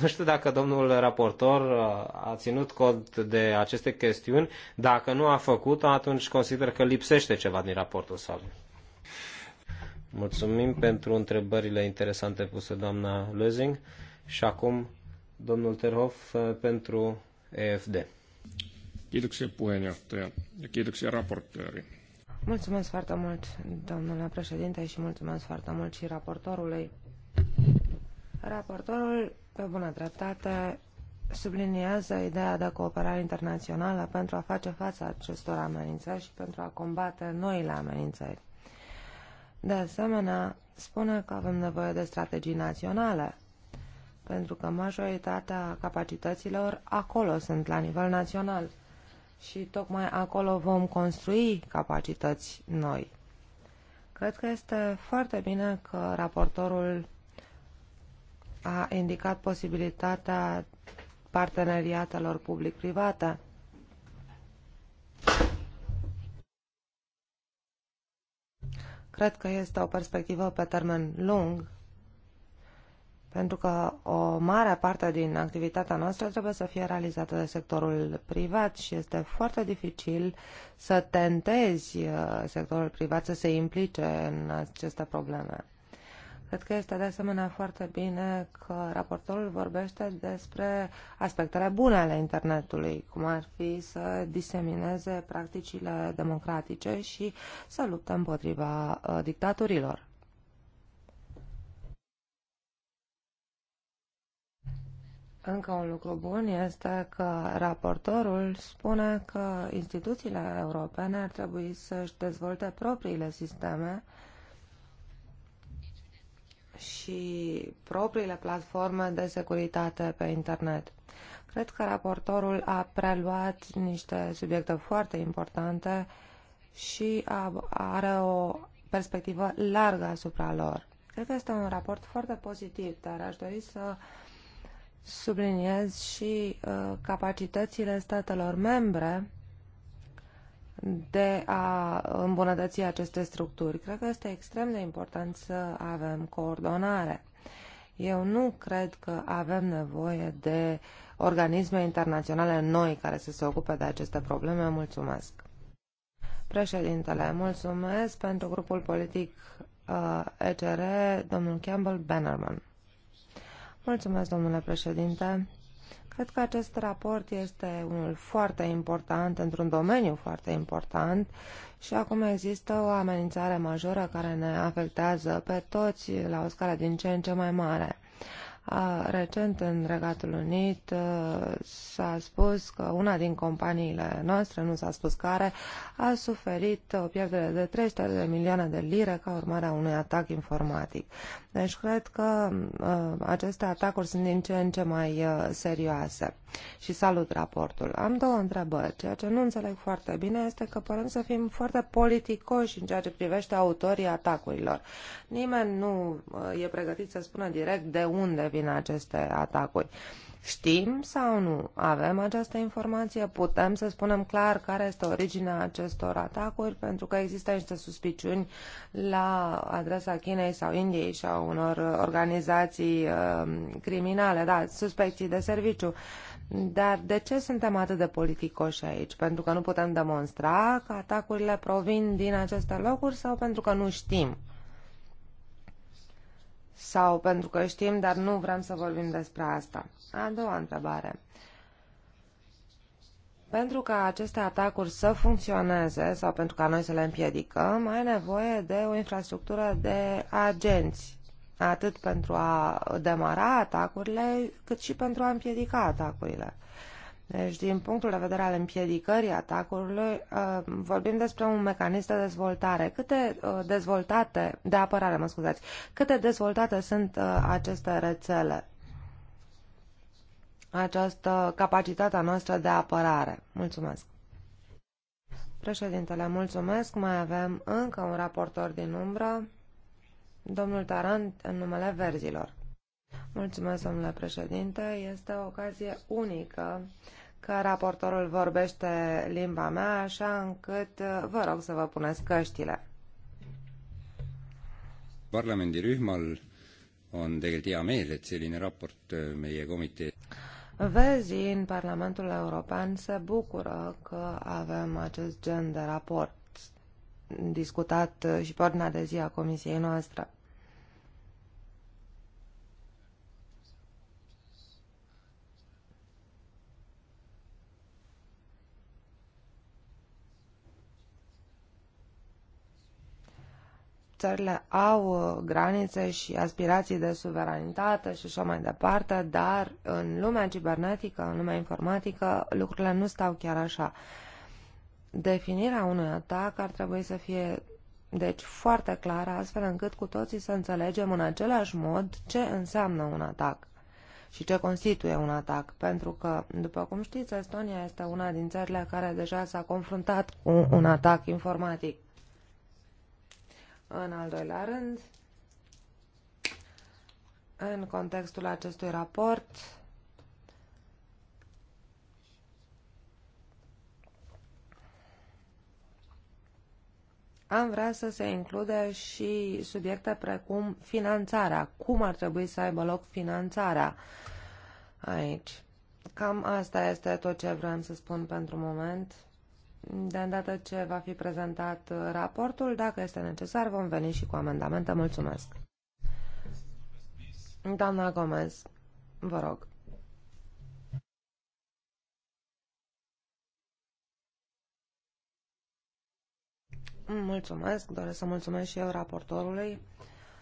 Nu știu dacă domnul raportor uh, a ținut cont de aceste chestiuni. Dacă nu a făcut, atunci consider că lipsește ceva din raportul său. Mulțumim pentru întrebările interesante puse doamna Lözing și acum domnul Terhoff uh, pentru EFD. Kiitoksia puheenjohtaja ja kiitoksia raportööri. Mulțumesc foarte mult, domnule președinte, și mulțumesc foarte mult și raportorului. Raportorul pe bună dreptate, subliniază ideea de cooperare internațională pentru a face față acestor amenințări și pentru a combate noile amenințări. De asemenea, spune că avem nevoie de strategii naționale, pentru că majoritatea capacităților acolo sunt la nivel național și tocmai acolo vom construi capacități noi. Cred că este foarte bine că raportorul a indicat posibilitatea parteneriatelor public-private. Cred că este o perspectivă pe termen lung, pentru că o mare parte din activitatea noastră trebuie să fie realizată de sectorul privat și este foarte dificil să tentezi uh, sectorul privat să se implice în aceste probleme. Cred că este de asemenea foarte bine că raportorul vorbește despre aspectele bune ale internetului, cum ar fi să disemineze practicile democratice și să lupte împotriva uh, dictaturilor. Încă un lucru bun este că raportorul spune că instituțiile europene ar trebui să-și dezvolte propriile sisteme și propriile platforme de securitate pe internet. Cred că raportorul a preluat niște subiecte foarte importante și a, are o perspectivă largă asupra lor. Cred că este un raport foarte pozitiv, dar aș dori să subliniez și uh, capacitățile statelor membre de a îmbunătăți aceste structuri. Cred că este extrem de important să avem coordonare. Eu nu cred că avem nevoie de organisme internaționale noi care să se ocupe de aceste probleme. Mulțumesc. Președintele, mulțumesc pentru grupul politic uh, ECR, domnul Campbell Bannerman. Mulțumesc, domnule președinte. Cred că acest raport este unul foarte important, într-un domeniu foarte important și acum există o amenințare majoră care ne afectează pe toți la o scară din ce în ce mai mare. Recent în Regatul Unit s-a spus că una din companiile noastre, nu s-a spus care, a suferit o pierdere de 300 de milioane de lire ca urmare a unui atac informatic. Deci cred că uh, aceste atacuri sunt din ce în ce mai uh, serioase și salut raportul. Am două întrebări. Ceea ce nu înțeleg foarte bine este că părem să fim foarte politicoși în ceea ce privește autorii atacurilor. Nimeni nu uh, e pregătit să spună direct de unde vin aceste atacuri. Uh, Știm sau nu? Avem această informație? Putem să spunem clar care este originea acestor atacuri? Pentru că există niște suspiciuni la adresa Chinei sau Indiei și a unor organizații um, criminale, da, suspecții de serviciu. Dar de ce suntem atât de politicoși aici? Pentru că nu putem demonstra că atacurile provin din aceste locuri sau pentru că nu știm? sau pentru că știm, dar nu vrem să vorbim despre asta. A doua întrebare. Pentru ca aceste atacuri să funcționeze sau pentru ca noi să le împiedicăm, ai nevoie de o infrastructură de agenți, atât pentru a demara atacurile, cât și pentru a împiedica atacurile. Deci, din punctul de vedere al împiedicării atacurilor, uh, vorbim despre un mecanism de dezvoltare. Câte uh, dezvoltate, de apărare, mă scuzați, câte dezvoltate sunt uh, aceste rețele? Această capacitatea noastră de apărare. Mulțumesc. Președintele, mulțumesc. Mai avem încă un raportor din umbră, domnul Tarant, în numele verzilor. Mulțumesc, domnule președinte. Este o ocazie unică că raportorul vorbește limba mea, așa încât uh, vă rog să vă puneți căștile. Parlamentul on tegelikult hea meel, raport uh, meie komitee Vezi, în Parlamentul European se bucură că avem acest gen de raport discutat uh, și pe ordinea de zi a comisiei noastre. țările au uh, granițe și aspirații de suveranitate și așa mai departe, dar în lumea cibernetică, în lumea informatică, lucrurile nu stau chiar așa. Definirea unui atac ar trebui să fie deci foarte clară, astfel încât cu toții să înțelegem în același mod ce înseamnă un atac și ce constituie un atac, pentru că, după cum știți, Estonia este una din țările care deja s-a confruntat cu un atac informatic. În al doilea rând, în contextul acestui raport, am vrea să se include și subiecte precum finanțarea. Cum ar trebui să aibă loc finanțarea aici? Cam asta este tot ce vreau să spun pentru moment de îndată ce va fi prezentat uh, raportul, dacă este necesar, vom veni și cu amendamente. Mulțumesc. Doamna Gomez, vă rog. Mulțumesc, doresc să mulțumesc și eu raportorului,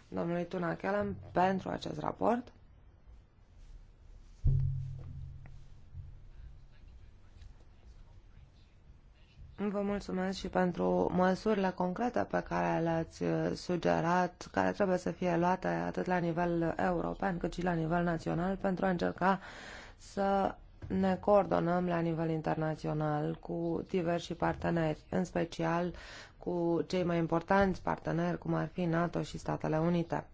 domnului Tuna Kellen, pentru acest raport. Vă mulțumesc și pentru măsurile concrete pe care le-ați uh, sugerat, care trebuie să fie luate atât la nivel european cât și la nivel național pentru a încerca să ne coordonăm la nivel internațional cu diversi parteneri, în special cu cei mai importanți parteneri, cum ar fi NATO și Statele Unite.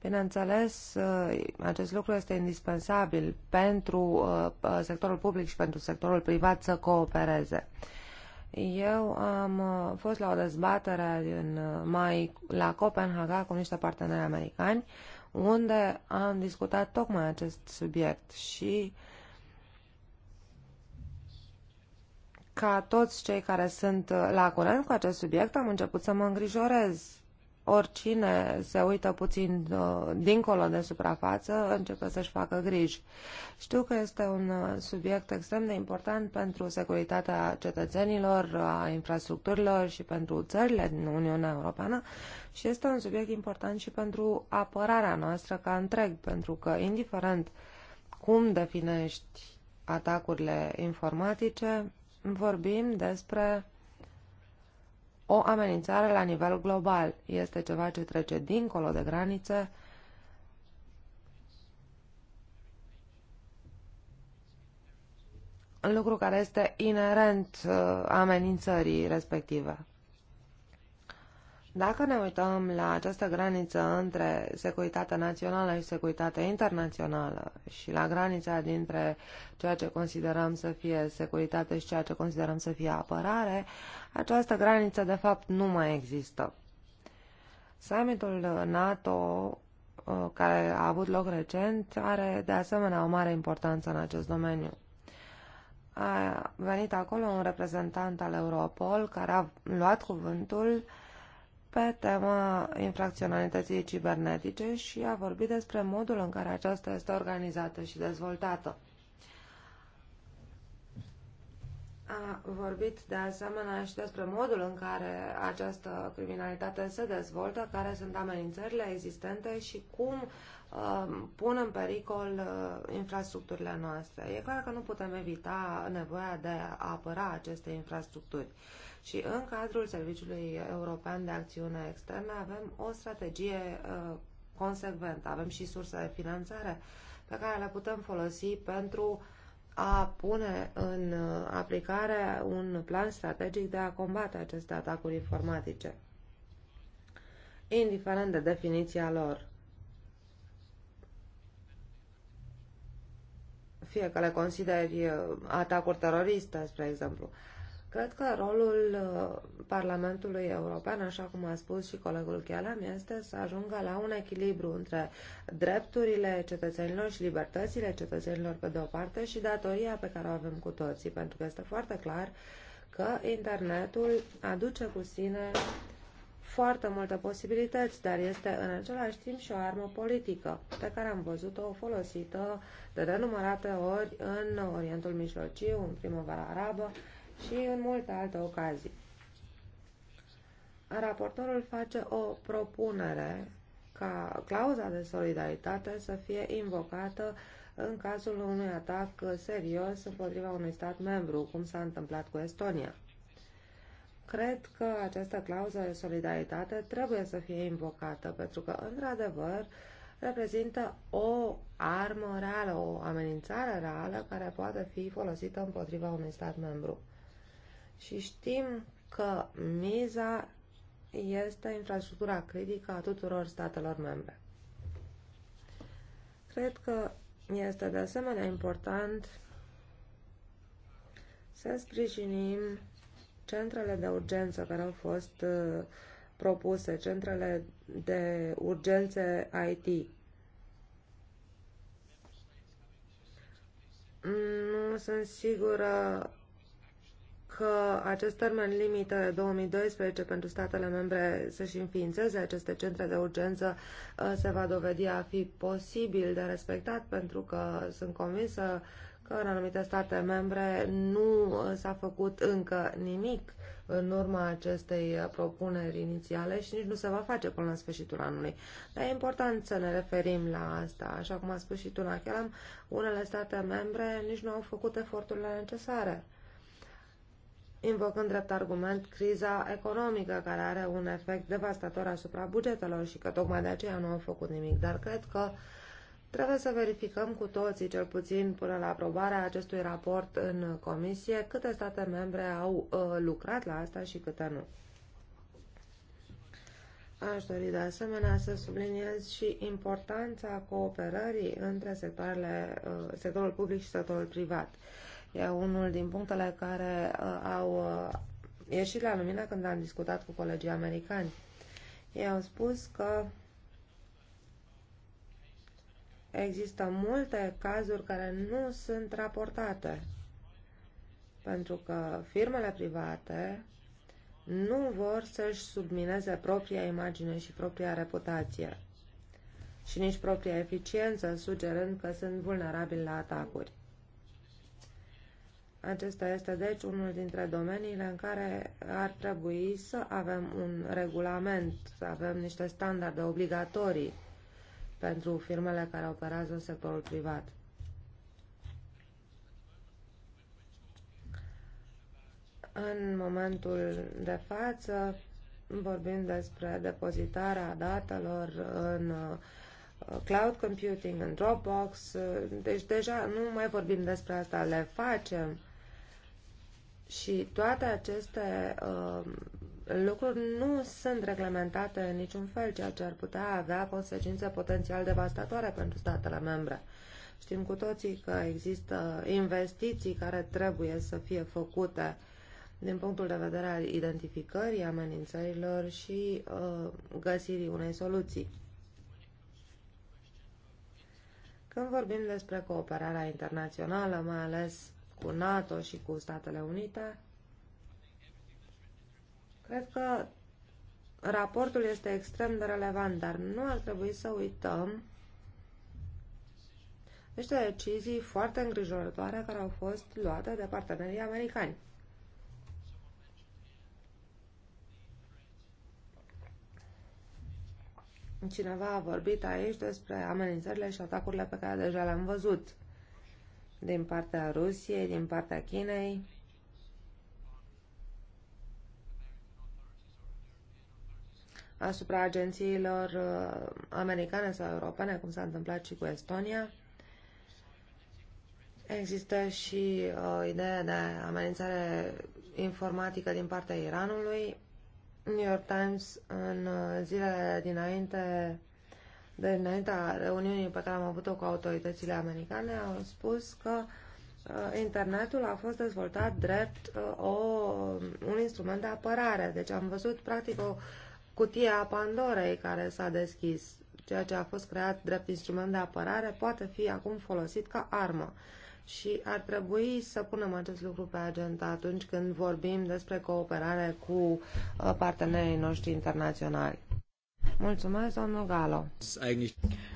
Bineînțeles, uh, acest lucru este indispensabil pentru uh, sectorul public și pentru sectorul privat să coopereze. Eu am uh, fost la o dezbatere în uh, mai la Copenhaga cu niște parteneri americani unde am discutat tocmai acest subiect și ca toți cei care sunt uh, la curent cu acest subiect am început să mă îngrijorez oricine se uită puțin uh, dincolo de suprafață începe să-și facă griji. Știu că este un uh, subiect extrem de important pentru securitatea cetățenilor, a infrastructurilor și pentru țările din Uniunea Europeană și este un subiect important și pentru apărarea noastră ca întreg, pentru că indiferent cum definești atacurile informatice, vorbim despre o amenințare la nivel global. Este ceva ce trece dincolo de granițe. Lucru care este inerent uh, amenințării respective. Dacă ne uităm la această graniță între securitatea națională și securitatea internațională și la granița dintre ceea ce considerăm să fie securitate și ceea ce considerăm să fie apărare, această graniță de fapt nu mai există. Summitul NATO uh, care a avut loc recent are de asemenea o mare importanță în acest domeniu. A venit acolo un reprezentant al Europol care a luat cuvântul pe tema infracționalității cibernetice și a vorbit despre modul în care aceasta este organizată și dezvoltată. a vorbit de asemenea și despre modul în care această criminalitate se dezvoltă, care sunt amenințările existente și cum uh, pun în pericol uh, infrastructurile noastre. E clar că nu putem evita nevoia de a apăra aceste infrastructuri. Și în cadrul Serviciului European de Acțiune Externă avem o strategie uh, consecventă, avem și surse de finanțare pe care le putem folosi pentru a pune în uh, aplicare un plan strategic de a combate aceste atacuri informatice, indiferent de definiția lor. Fie că le consideri uh, atacuri teroriste, spre exemplu. Uh, Cred că rolul uh, Parlamentului European, așa cum a spus și colegul Chelam, este să ajungă la un echilibru între drepturile cetățenilor și libertățile cetățenilor pe de o parte și datoria pe care o avem cu toții, pentru că este foarte clar că internetul aduce cu sine foarte multe posibilități, dar este în același timp și o armă politică, pe care am văzut-o folosită de denumărate ori în Orientul Mijlociu, în primăvara arabă și în multe alte ocazii. Raportorul face o propunere ca clauza de solidaritate să fie invocată în cazul unui atac serios împotriva unui stat membru, cum s-a întâmplat cu Estonia. Cred că această clauză de solidaritate trebuie să fie invocată, pentru că, într-adevăr, reprezintă o armă reală, o amenințare reală care poate fi folosită împotriva unui stat membru și știm că miza este infrastructura critică a tuturor statelor membre. Cred că este de asemenea important să sprijinim centrele de urgență care au fost uh, propuse, centrele de urgențe IT. Nu sunt sigură că acest termen limită 2012 pentru statele membre să-și înființeze aceste centre de urgență uh, se va dovedi a fi posibil de respectat pentru că sunt convinsă că în anumite state membre nu uh, s-a făcut încă nimic în urma acestei uh, propuneri inițiale și nici nu se va face până la sfârșitul anului. Dar e important să ne referim la asta. Așa cum a spus și tu, Nachelam, unele state membre nici nu au făcut eforturile necesare invocând drept argument criza economică care are un efect devastator asupra bugetelor și că tocmai de aceea nu au făcut nimic. Dar cred că trebuie să verificăm cu toții, cel puțin până la aprobarea acestui raport în comisie, câte state membre au uh, lucrat la asta și câte nu. Aș dori de asemenea să subliniez și importanța cooperării între sectoarele, uh, sectorul public și sectorul privat. Uh, E unul din punctele care uh, au uh, ieșit la lumină când am discutat cu colegii americani. Ei au spus că există multe cazuri care nu sunt raportate, pentru că firmele private nu vor să-și submineze propria imagine și propria reputație și nici propria eficiență, sugerând că sunt vulnerabili la atacuri. Acesta este deci unul dintre domeniile în care ar trebui să avem un regulament, să avem niște standarde obligatorii pentru firmele care operează în sectorul privat. În momentul de față vorbim despre depozitarea datelor în uh, cloud computing, în Dropbox, uh, deci deja nu mai vorbim despre asta, le facem și toate aceste uh, lucruri nu sunt reglementate în niciun fel, ceea ce ar putea avea consecințe potențial devastatoare pentru statele membre. Știm cu toții că există investiții care trebuie să fie făcute din punctul de vedere al identificării amenințărilor și uh, găsirii unei soluții. Când vorbim despre cooperarea internațională, mai ales cu NATO și cu Statele Unite. Cred că raportul este extrem de relevant, dar nu ar trebui să uităm niște decizii foarte îngrijorătoare care au fost luate de partenerii americani. Cineva a vorbit aici despre amenințările și atacurile pe care deja le-am văzut din partea Rusiei, din partea Chinei. asupra agențiilor uh, americane sau europene, cum s-a întâmplat și cu Estonia. Există și o uh, idee de amenințare informatică din partea Iranului. New York Times în uh, zilele dinainte de înaintea reuniunii pe care am avut-o cu autoritățile americane, au spus că uh, internetul a fost dezvoltat drept uh, o, un instrument de apărare. Deci am văzut practic o cutie a Pandorei care s-a deschis. Ceea ce a fost creat drept instrument de apărare poate fi acum folosit ca armă. Și ar trebui să punem acest lucru pe agenda atunci când vorbim despre cooperare cu uh, partenerii noștri internaționali. Mulțumesc, domnul Galo.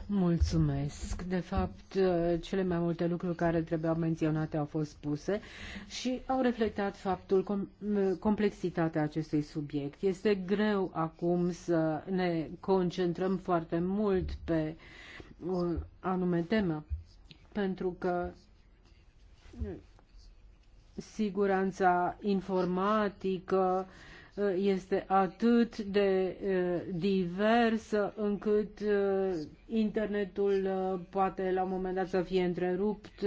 Mulțumesc. De fapt, cele mai multe lucruri care trebuiau menționate au fost spuse și au reflectat faptul com complexitatea acestui subiect. Este greu acum să ne concentrăm foarte mult pe o anume temă, pentru că siguranța informatică, uh, este atât de diversă încât internetul poate la un moment dat să fie întrerupt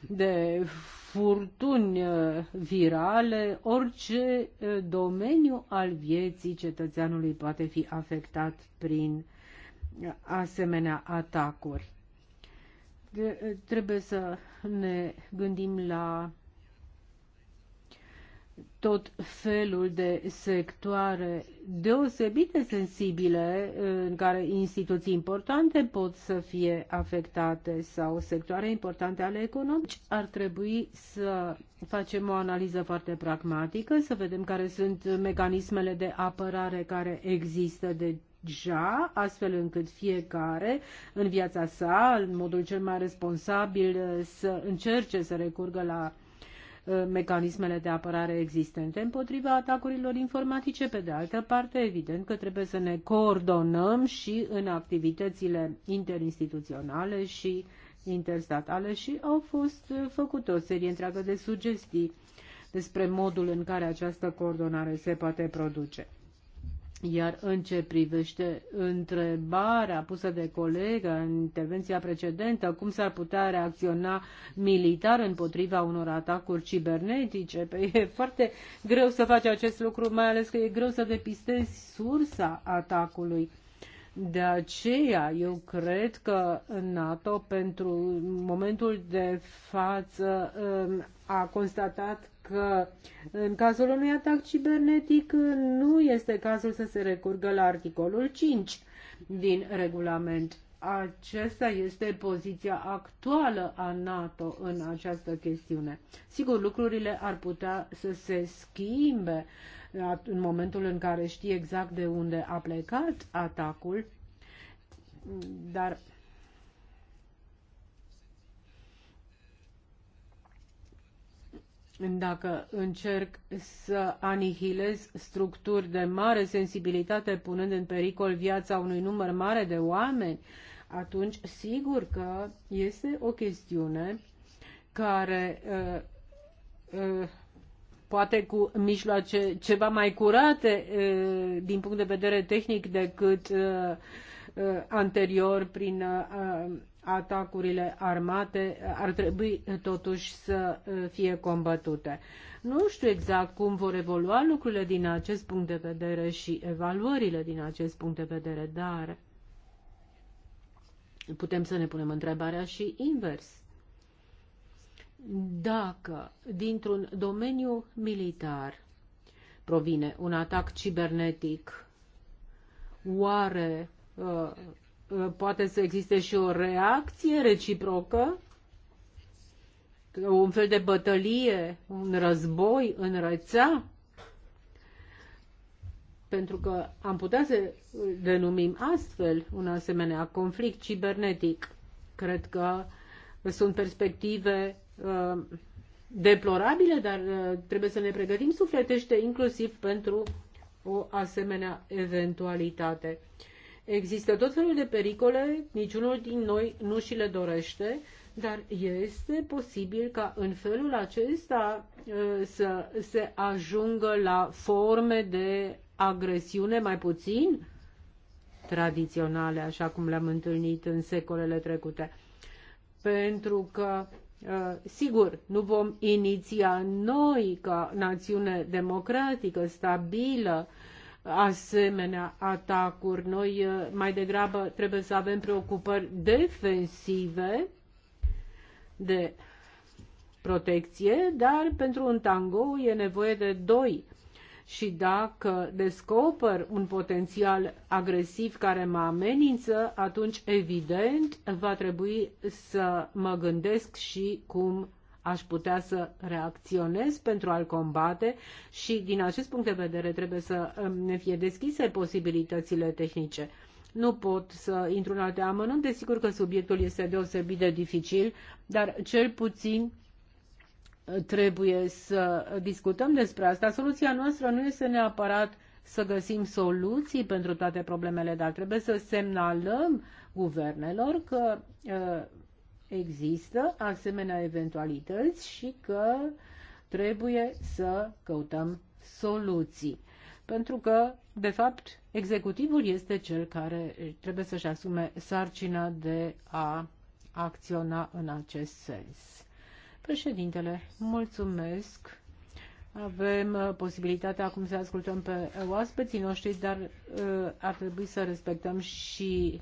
de furtuni virale, orice domeniu al vieții cetățeanului poate fi afectat prin asemenea atacuri. De, trebuie să ne gândim la tot felul de sectoare deosebit de sensibile în care instituții importante pot să fie afectate sau sectoare importante ale economici, ar trebui să facem o analiză foarte pragmatică, să vedem care sunt mecanismele de apărare care există de deja, astfel încât fiecare în viața sa, în modul cel mai responsabil, să încerce să recurgă la Uh, mecanismele de apărare existente împotriva atacurilor informatice. Pe de altă parte, evident că trebuie să ne coordonăm și în activitățile interinstituționale și interstatale și au fost uh, făcute o serie întreagă de sugestii despre modul în care această coordonare se poate produce. Iar în ce privește întrebarea pusă de colegă în intervenția precedentă, cum s-ar putea reacționa militar împotriva unor atacuri cibernetice, pe e foarte greu să faci acest lucru, mai ales că e greu să depistezi sursa atacului. De aceea, eu cred că NATO, pentru momentul de față, a constatat că în cazul unui atac cibernetic nu este cazul să se recurgă la articolul 5 din regulament. Aceasta este poziția actuală a NATO în această chestiune. Sigur, lucrurile ar putea să se schimbe în momentul în care știi exact de unde a plecat atacul, dar dacă încerc să anihilez structuri de mare sensibilitate, punând în pericol viața unui număr mare de oameni, atunci sigur că este o chestiune care uh, uh, poate cu mijloace ceva mai curate uh, din punct de vedere tehnic decât anterior prin atacurile armate eh, ar trebui eh, totuși să eh, fie combătute. Nu știu exact cum vor evolua lucrurile din acest punct de vedere și evaluările din acest punct de vedere, dar putem să ne punem întrebarea și invers. Dacă dintr-un domeniu militar provine un atac cibernetic, oare Uh, poate să existe și o reacție reciprocă, un fel de bătălie, un război în rețea, pentru că am putea să denumim astfel un asemenea conflict cibernetic. Cred că sunt perspective uh, deplorabile, dar uh, trebuie să ne pregătim sufletește inclusiv pentru o asemenea eventualitate. Există tot felul de pericole, niciunul din noi nu și le dorește, dar este posibil ca în felul acesta uh, să se ajungă la forme de agresiune mai puțin tradiționale, așa cum le-am întâlnit în secolele trecute. Pentru că, uh, sigur, nu vom iniția noi, ca națiune democratică, stabilă, asemenea atacuri. Noi eh, mai degrabă trebuie să avem preocupări defensive de protecție, dar pentru un tango e nevoie de doi. Și dacă descoper un potențial agresiv care mă amenință, atunci evident va trebui să mă gândesc și cum aș putea să reacționez pentru a-l combate și din acest punct de vedere trebuie să um, ne fie deschise posibilitățile tehnice. Nu pot să intru în alte amănunte, desigur că subiectul este deosebit de dificil, dar cel puțin uh, trebuie să discutăm despre asta. Soluția noastră nu este neapărat să găsim soluții pentru toate problemele, dar trebuie să semnalăm guvernelor că uh, există asemenea eventualități și că trebuie să căutăm soluții. Pentru că, de fapt, executivul este cel care trebuie să-și asume sarcina de a acționa în acest sens. Președintele, mulțumesc. Avem uh, posibilitatea acum să ascultăm pe oaspeții noștri, dar uh, ar trebui să respectăm și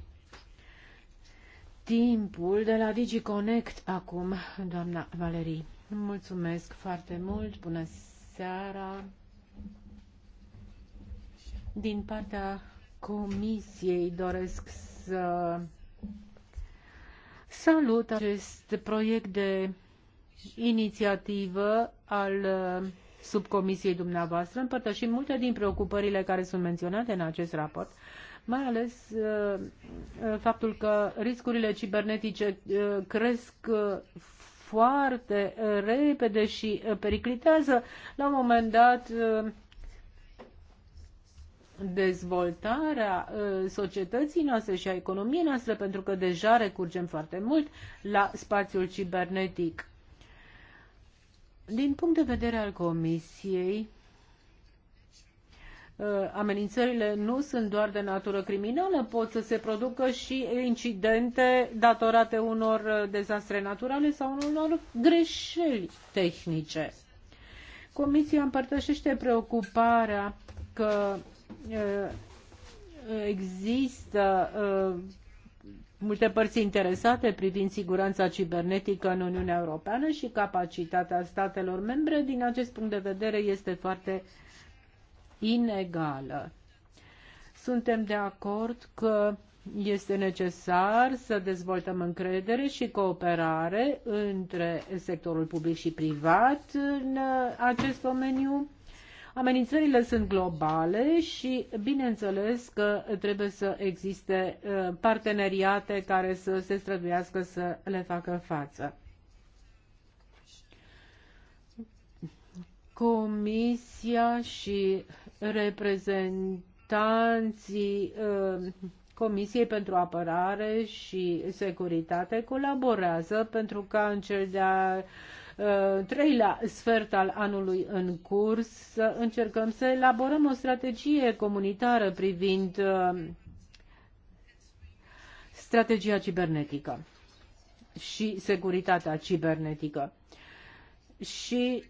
timpul de la DigiConnect acum, doamna Valerii. Mulțumesc foarte mult, bună seara. Din partea Comisiei doresc să salut acest proiect de inițiativă al uh, subcomisiei dumneavoastră. Împărtășim multe din preocupările care sunt menționate în acest raport mai ales uh, uh, faptul că riscurile cibernetice uh, cresc foarte repede și periclitează la un moment dat dezvoltarea societății noastre și a economiei noastre, pentru că deja recurgem foarte mult la spațiul cibernetic. Din punct de vedere al Comisiei, Uh, amenințările nu sunt doar de natură criminală, pot să se producă și incidente datorate unor uh, dezastre naturale sau unor greșeli tehnice. Comisia împărtășește preocuparea că uh, există multe părți interesate privind siguranța cibernetică în Uniunea Europeană și capacitatea statelor membre din acest punct de vedere este foarte inegală. Suntem de acord că este necesar să dezvoltăm încredere și cooperare între sectorul public și privat în acest domeniu. Amenințările sunt globale și, bineînțeles, că trebuie să existe uh, parteneriate care să se străduiască să le facă față. Comisia și reprezentanții uh, Comisiei pentru Apărare și Securitate colaborează pentru ca în cel de-a uh, treilea sfert al anului în curs să încercăm să elaborăm o strategie comunitară privind uh, strategia cibernetică și securitatea cibernetică. Și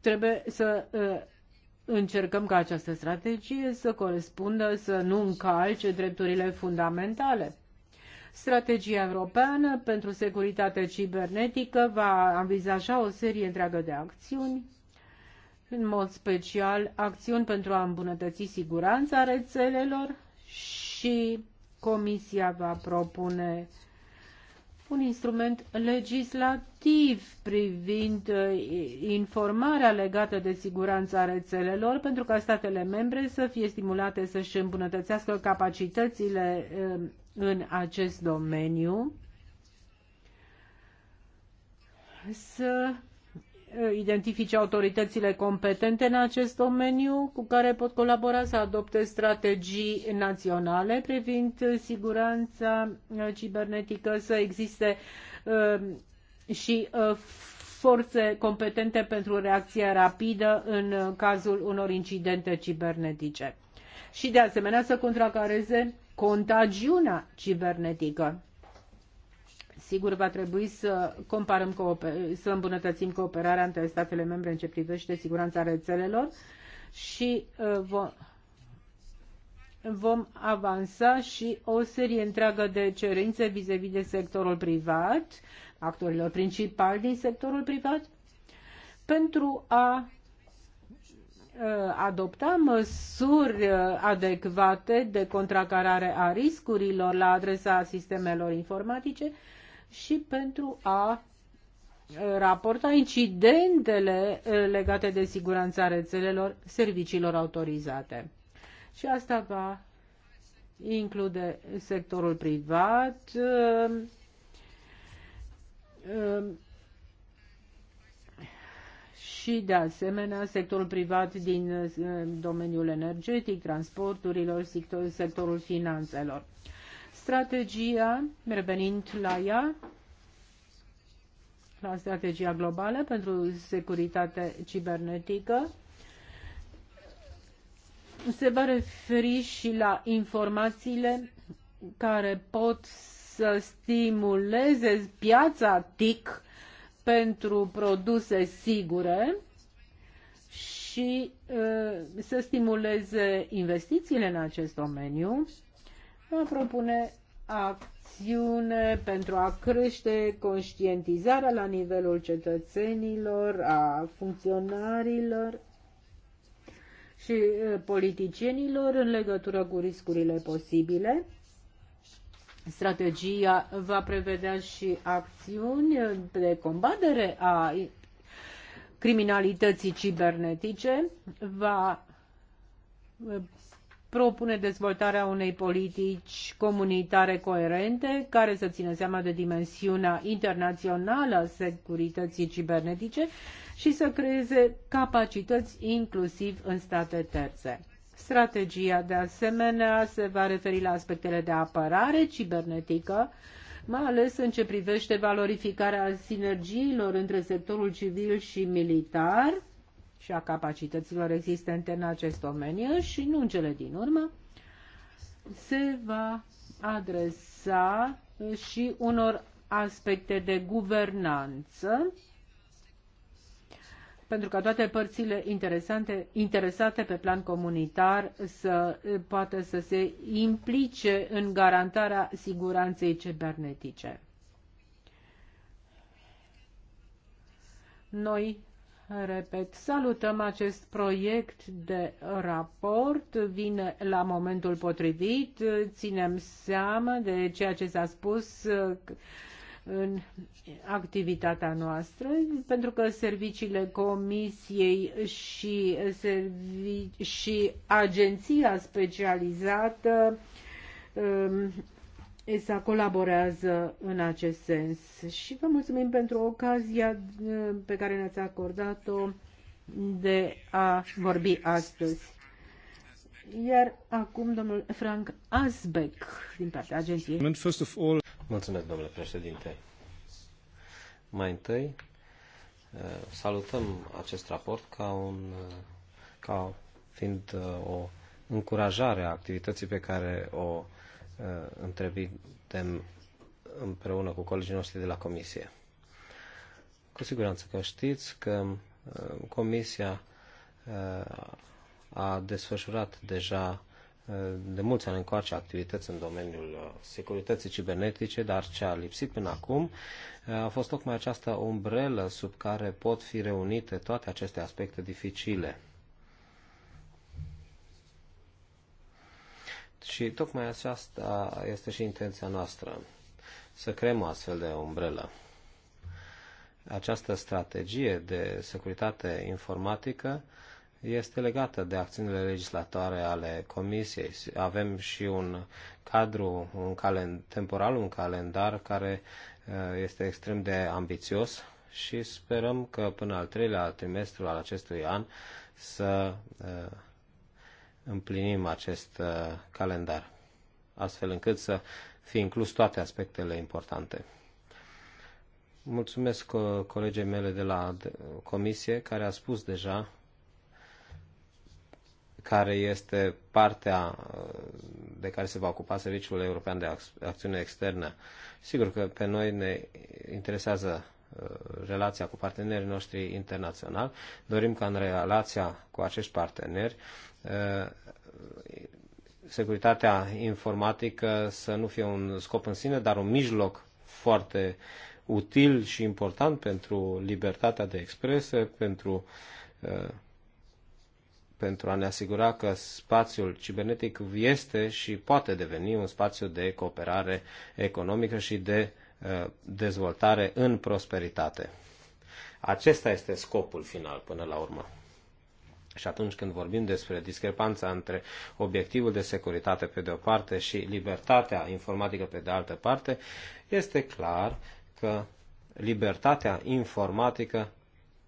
trebuie să încercăm ca această strategie să corespundă, să nu încalce drepturile fundamentale. Strategia europeană pentru securitate cibernetică va anvizaja o serie întreagă de acțiuni, în mod special acțiuni pentru a îmbunătăți siguranța rețelelor și Comisia va propune un instrument legislativ privind uh, informarea legată de siguranța rețelelor pentru ca statele membre să fie stimulate să-și îmbunătățească capacitățile uh, în acest domeniu, să identifice autoritățile competente în acest domeniu cu care pot colabora să adopte strategii naționale privind siguranța cibernetică, să existe uh, și uh, forțe competente pentru reacție rapidă în cazul unor incidente cibernetice. Și de asemenea să contracareze contagiunea cibernetică Sigur, va trebui să comparăm, să îmbunătățim cooperarea între statele membre în ce privește siguranța rețelelor și uh, vom, vom avansa și o serie întreagă de cerințe vis-a-vis -vis de sectorul privat, actorilor principali din sectorul privat, pentru a uh, adopta măsuri uh, adecvate de contracarare a riscurilor la adresa sistemelor informatice și pentru a raporta incidentele legate de siguranța rețelelor serviciilor autorizate. Și asta va include sectorul privat, și, de asemenea, sectorul privat din domeniul energetic, transporturilor, sectorul finanțelor strategia, revenind la ea, la strategia globală pentru securitate cibernetică, se va referi și la informațiile care pot să stimuleze piața TIC pentru produse sigure și uh, să stimuleze investițiile în acest domeniu propune acțiune pentru a crește conștientizarea la nivelul cetățenilor, a funcționarilor și politicienilor în legătură cu riscurile posibile. Strategia va prevedea și acțiuni de combatere a criminalității cibernetice, va propune dezvoltarea unei politici comunitare coerente care să țină seama de dimensiunea internațională a securității cibernetice și să creeze capacități inclusiv în state terțe. Strategia, de asemenea, se va referi la aspectele de apărare cibernetică, mai ales în ce privește valorificarea sinergiilor între sectorul civil și militar, și a capacităților existente în acest domeniu și nu în cele din urmă, se va adresa și unor aspecte de guvernanță, pentru ca toate părțile interesante, interesate pe plan comunitar să poată să se implice în garantarea siguranței cibernetice. Noi repet, salutăm acest proiect de raport, vine la momentul potrivit, ținem seama de ceea ce s-a spus uh, în activitatea noastră, pentru că serviciile comisiei și, servici, și agenția specializată um, ESA colaborează în acest sens și vă mulțumim pentru ocazia uh, pe care ne-ați acordat-o de a vorbi astăzi. Iar acum domnul Frank Asbeck din partea agenției. Mulțumesc, domnule președinte. Mai întâi, uh, salutăm acest raport ca, un, uh, ca fiind o încurajare a activității pe care o Uh, întrevedem împreună cu colegii noștri de la Comisie. Cu siguranță că știți că uh, Comisia uh, a desfășurat deja de mulți ani încoace activități în domeniul securității cibernetice, dar ce a lipsit până acum a fost tocmai această umbrelă sub care pot fi reunite toate aceste aspecte dificile Și tocmai aceasta este și intenția noastră, să creăm o astfel de umbrelă. Această strategie de securitate informatică este legată de acțiunile legislatoare ale Comisiei. Avem și un cadru, un calen, temporal, un calendar care uh, este extrem de ambițios și sperăm că până al treilea trimestru al acestui an să uh, împlinim acest uh, calendar, astfel încât să fie inclus toate aspectele importante. Mulțumesc colegii mele de la comisie care a spus deja care este partea uh, de care se va ocupa Serviciul European de Acțiune Externă. Sigur că pe noi ne interesează uh, relația cu partenerii noștri internaționali. Dorim ca în relația cu acești parteneri Eh, securitatea informatică să nu fie un scop în sine, dar un mijloc foarte util și important pentru libertatea de expresie, pentru, eh, pentru a ne asigura că spațiul cibernetic este și poate deveni un spațiu de cooperare economică și de eh, dezvoltare în prosperitate. Acesta este scopul final până la urmă. Și atunci când vorbim despre discrepanța între obiectivul de securitate pe de o parte și libertatea informatică pe de altă parte, este clar că libertatea informatică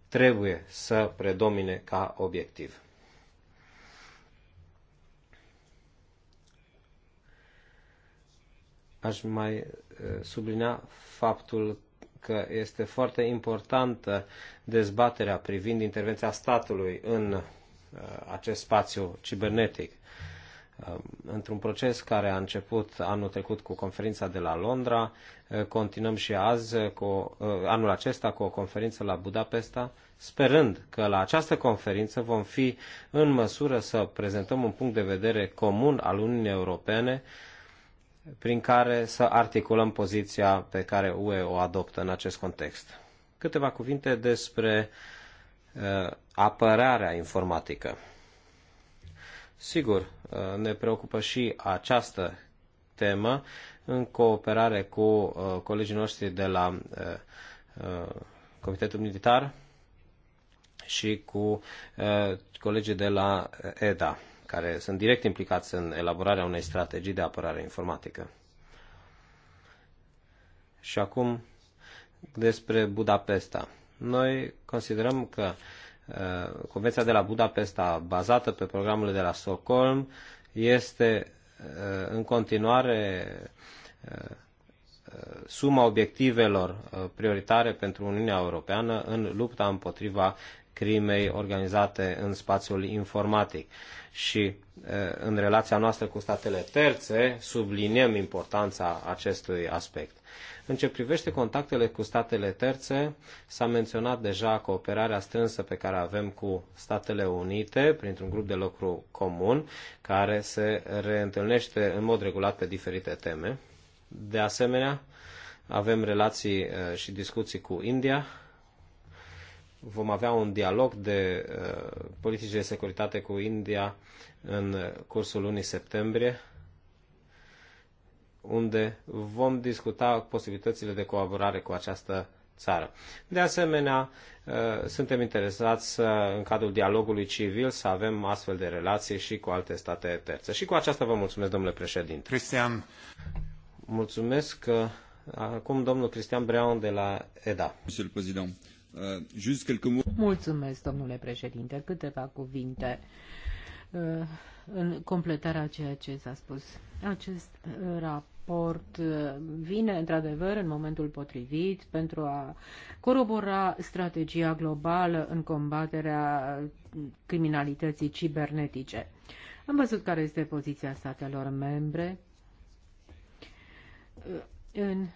trebuie să predomine ca obiectiv. Aș mai eh, sublinea faptul că este foarte importantă dezbaterea privind intervenția statului în Uh, acest spațiu cibernetic. Um, într-un proces care a început anul trecut cu conferința de la Londra, uh, continuăm și azi, cu, uh, anul acesta, cu o conferință la Budapesta, sperând că la această conferință vom fi în măsură să prezentăm un punct de vedere comun al Uniunii Europene prin care să articulăm poziția pe care UE o adoptă în acest context. Câteva cuvinte despre uh, Uh, apărarea informatică. Sigur, uh, ne preocupă și această temă în cooperare cu uh, colegii noștri de la Comitetul Militar și cu colegii de la EDA, care sunt direct implicați în elaborarea unei strategii de apărare informatică. Și acum despre Budapesta. Noi considerăm că uh, Convenția de la Budapesta, bazată pe programul de la Stockholm, este uh, în continuare uh, suma obiectivelor prioritare pentru Uniunea Europeană în lupta împotriva crimei organizate în spațiul informatic. Și în relația noastră cu statele terțe subliniem importanța acestui aspect. În ce privește contactele cu statele terțe, s-a menționat deja cooperarea strânsă pe care avem cu Statele Unite printr-un grup de lucru comun care se reîntâlnește în mod regulat pe diferite teme. De asemenea, avem relații uh, și discuții cu India, vom avea un dialog de uh, politici de securitate cu India în cursul lunii septembrie unde vom discuta posibilitățile de colaborare cu această țară. De asemenea, uh, suntem interesați în cadrul dialogului civil să avem astfel de relații și cu alte state terțe. Și cu aceasta vă mulțumesc, domnule președinte. Cristian. Mulțumesc. Uh, acum domnul Cristian Breaun de la EDA. Uh, mulțumesc, domnule președinte. Câteva cuvinte în completarea ceea ce s-a spus. Acest raport raport uh, vine într-adevăr în momentul potrivit pentru a corobora strategia globală în combaterea criminalității cibernetice. Am văzut care este poziția statelor membre uh, în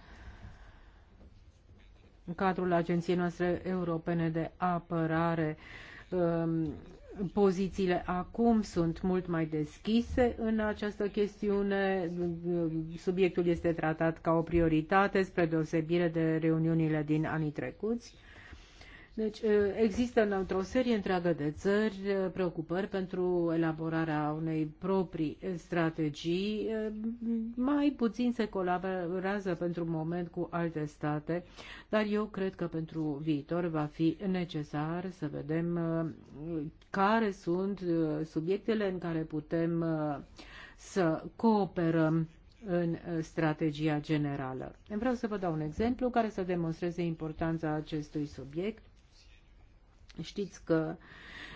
cadrul Agenției noastre europene de apărare um, Pozițiile acum sunt mult mai deschise în această chestiune. Subiectul este tratat ca o prioritate spre deosebire de reuniunile din anii trecuți deci există într-o serie întreagă de țări preocupări pentru elaborarea unei proprii strategii. Mai puțin se colaborează pentru moment cu alte state, dar eu cred că pentru viitor va fi necesar să vedem care sunt subiectele în care putem să cooperăm în strategia generală. Vreau să vă dau un exemplu care să demonstreze importanța acestui subiect. Știți că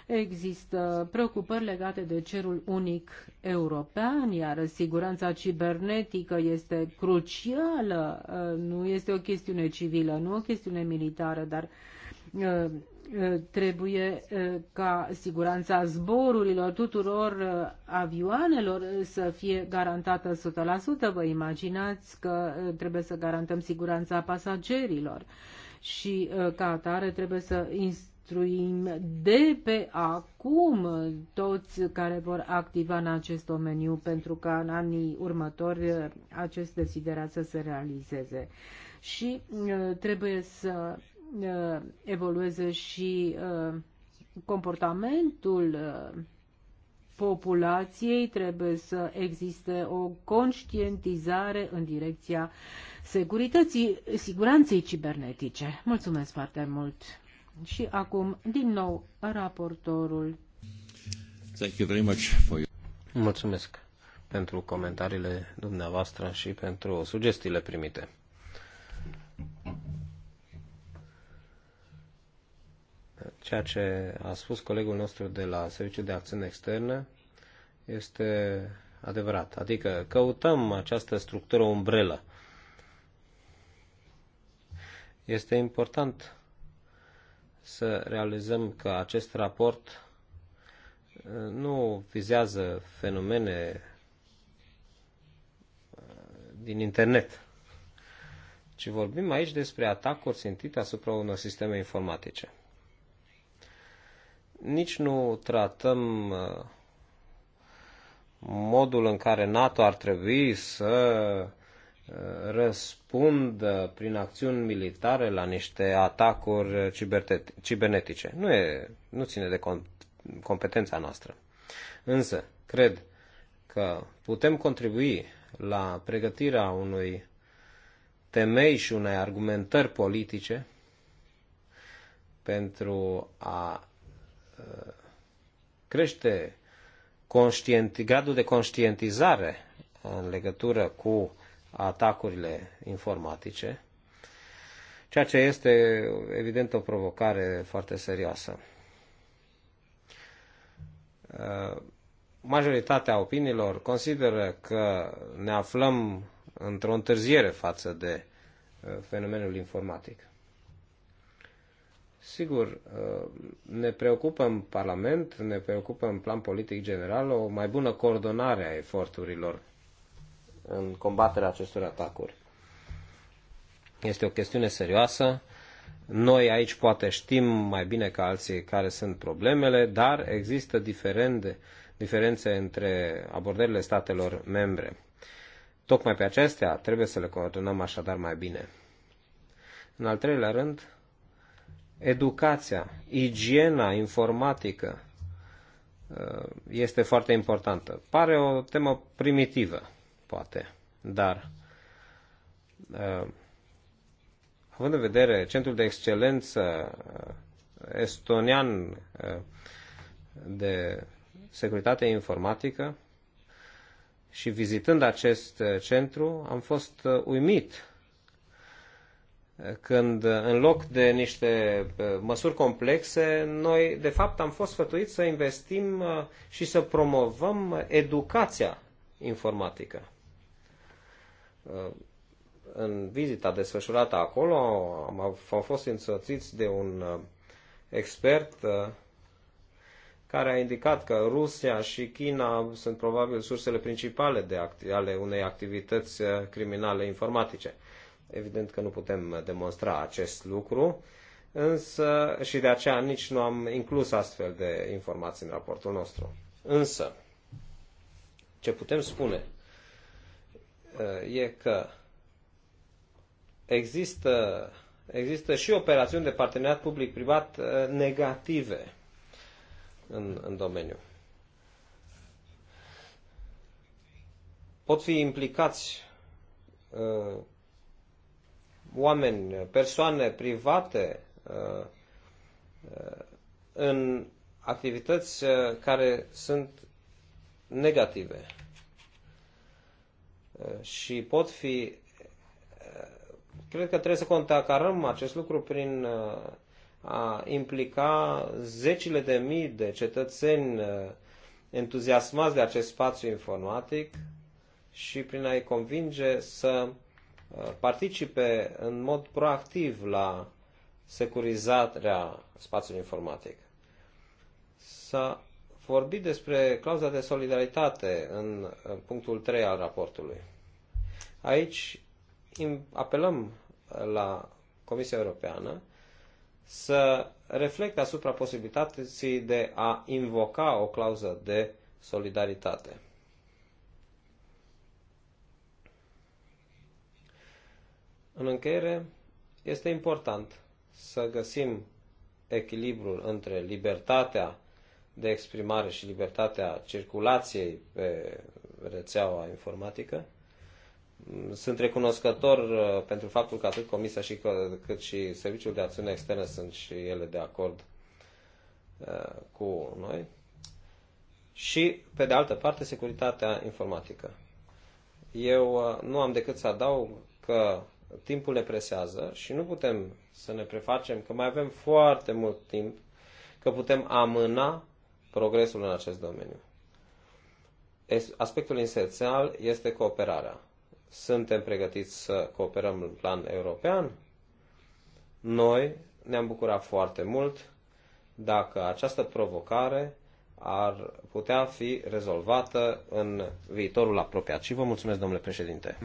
există preocupări legate de cerul unic european, iar siguranța cibernetică este crucială, uh, nu este o chestiune civilă, nu o chestiune militară, dar uh, uh, trebuie ca siguranța zborurilor tuturor avioanelor să fie garantată 100%. Vă imaginați că trebuie să garantăm siguranța pasagerilor și ca atare trebuie să instaurăm construim de pe acum toți care vor activa în acest domeniu pentru ca în anii următori acest desiderat să se realizeze. Și uh, trebuie să uh, evolueze și uh, comportamentul populației, trebuie să existe o conștientizare în direcția securității, siguranței cibernetice. Mulțumesc foarte mult! Și acum, din nou, raportorul. Thank you very much for you. Mulțumesc pentru comentariile dumneavoastră și pentru sugestiile primite. Ceea ce a spus colegul nostru de la Serviciul de Acțiune Externă este adevărat. Adică căutăm această structură umbrelă. Este important să realizăm că acest raport uh, nu vizează fenomene uh, din internet, ci vorbim aici despre atacuri sintite asupra unor sisteme informatice. Nici nu tratăm uh, modul în care NATO ar trebui să răspund prin acțiuni militare la niște atacuri cibernetice. Nu, e, nu ține de competența noastră. Însă, cred că putem contribui la pregătirea unui temei și unei argumentări politice pentru a uh, crește conștient, gradul de conștientizare în legătură cu atacurile informatice, ceea ce este evident o provocare foarte serioasă. Majoritatea opiniilor consideră că ne aflăm într-o întârziere față de uh, fenomenul informatic. Sigur, uh, ne preocupă în Parlament, ne preocupă în plan politic general o mai bună coordonare a eforturilor în combaterea acestor atacuri. Este o chestiune serioasă. Noi aici poate știm mai bine ca alții care sunt problemele, dar există diferende, diferențe între abordările statelor membre. Tocmai pe acestea trebuie să le coordonăm așadar mai bine. În al treilea rând, educația, igiena informatică uh, este foarte importantă. Pare o temă primitivă, poate. Dar, uh, având în vedere centrul de excelență uh, estonian uh, de securitate informatică și vizitând acest centru, am fost uimit când în loc de niște măsuri complexe, noi de fapt am fost sfătuiți să investim și să promovăm educația informatică. Uh, în vizita desfășurată acolo am, am fost însoțiți de un uh, expert uh, care a indicat că Rusia și China sunt probabil sursele principale de acti- ale unei activități criminale informatice. Evident că nu putem demonstra acest lucru, însă și de aceea nici nu am inclus astfel de informații în raportul nostru. Însă, ce putem spune e că există, există și operațiuni de parteneriat public-privat uh, negative în, în domeniu. Pot fi implicați uh, oameni, persoane private uh, uh, în activități uh, care sunt negative Eh, și pot fi. Eh, cred că trebuie să contacarăm acest lucru prin eh, a implica zecile de mii de cetățeni entuziasmați de acest spațiu informatic și prin a-i convinge să participe în mod proactiv la securizarea spațiului informatic. Să vorbit despre clauza de solidaritate în punctul 3 al raportului. Aici apelăm la Comisia Europeană să reflecte asupra posibilității de a invoca o clauză de solidaritate. În încheiere, este important să găsim echilibrul între libertatea de exprimare și libertatea circulației pe rețeaua informatică. Sunt recunoscător uh, pentru faptul că atât Comisia și cât și Serviciul de Acțiune Externă sunt și ele de acord uh, cu noi. Și, pe de altă parte, securitatea informatică. Eu uh, nu am decât să adaug că timpul ne presează și nu putem să ne prefacem că mai avem foarte mult timp, că putem amâna progresul în acest domeniu. Aspectul esențial este cooperarea. Suntem pregătiți să cooperăm în plan european? Noi ne-am bucurat foarte mult dacă această provocare ar putea fi rezolvată în viitorul apropiat. Și vă mulțumesc, domnule președinte.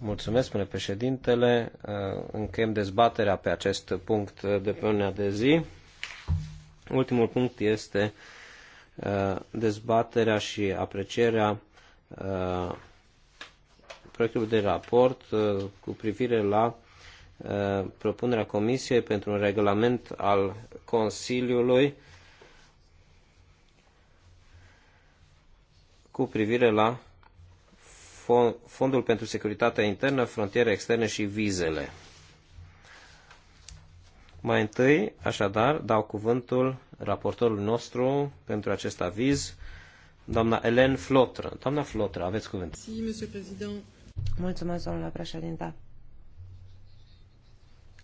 Mulțumesc, domnule președintele. Încheiem dezbaterea pe acest punct de pe de zi. Ultimul punct este uh, dezbaterea și aprecierea uh, proiectului de raport uh, cu privire la propunerea Comisiei pentru un regulament al Consiliului cu privire la Fondul pentru Securitatea Internă, Frontiere Externe și Vizele. Mai întâi, așadar, dau cuvântul raportorului nostru pentru acest aviz, doamna Elen Flotră. Doamna Flotră, aveți cuvânt. Mulțumesc, domnule președinte.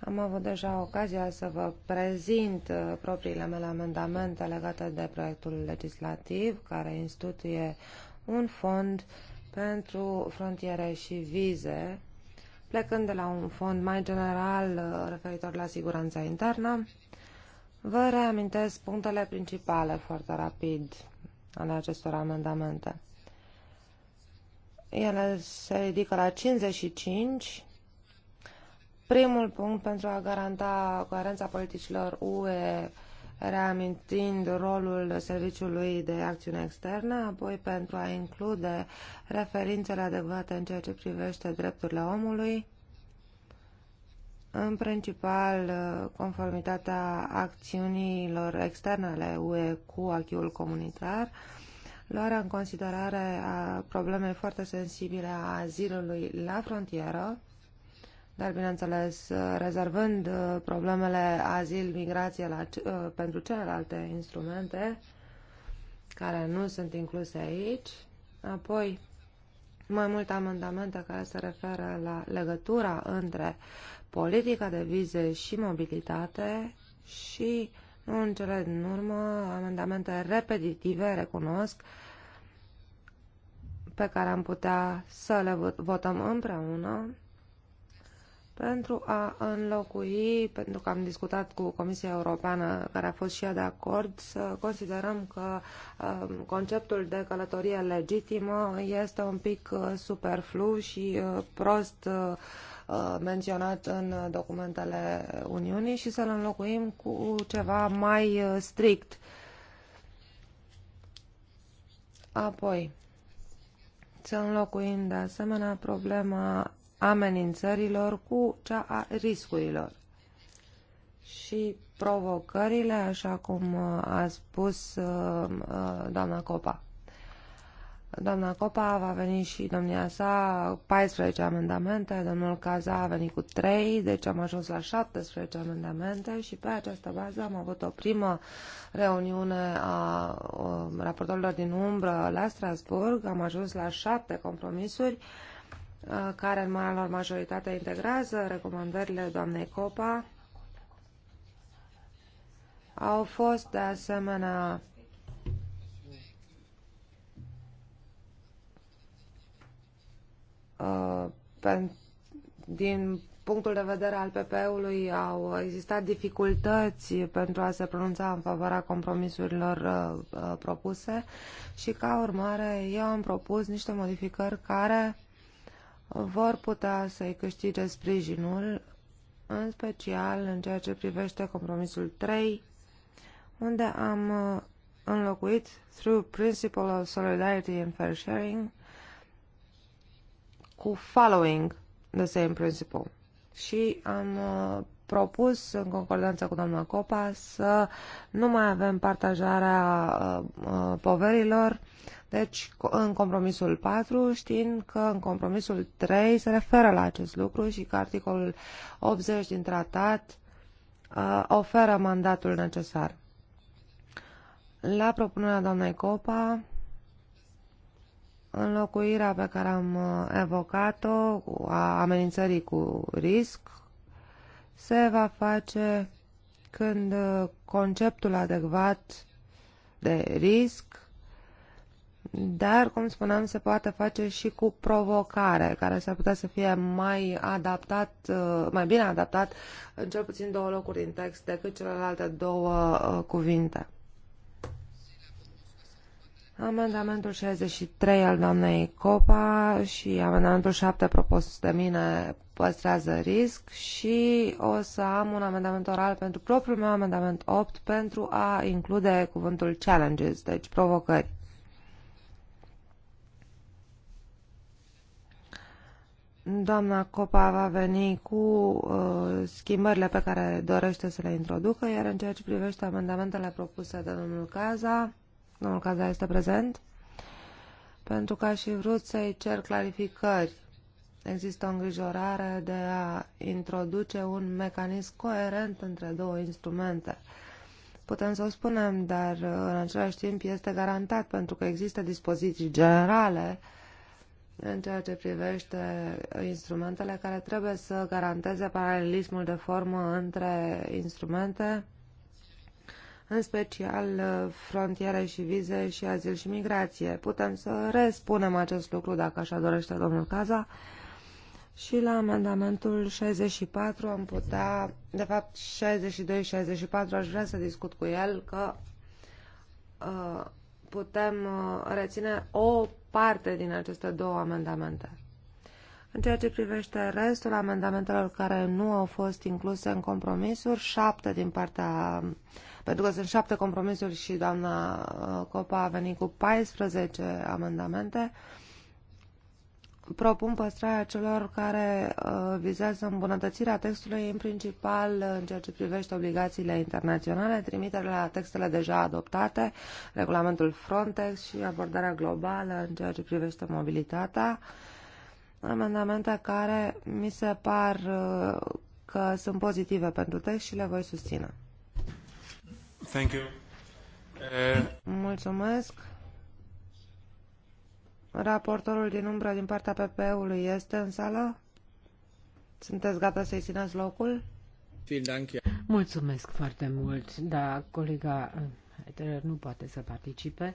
Am avut deja ocazia să vă prezint uh, propriile mele amendamente legate de proiectul legislativ care instituie un fond pentru frontiere și vize Plecând de la un fond mai general uh, referitor la siguranța internă, vă reamintesc punctele principale foarte rapid ale acestor amendamente. Ele se ridică la 55. Primul punct pentru a garanta coerența politicilor UE reamintind rolul Serviciului de Acțiune Externă, apoi pentru a include referințele adecvate în ceea ce privește drepturile omului, în principal uh, conformitatea acțiunilor externe ale UE cu acquis comunitar, luarea în considerare a problemei foarte sensibile a azilului la frontieră, dar bineînțeles rezervând uh, problemele azil, migrație la, uh, pentru celelalte instrumente care nu sunt incluse aici. Apoi, mai multe amendamente care se referă la legătura între politica de vize și mobilitate și, nu în cele din urmă, amendamente repetitive, recunosc, pe care am putea să le votăm împreună pentru a înlocui, pentru că am discutat cu Comisia Europeană, care a fost și ea de acord, să considerăm că um, conceptul de călătorie legitimă este un pic uh, superflu și uh, prost uh, menționat în documentele Uniunii și să-l înlocuim cu ceva mai strict. Apoi, să înlocuim de asemenea problema amenințărilor cu cea a riscurilor. Și provocările, așa cum uh, a spus uh, uh, doamna Copa. Doamna Copa va veni și domnia sa 14 amendamente, domnul Caza a venit cu 3, deci am ajuns la 17 amendamente și pe această bază am avut o primă reuniune a um, raportorilor din umbră la Strasburg, am ajuns la 7 compromisuri Uh, care în marea lor majoritate integrează recomandările doamnei Copa, au fost de asemenea uh, din punctul de vedere al PPE-ului au existat dificultăți pentru a se pronunța în favoarea compromisurilor uh, propuse și ca urmare eu am propus niște modificări care vor putea să-i câștige sprijinul, în special în ceea ce privește compromisul 3, unde am uh, înlocuit through principle of solidarity and fair sharing cu following the same principle. Și am uh, propus, în concordanță cu doamna Copa, să nu mai avem partajarea uh, uh, poverilor, deci în compromisul 4, știind că în compromisul 3 se referă la acest lucru și că articolul 80 din tratat uh, oferă mandatul necesar. La propunerea doamnei Copa, înlocuirea pe care am evocat-o a amenințării cu risc se va face când uh, conceptul adecvat de risc, dar, cum spuneam, se poate face și cu provocare, care s-ar putea să fie mai adaptat, uh, mai bine adaptat în cel puțin două locuri din text decât celelalte două uh, cuvinte. Amendamentul 63 al doamnei Copa și amendamentul 7 propus de mine păstrează risc și o să am un amendament oral pentru propriul meu amendament 8 pentru a include cuvântul challenges, deci provocări. Doamna Copa va veni cu uh, schimbările pe care dorește să le introducă, iar în ceea ce privește amendamentele propuse de domnul Caza, domnul Cazar este prezent, pentru că aș fi vrut să-i cer clarificări. Există o îngrijorare de a introduce un mecanism coerent între două instrumente. Putem să o spunem, dar în același timp este garantat pentru că există dispoziții generale în ceea ce privește instrumentele care trebuie să garanteze paralelismul de formă între instrumente în special uh, frontiere și vize și azil și migrație. Putem să respunem acest lucru dacă așa dorește domnul Caza. Și la amendamentul 64 am putea, de fapt 62-64 aș vrea să discut cu el că uh, putem uh, reține o parte din aceste două amendamente. În ceea ce privește restul amendamentelor care nu au fost incluse în compromisuri, șapte din partea uh, pentru că sunt șapte compromisuri și doamna uh, Copa a venit cu 14 amendamente. Propun păstrarea celor care uh, vizează îmbunătățirea textului, în principal uh, în ceea ce privește obligațiile internaționale, trimiterea la textele deja adoptate, regulamentul Frontex și abordarea globală în ceea ce privește mobilitatea. Amendamente care mi se par că sunt pozitive pentru text și le voi susține. Thank you. Uh, Mulțumesc. Raportorul din umbră din partea PP-ului este în sală? Sunteți gata să-i țineți locul? Mulțumesc foarte mult, Da, colega uh, Eterer nu poate să participe,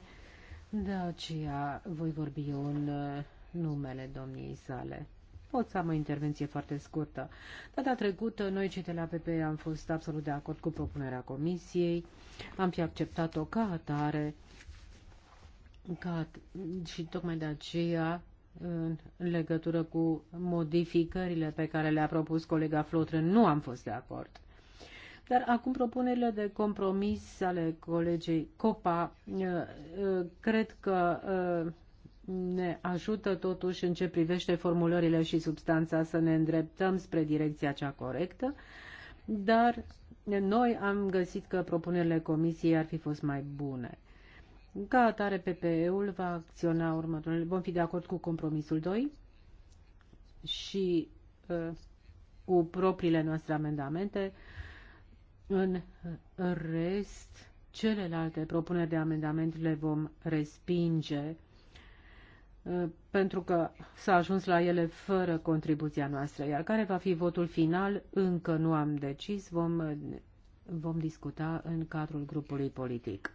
de aceea voi vorbi eu în uh, numele domniei sale. Pot să am o intervenție foarte scurtă. Data trecută, noi cei de la PP am fost absolut de acord cu propunerea comisiei, am fi acceptat-o ca atare ca, și tocmai de aceea în legătură cu modificările pe care le-a propus colega Flotră, nu am fost de acord. Dar acum propunerile de compromis ale colegei Copa, uh, uh, cred că uh, ne ajută totuși în ce privește formulările și substanța să ne îndreptăm spre direcția cea corectă, dar noi am găsit că propunerile comisiei ar fi fost mai bune. Ca atare, PPE-ul va acționa următorul. Vom fi de acord cu compromisul 2 și uh, cu propriile noastre amendamente. În rest, celelalte propuneri de amendament le vom respinge pentru că s-a ajuns la ele fără contribuția noastră. Iar care va fi votul final, încă nu am decis, vom, vom discuta în cadrul grupului politic.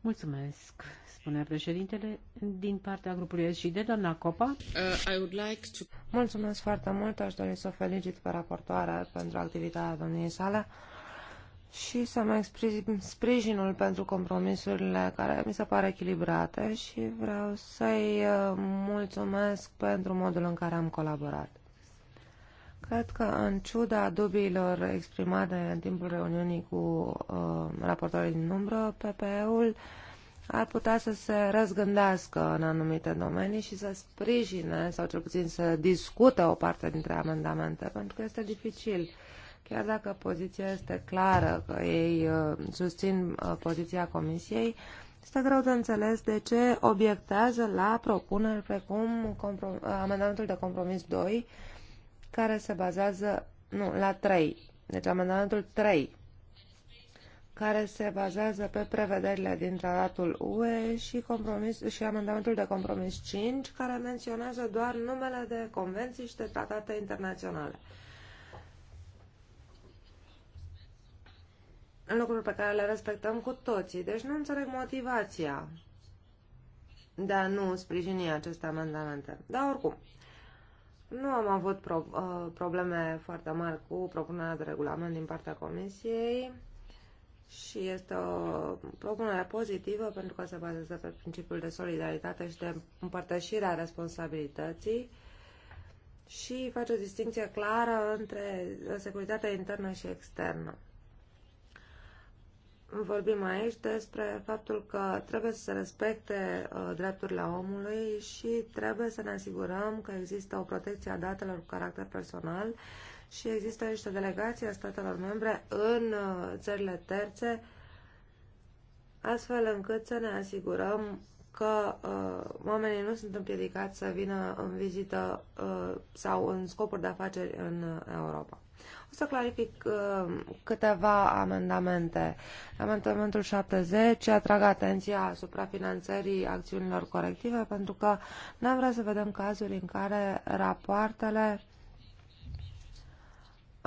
Mulțumesc, spune președintele, din partea grupului și de doamna Copa. Uh, I would like to... Mulțumesc foarte mult, aș dori să o felicit pe raportoare pentru activitatea domniei sale și să mă exprim sprijinul pentru compromisurile care mi se pare echilibrate și vreau să-i uh, mulțumesc pentru modul în care am colaborat. Cred că, în ciuda dubiilor exprimate în timpul reuniunii cu uh, raportorii din umbră, PPE-ul ar putea să se răzgândească în anumite domenii și să sprijine, sau cel puțin să discute o parte dintre amendamente, pentru că este dificil uh, Chiar dacă poziția este clară că ei uh, susțin uh, poziția Comisiei, este greu de înțeles de ce obiectează la propuneri precum amendamentul de compromis 2, care se bazează, nu, la 3, deci amendamentul 3, care se bazează pe prevederile din tratatul UE și, compromis, și amendamentul de compromis 5, care menționează doar numele de convenții și de tratate internaționale. În lucruri pe care le respectăm cu toții. Deci nu înțeleg motivația de a nu sprijini aceste amendamente. Dar oricum, nu am avut pro, uh, probleme foarte mari cu propunerea de regulament din partea Comisiei și este o propunere pozitivă pentru că se bazează pe principiul de solidaritate și de împărtășire a responsabilității și face o distinție clară între securitatea internă și externă vorbim aici despre faptul că trebuie să se respecte uh, drepturile omului și trebuie să ne asigurăm că există o protecție a datelor cu caracter personal și există niște delegații a statelor membre în uh, țările terțe, astfel încât să ne asigurăm că uh, oamenii nu sunt împiedicați să vină în vizită uh, sau în scopuri de afaceri în uh, Europa să clarific uh, câteva amendamente. Amendamentul 70 atrag atenția asupra finanțării acțiunilor corective pentru că n-am vrea să vedem cazuri în care rapoartele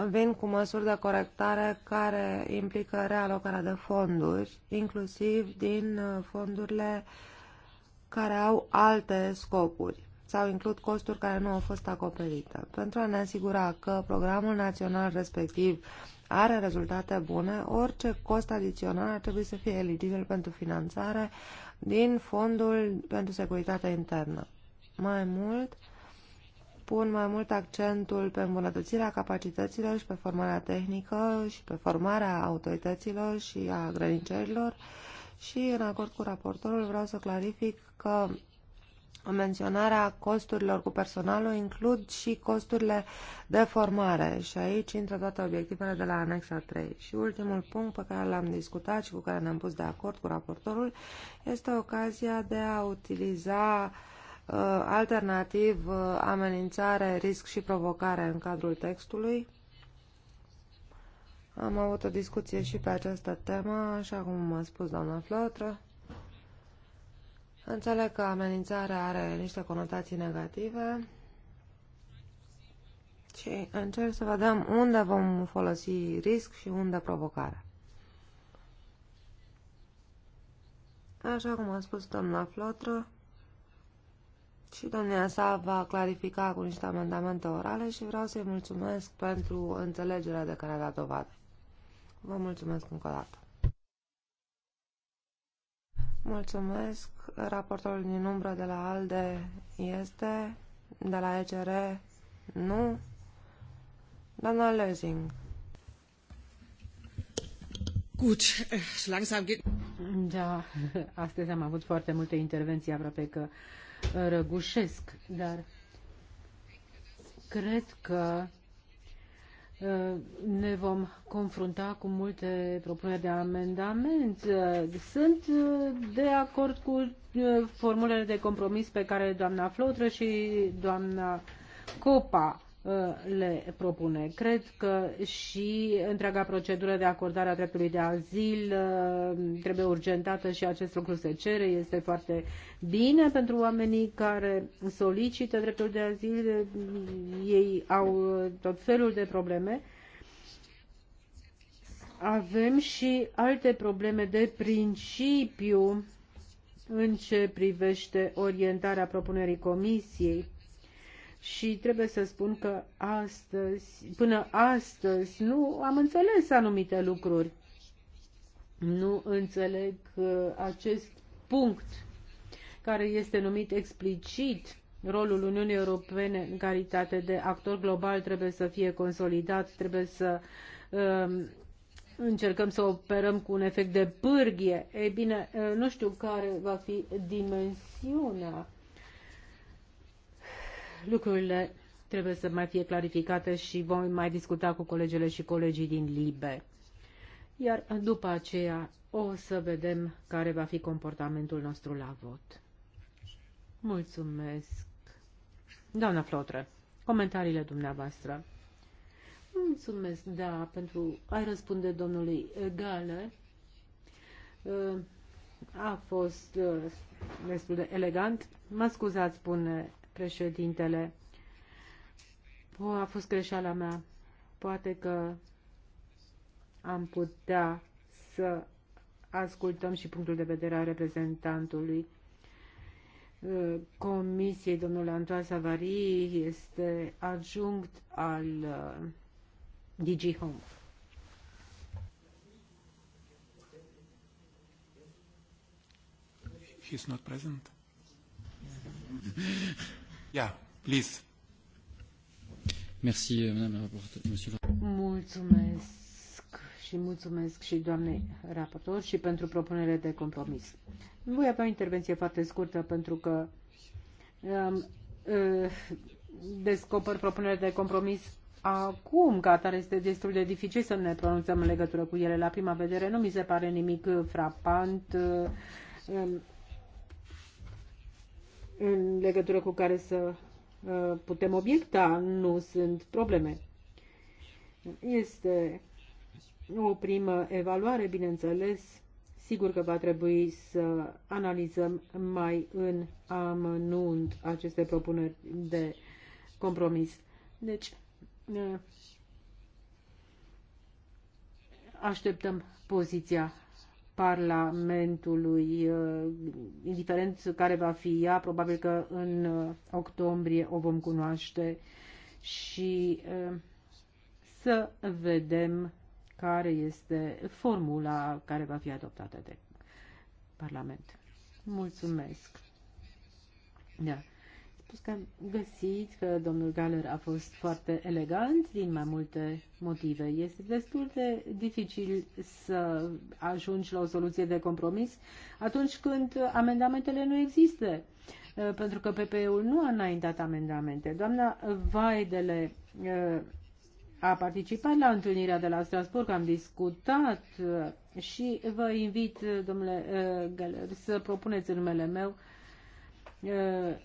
vin cu măsuri de corectare care implică realocarea de fonduri, inclusiv din uh, fondurile care au alte scopuri sau includ costuri care nu au fost acoperite. Pentru a ne asigura că programul național respectiv are rezultate bune, orice cost adițional ar trebui să fie eligibil pentru finanțare din Fondul pentru Securitatea Internă. Mai mult, pun mai mult accentul pe îmbunătățirea capacităților și pe formarea tehnică și pe formarea autorităților și a grănicerilor și, în acord cu raportorul, vreau să clarific că menționarea costurilor cu personalul includ și costurile de formare și aici intră toate obiectivele de la anexa 3. Și ultimul punct pe care l-am discutat și cu care ne-am pus de acord cu raportorul este ocazia de a utiliza uh, alternativ uh, amenințare, risc și provocare în cadrul textului. Am avut o discuție și pe această temă, așa cum a spus doamna Flotră. Înțeleg că amenințarea are niște conotații negative și încerc să vedem unde vom folosi risc și unde provocare. Așa cum a spus doamna Flotră, și domnia sa va clarifica cu niște amendamente orale și vreau să-i mulțumesc pentru înțelegerea de care a dat dovadă. Vă mulțumesc încă o dată. Mulțumesc. Raportorul din umbră de la ALDE este, de la ECR nu. Doamna Lezing. Gut, langsam geht... Da, astăzi am avut foarte multe intervenții, aproape că uh, răgușesc, dar cred că Uh, ne vom confrunta cu multe propuneri de amendament. Uh, sunt uh, de acord cu formulele de compromis pe care doamna Flotră și doamna Copa Uh, le propune. Cred că și întreaga procedură de acordare a dreptului de azil uh, trebuie urgentată și acest lucru se cere. Este foarte bine pentru oamenii care solicită dreptul de azil. Ei au uh, tot felul de probleme. Avem și alte probleme de principiu în ce privește orientarea propunerii Comisiei și trebuie să spun că astăzi, până astăzi, nu am înțeles anumite lucruri. Nu înțeleg uh, acest punct care este numit explicit rolul Uniunii Europene în calitate de actor global trebuie să fie consolidat, trebuie să um, încercăm să operăm cu un efect de pârghie. Ei bine, uh, nu știu care va fi dimensiunea lucrurile trebuie să mai fie clarificate și vom mai discuta cu colegele și colegii din LIBE. Iar după aceea o să vedem care va fi comportamentul nostru la vot. Mulțumesc. Doamna Flotre, comentariile dumneavoastră. Mulțumesc, da, pentru a răspunde domnului Gale. Uh, a fost uh, destul de elegant. Mă scuzați, spune Președintele, o, a fost greșeala mea. Poate că am putea să ascultăm și punctul de vedere a reprezentantului uh, Comisiei, domnul Antoan Savari, este adjunct al uh, DG Home. He's not present. Yeah, please. Merci, euh, Madame la rapporteure. Monsieur... Mulțumesc și mulțumesc și doamnei raportor și pentru propunerea de compromis. Voi avea o intervenție foarte scurtă pentru că um, uh, descoper propunerea de compromis acum, ca atare este destul de dificil să ne pronunțăm în legătură cu ele. La prima vedere nu mi se pare nimic frapant. Uh, um, în legătură cu care să uh, putem obiecta, nu sunt probleme. Este o primă evaluare, bineînțeles. Sigur că va trebui să analizăm mai în amănunt aceste propuneri de compromis. Deci, uh, așteptăm poziția Parlamentului, uh, indiferent care va fi ea, probabil că în uh, octombrie o vom cunoaște și uh, să vedem care este formula care va fi adoptată de Parlament. Mulțumesc! Da spus că găsit că domnul Galler a fost foarte elegant din mai multe motive. Este destul de dificil să ajungi la o soluție de compromis atunci când amendamentele nu există, uh, pentru că PPE-ul nu a înaintat amendamente. Doamna Vaidele uh, a participat la întâlnirea de la Strasburg, am discutat uh, și vă invit, domnule Galler, să propuneți în numele meu Eh,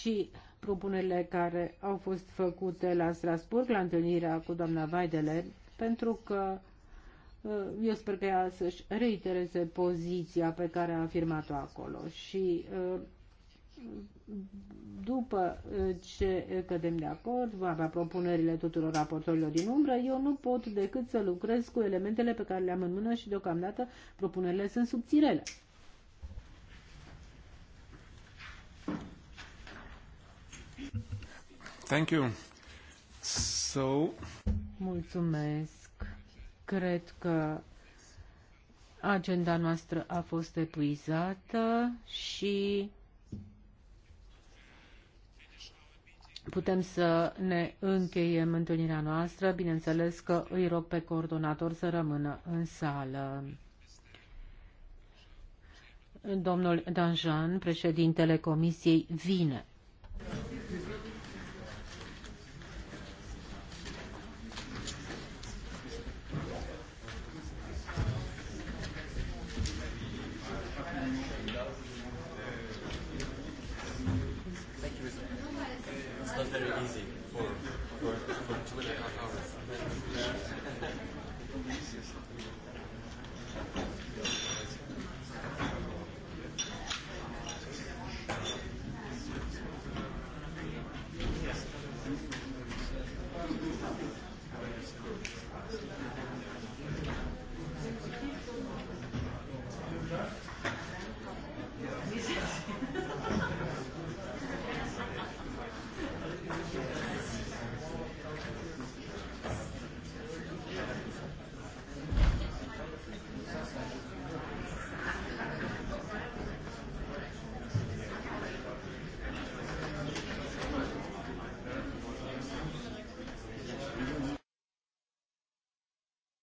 și propunerile care au fost făcute la Strasburg, la întâlnirea cu doamna Weidele, pentru că eh, eu sper că ea să-și reitereze poziția pe care a afirmat-o acolo și eh, după ce cădem de acord, va avea propunerile tuturor raportorilor din umbră, eu nu pot decât să lucrez cu elementele pe care le-am în mână și deocamdată propunerile sunt subțirele. Mulțumesc. Cred că agenda noastră a fost epuizată și putem să ne încheiem întâlnirea noastră. Bineînțeles că îi rog pe coordonator să rămână în sală. Domnul Danjan, președintele Comisiei, vine.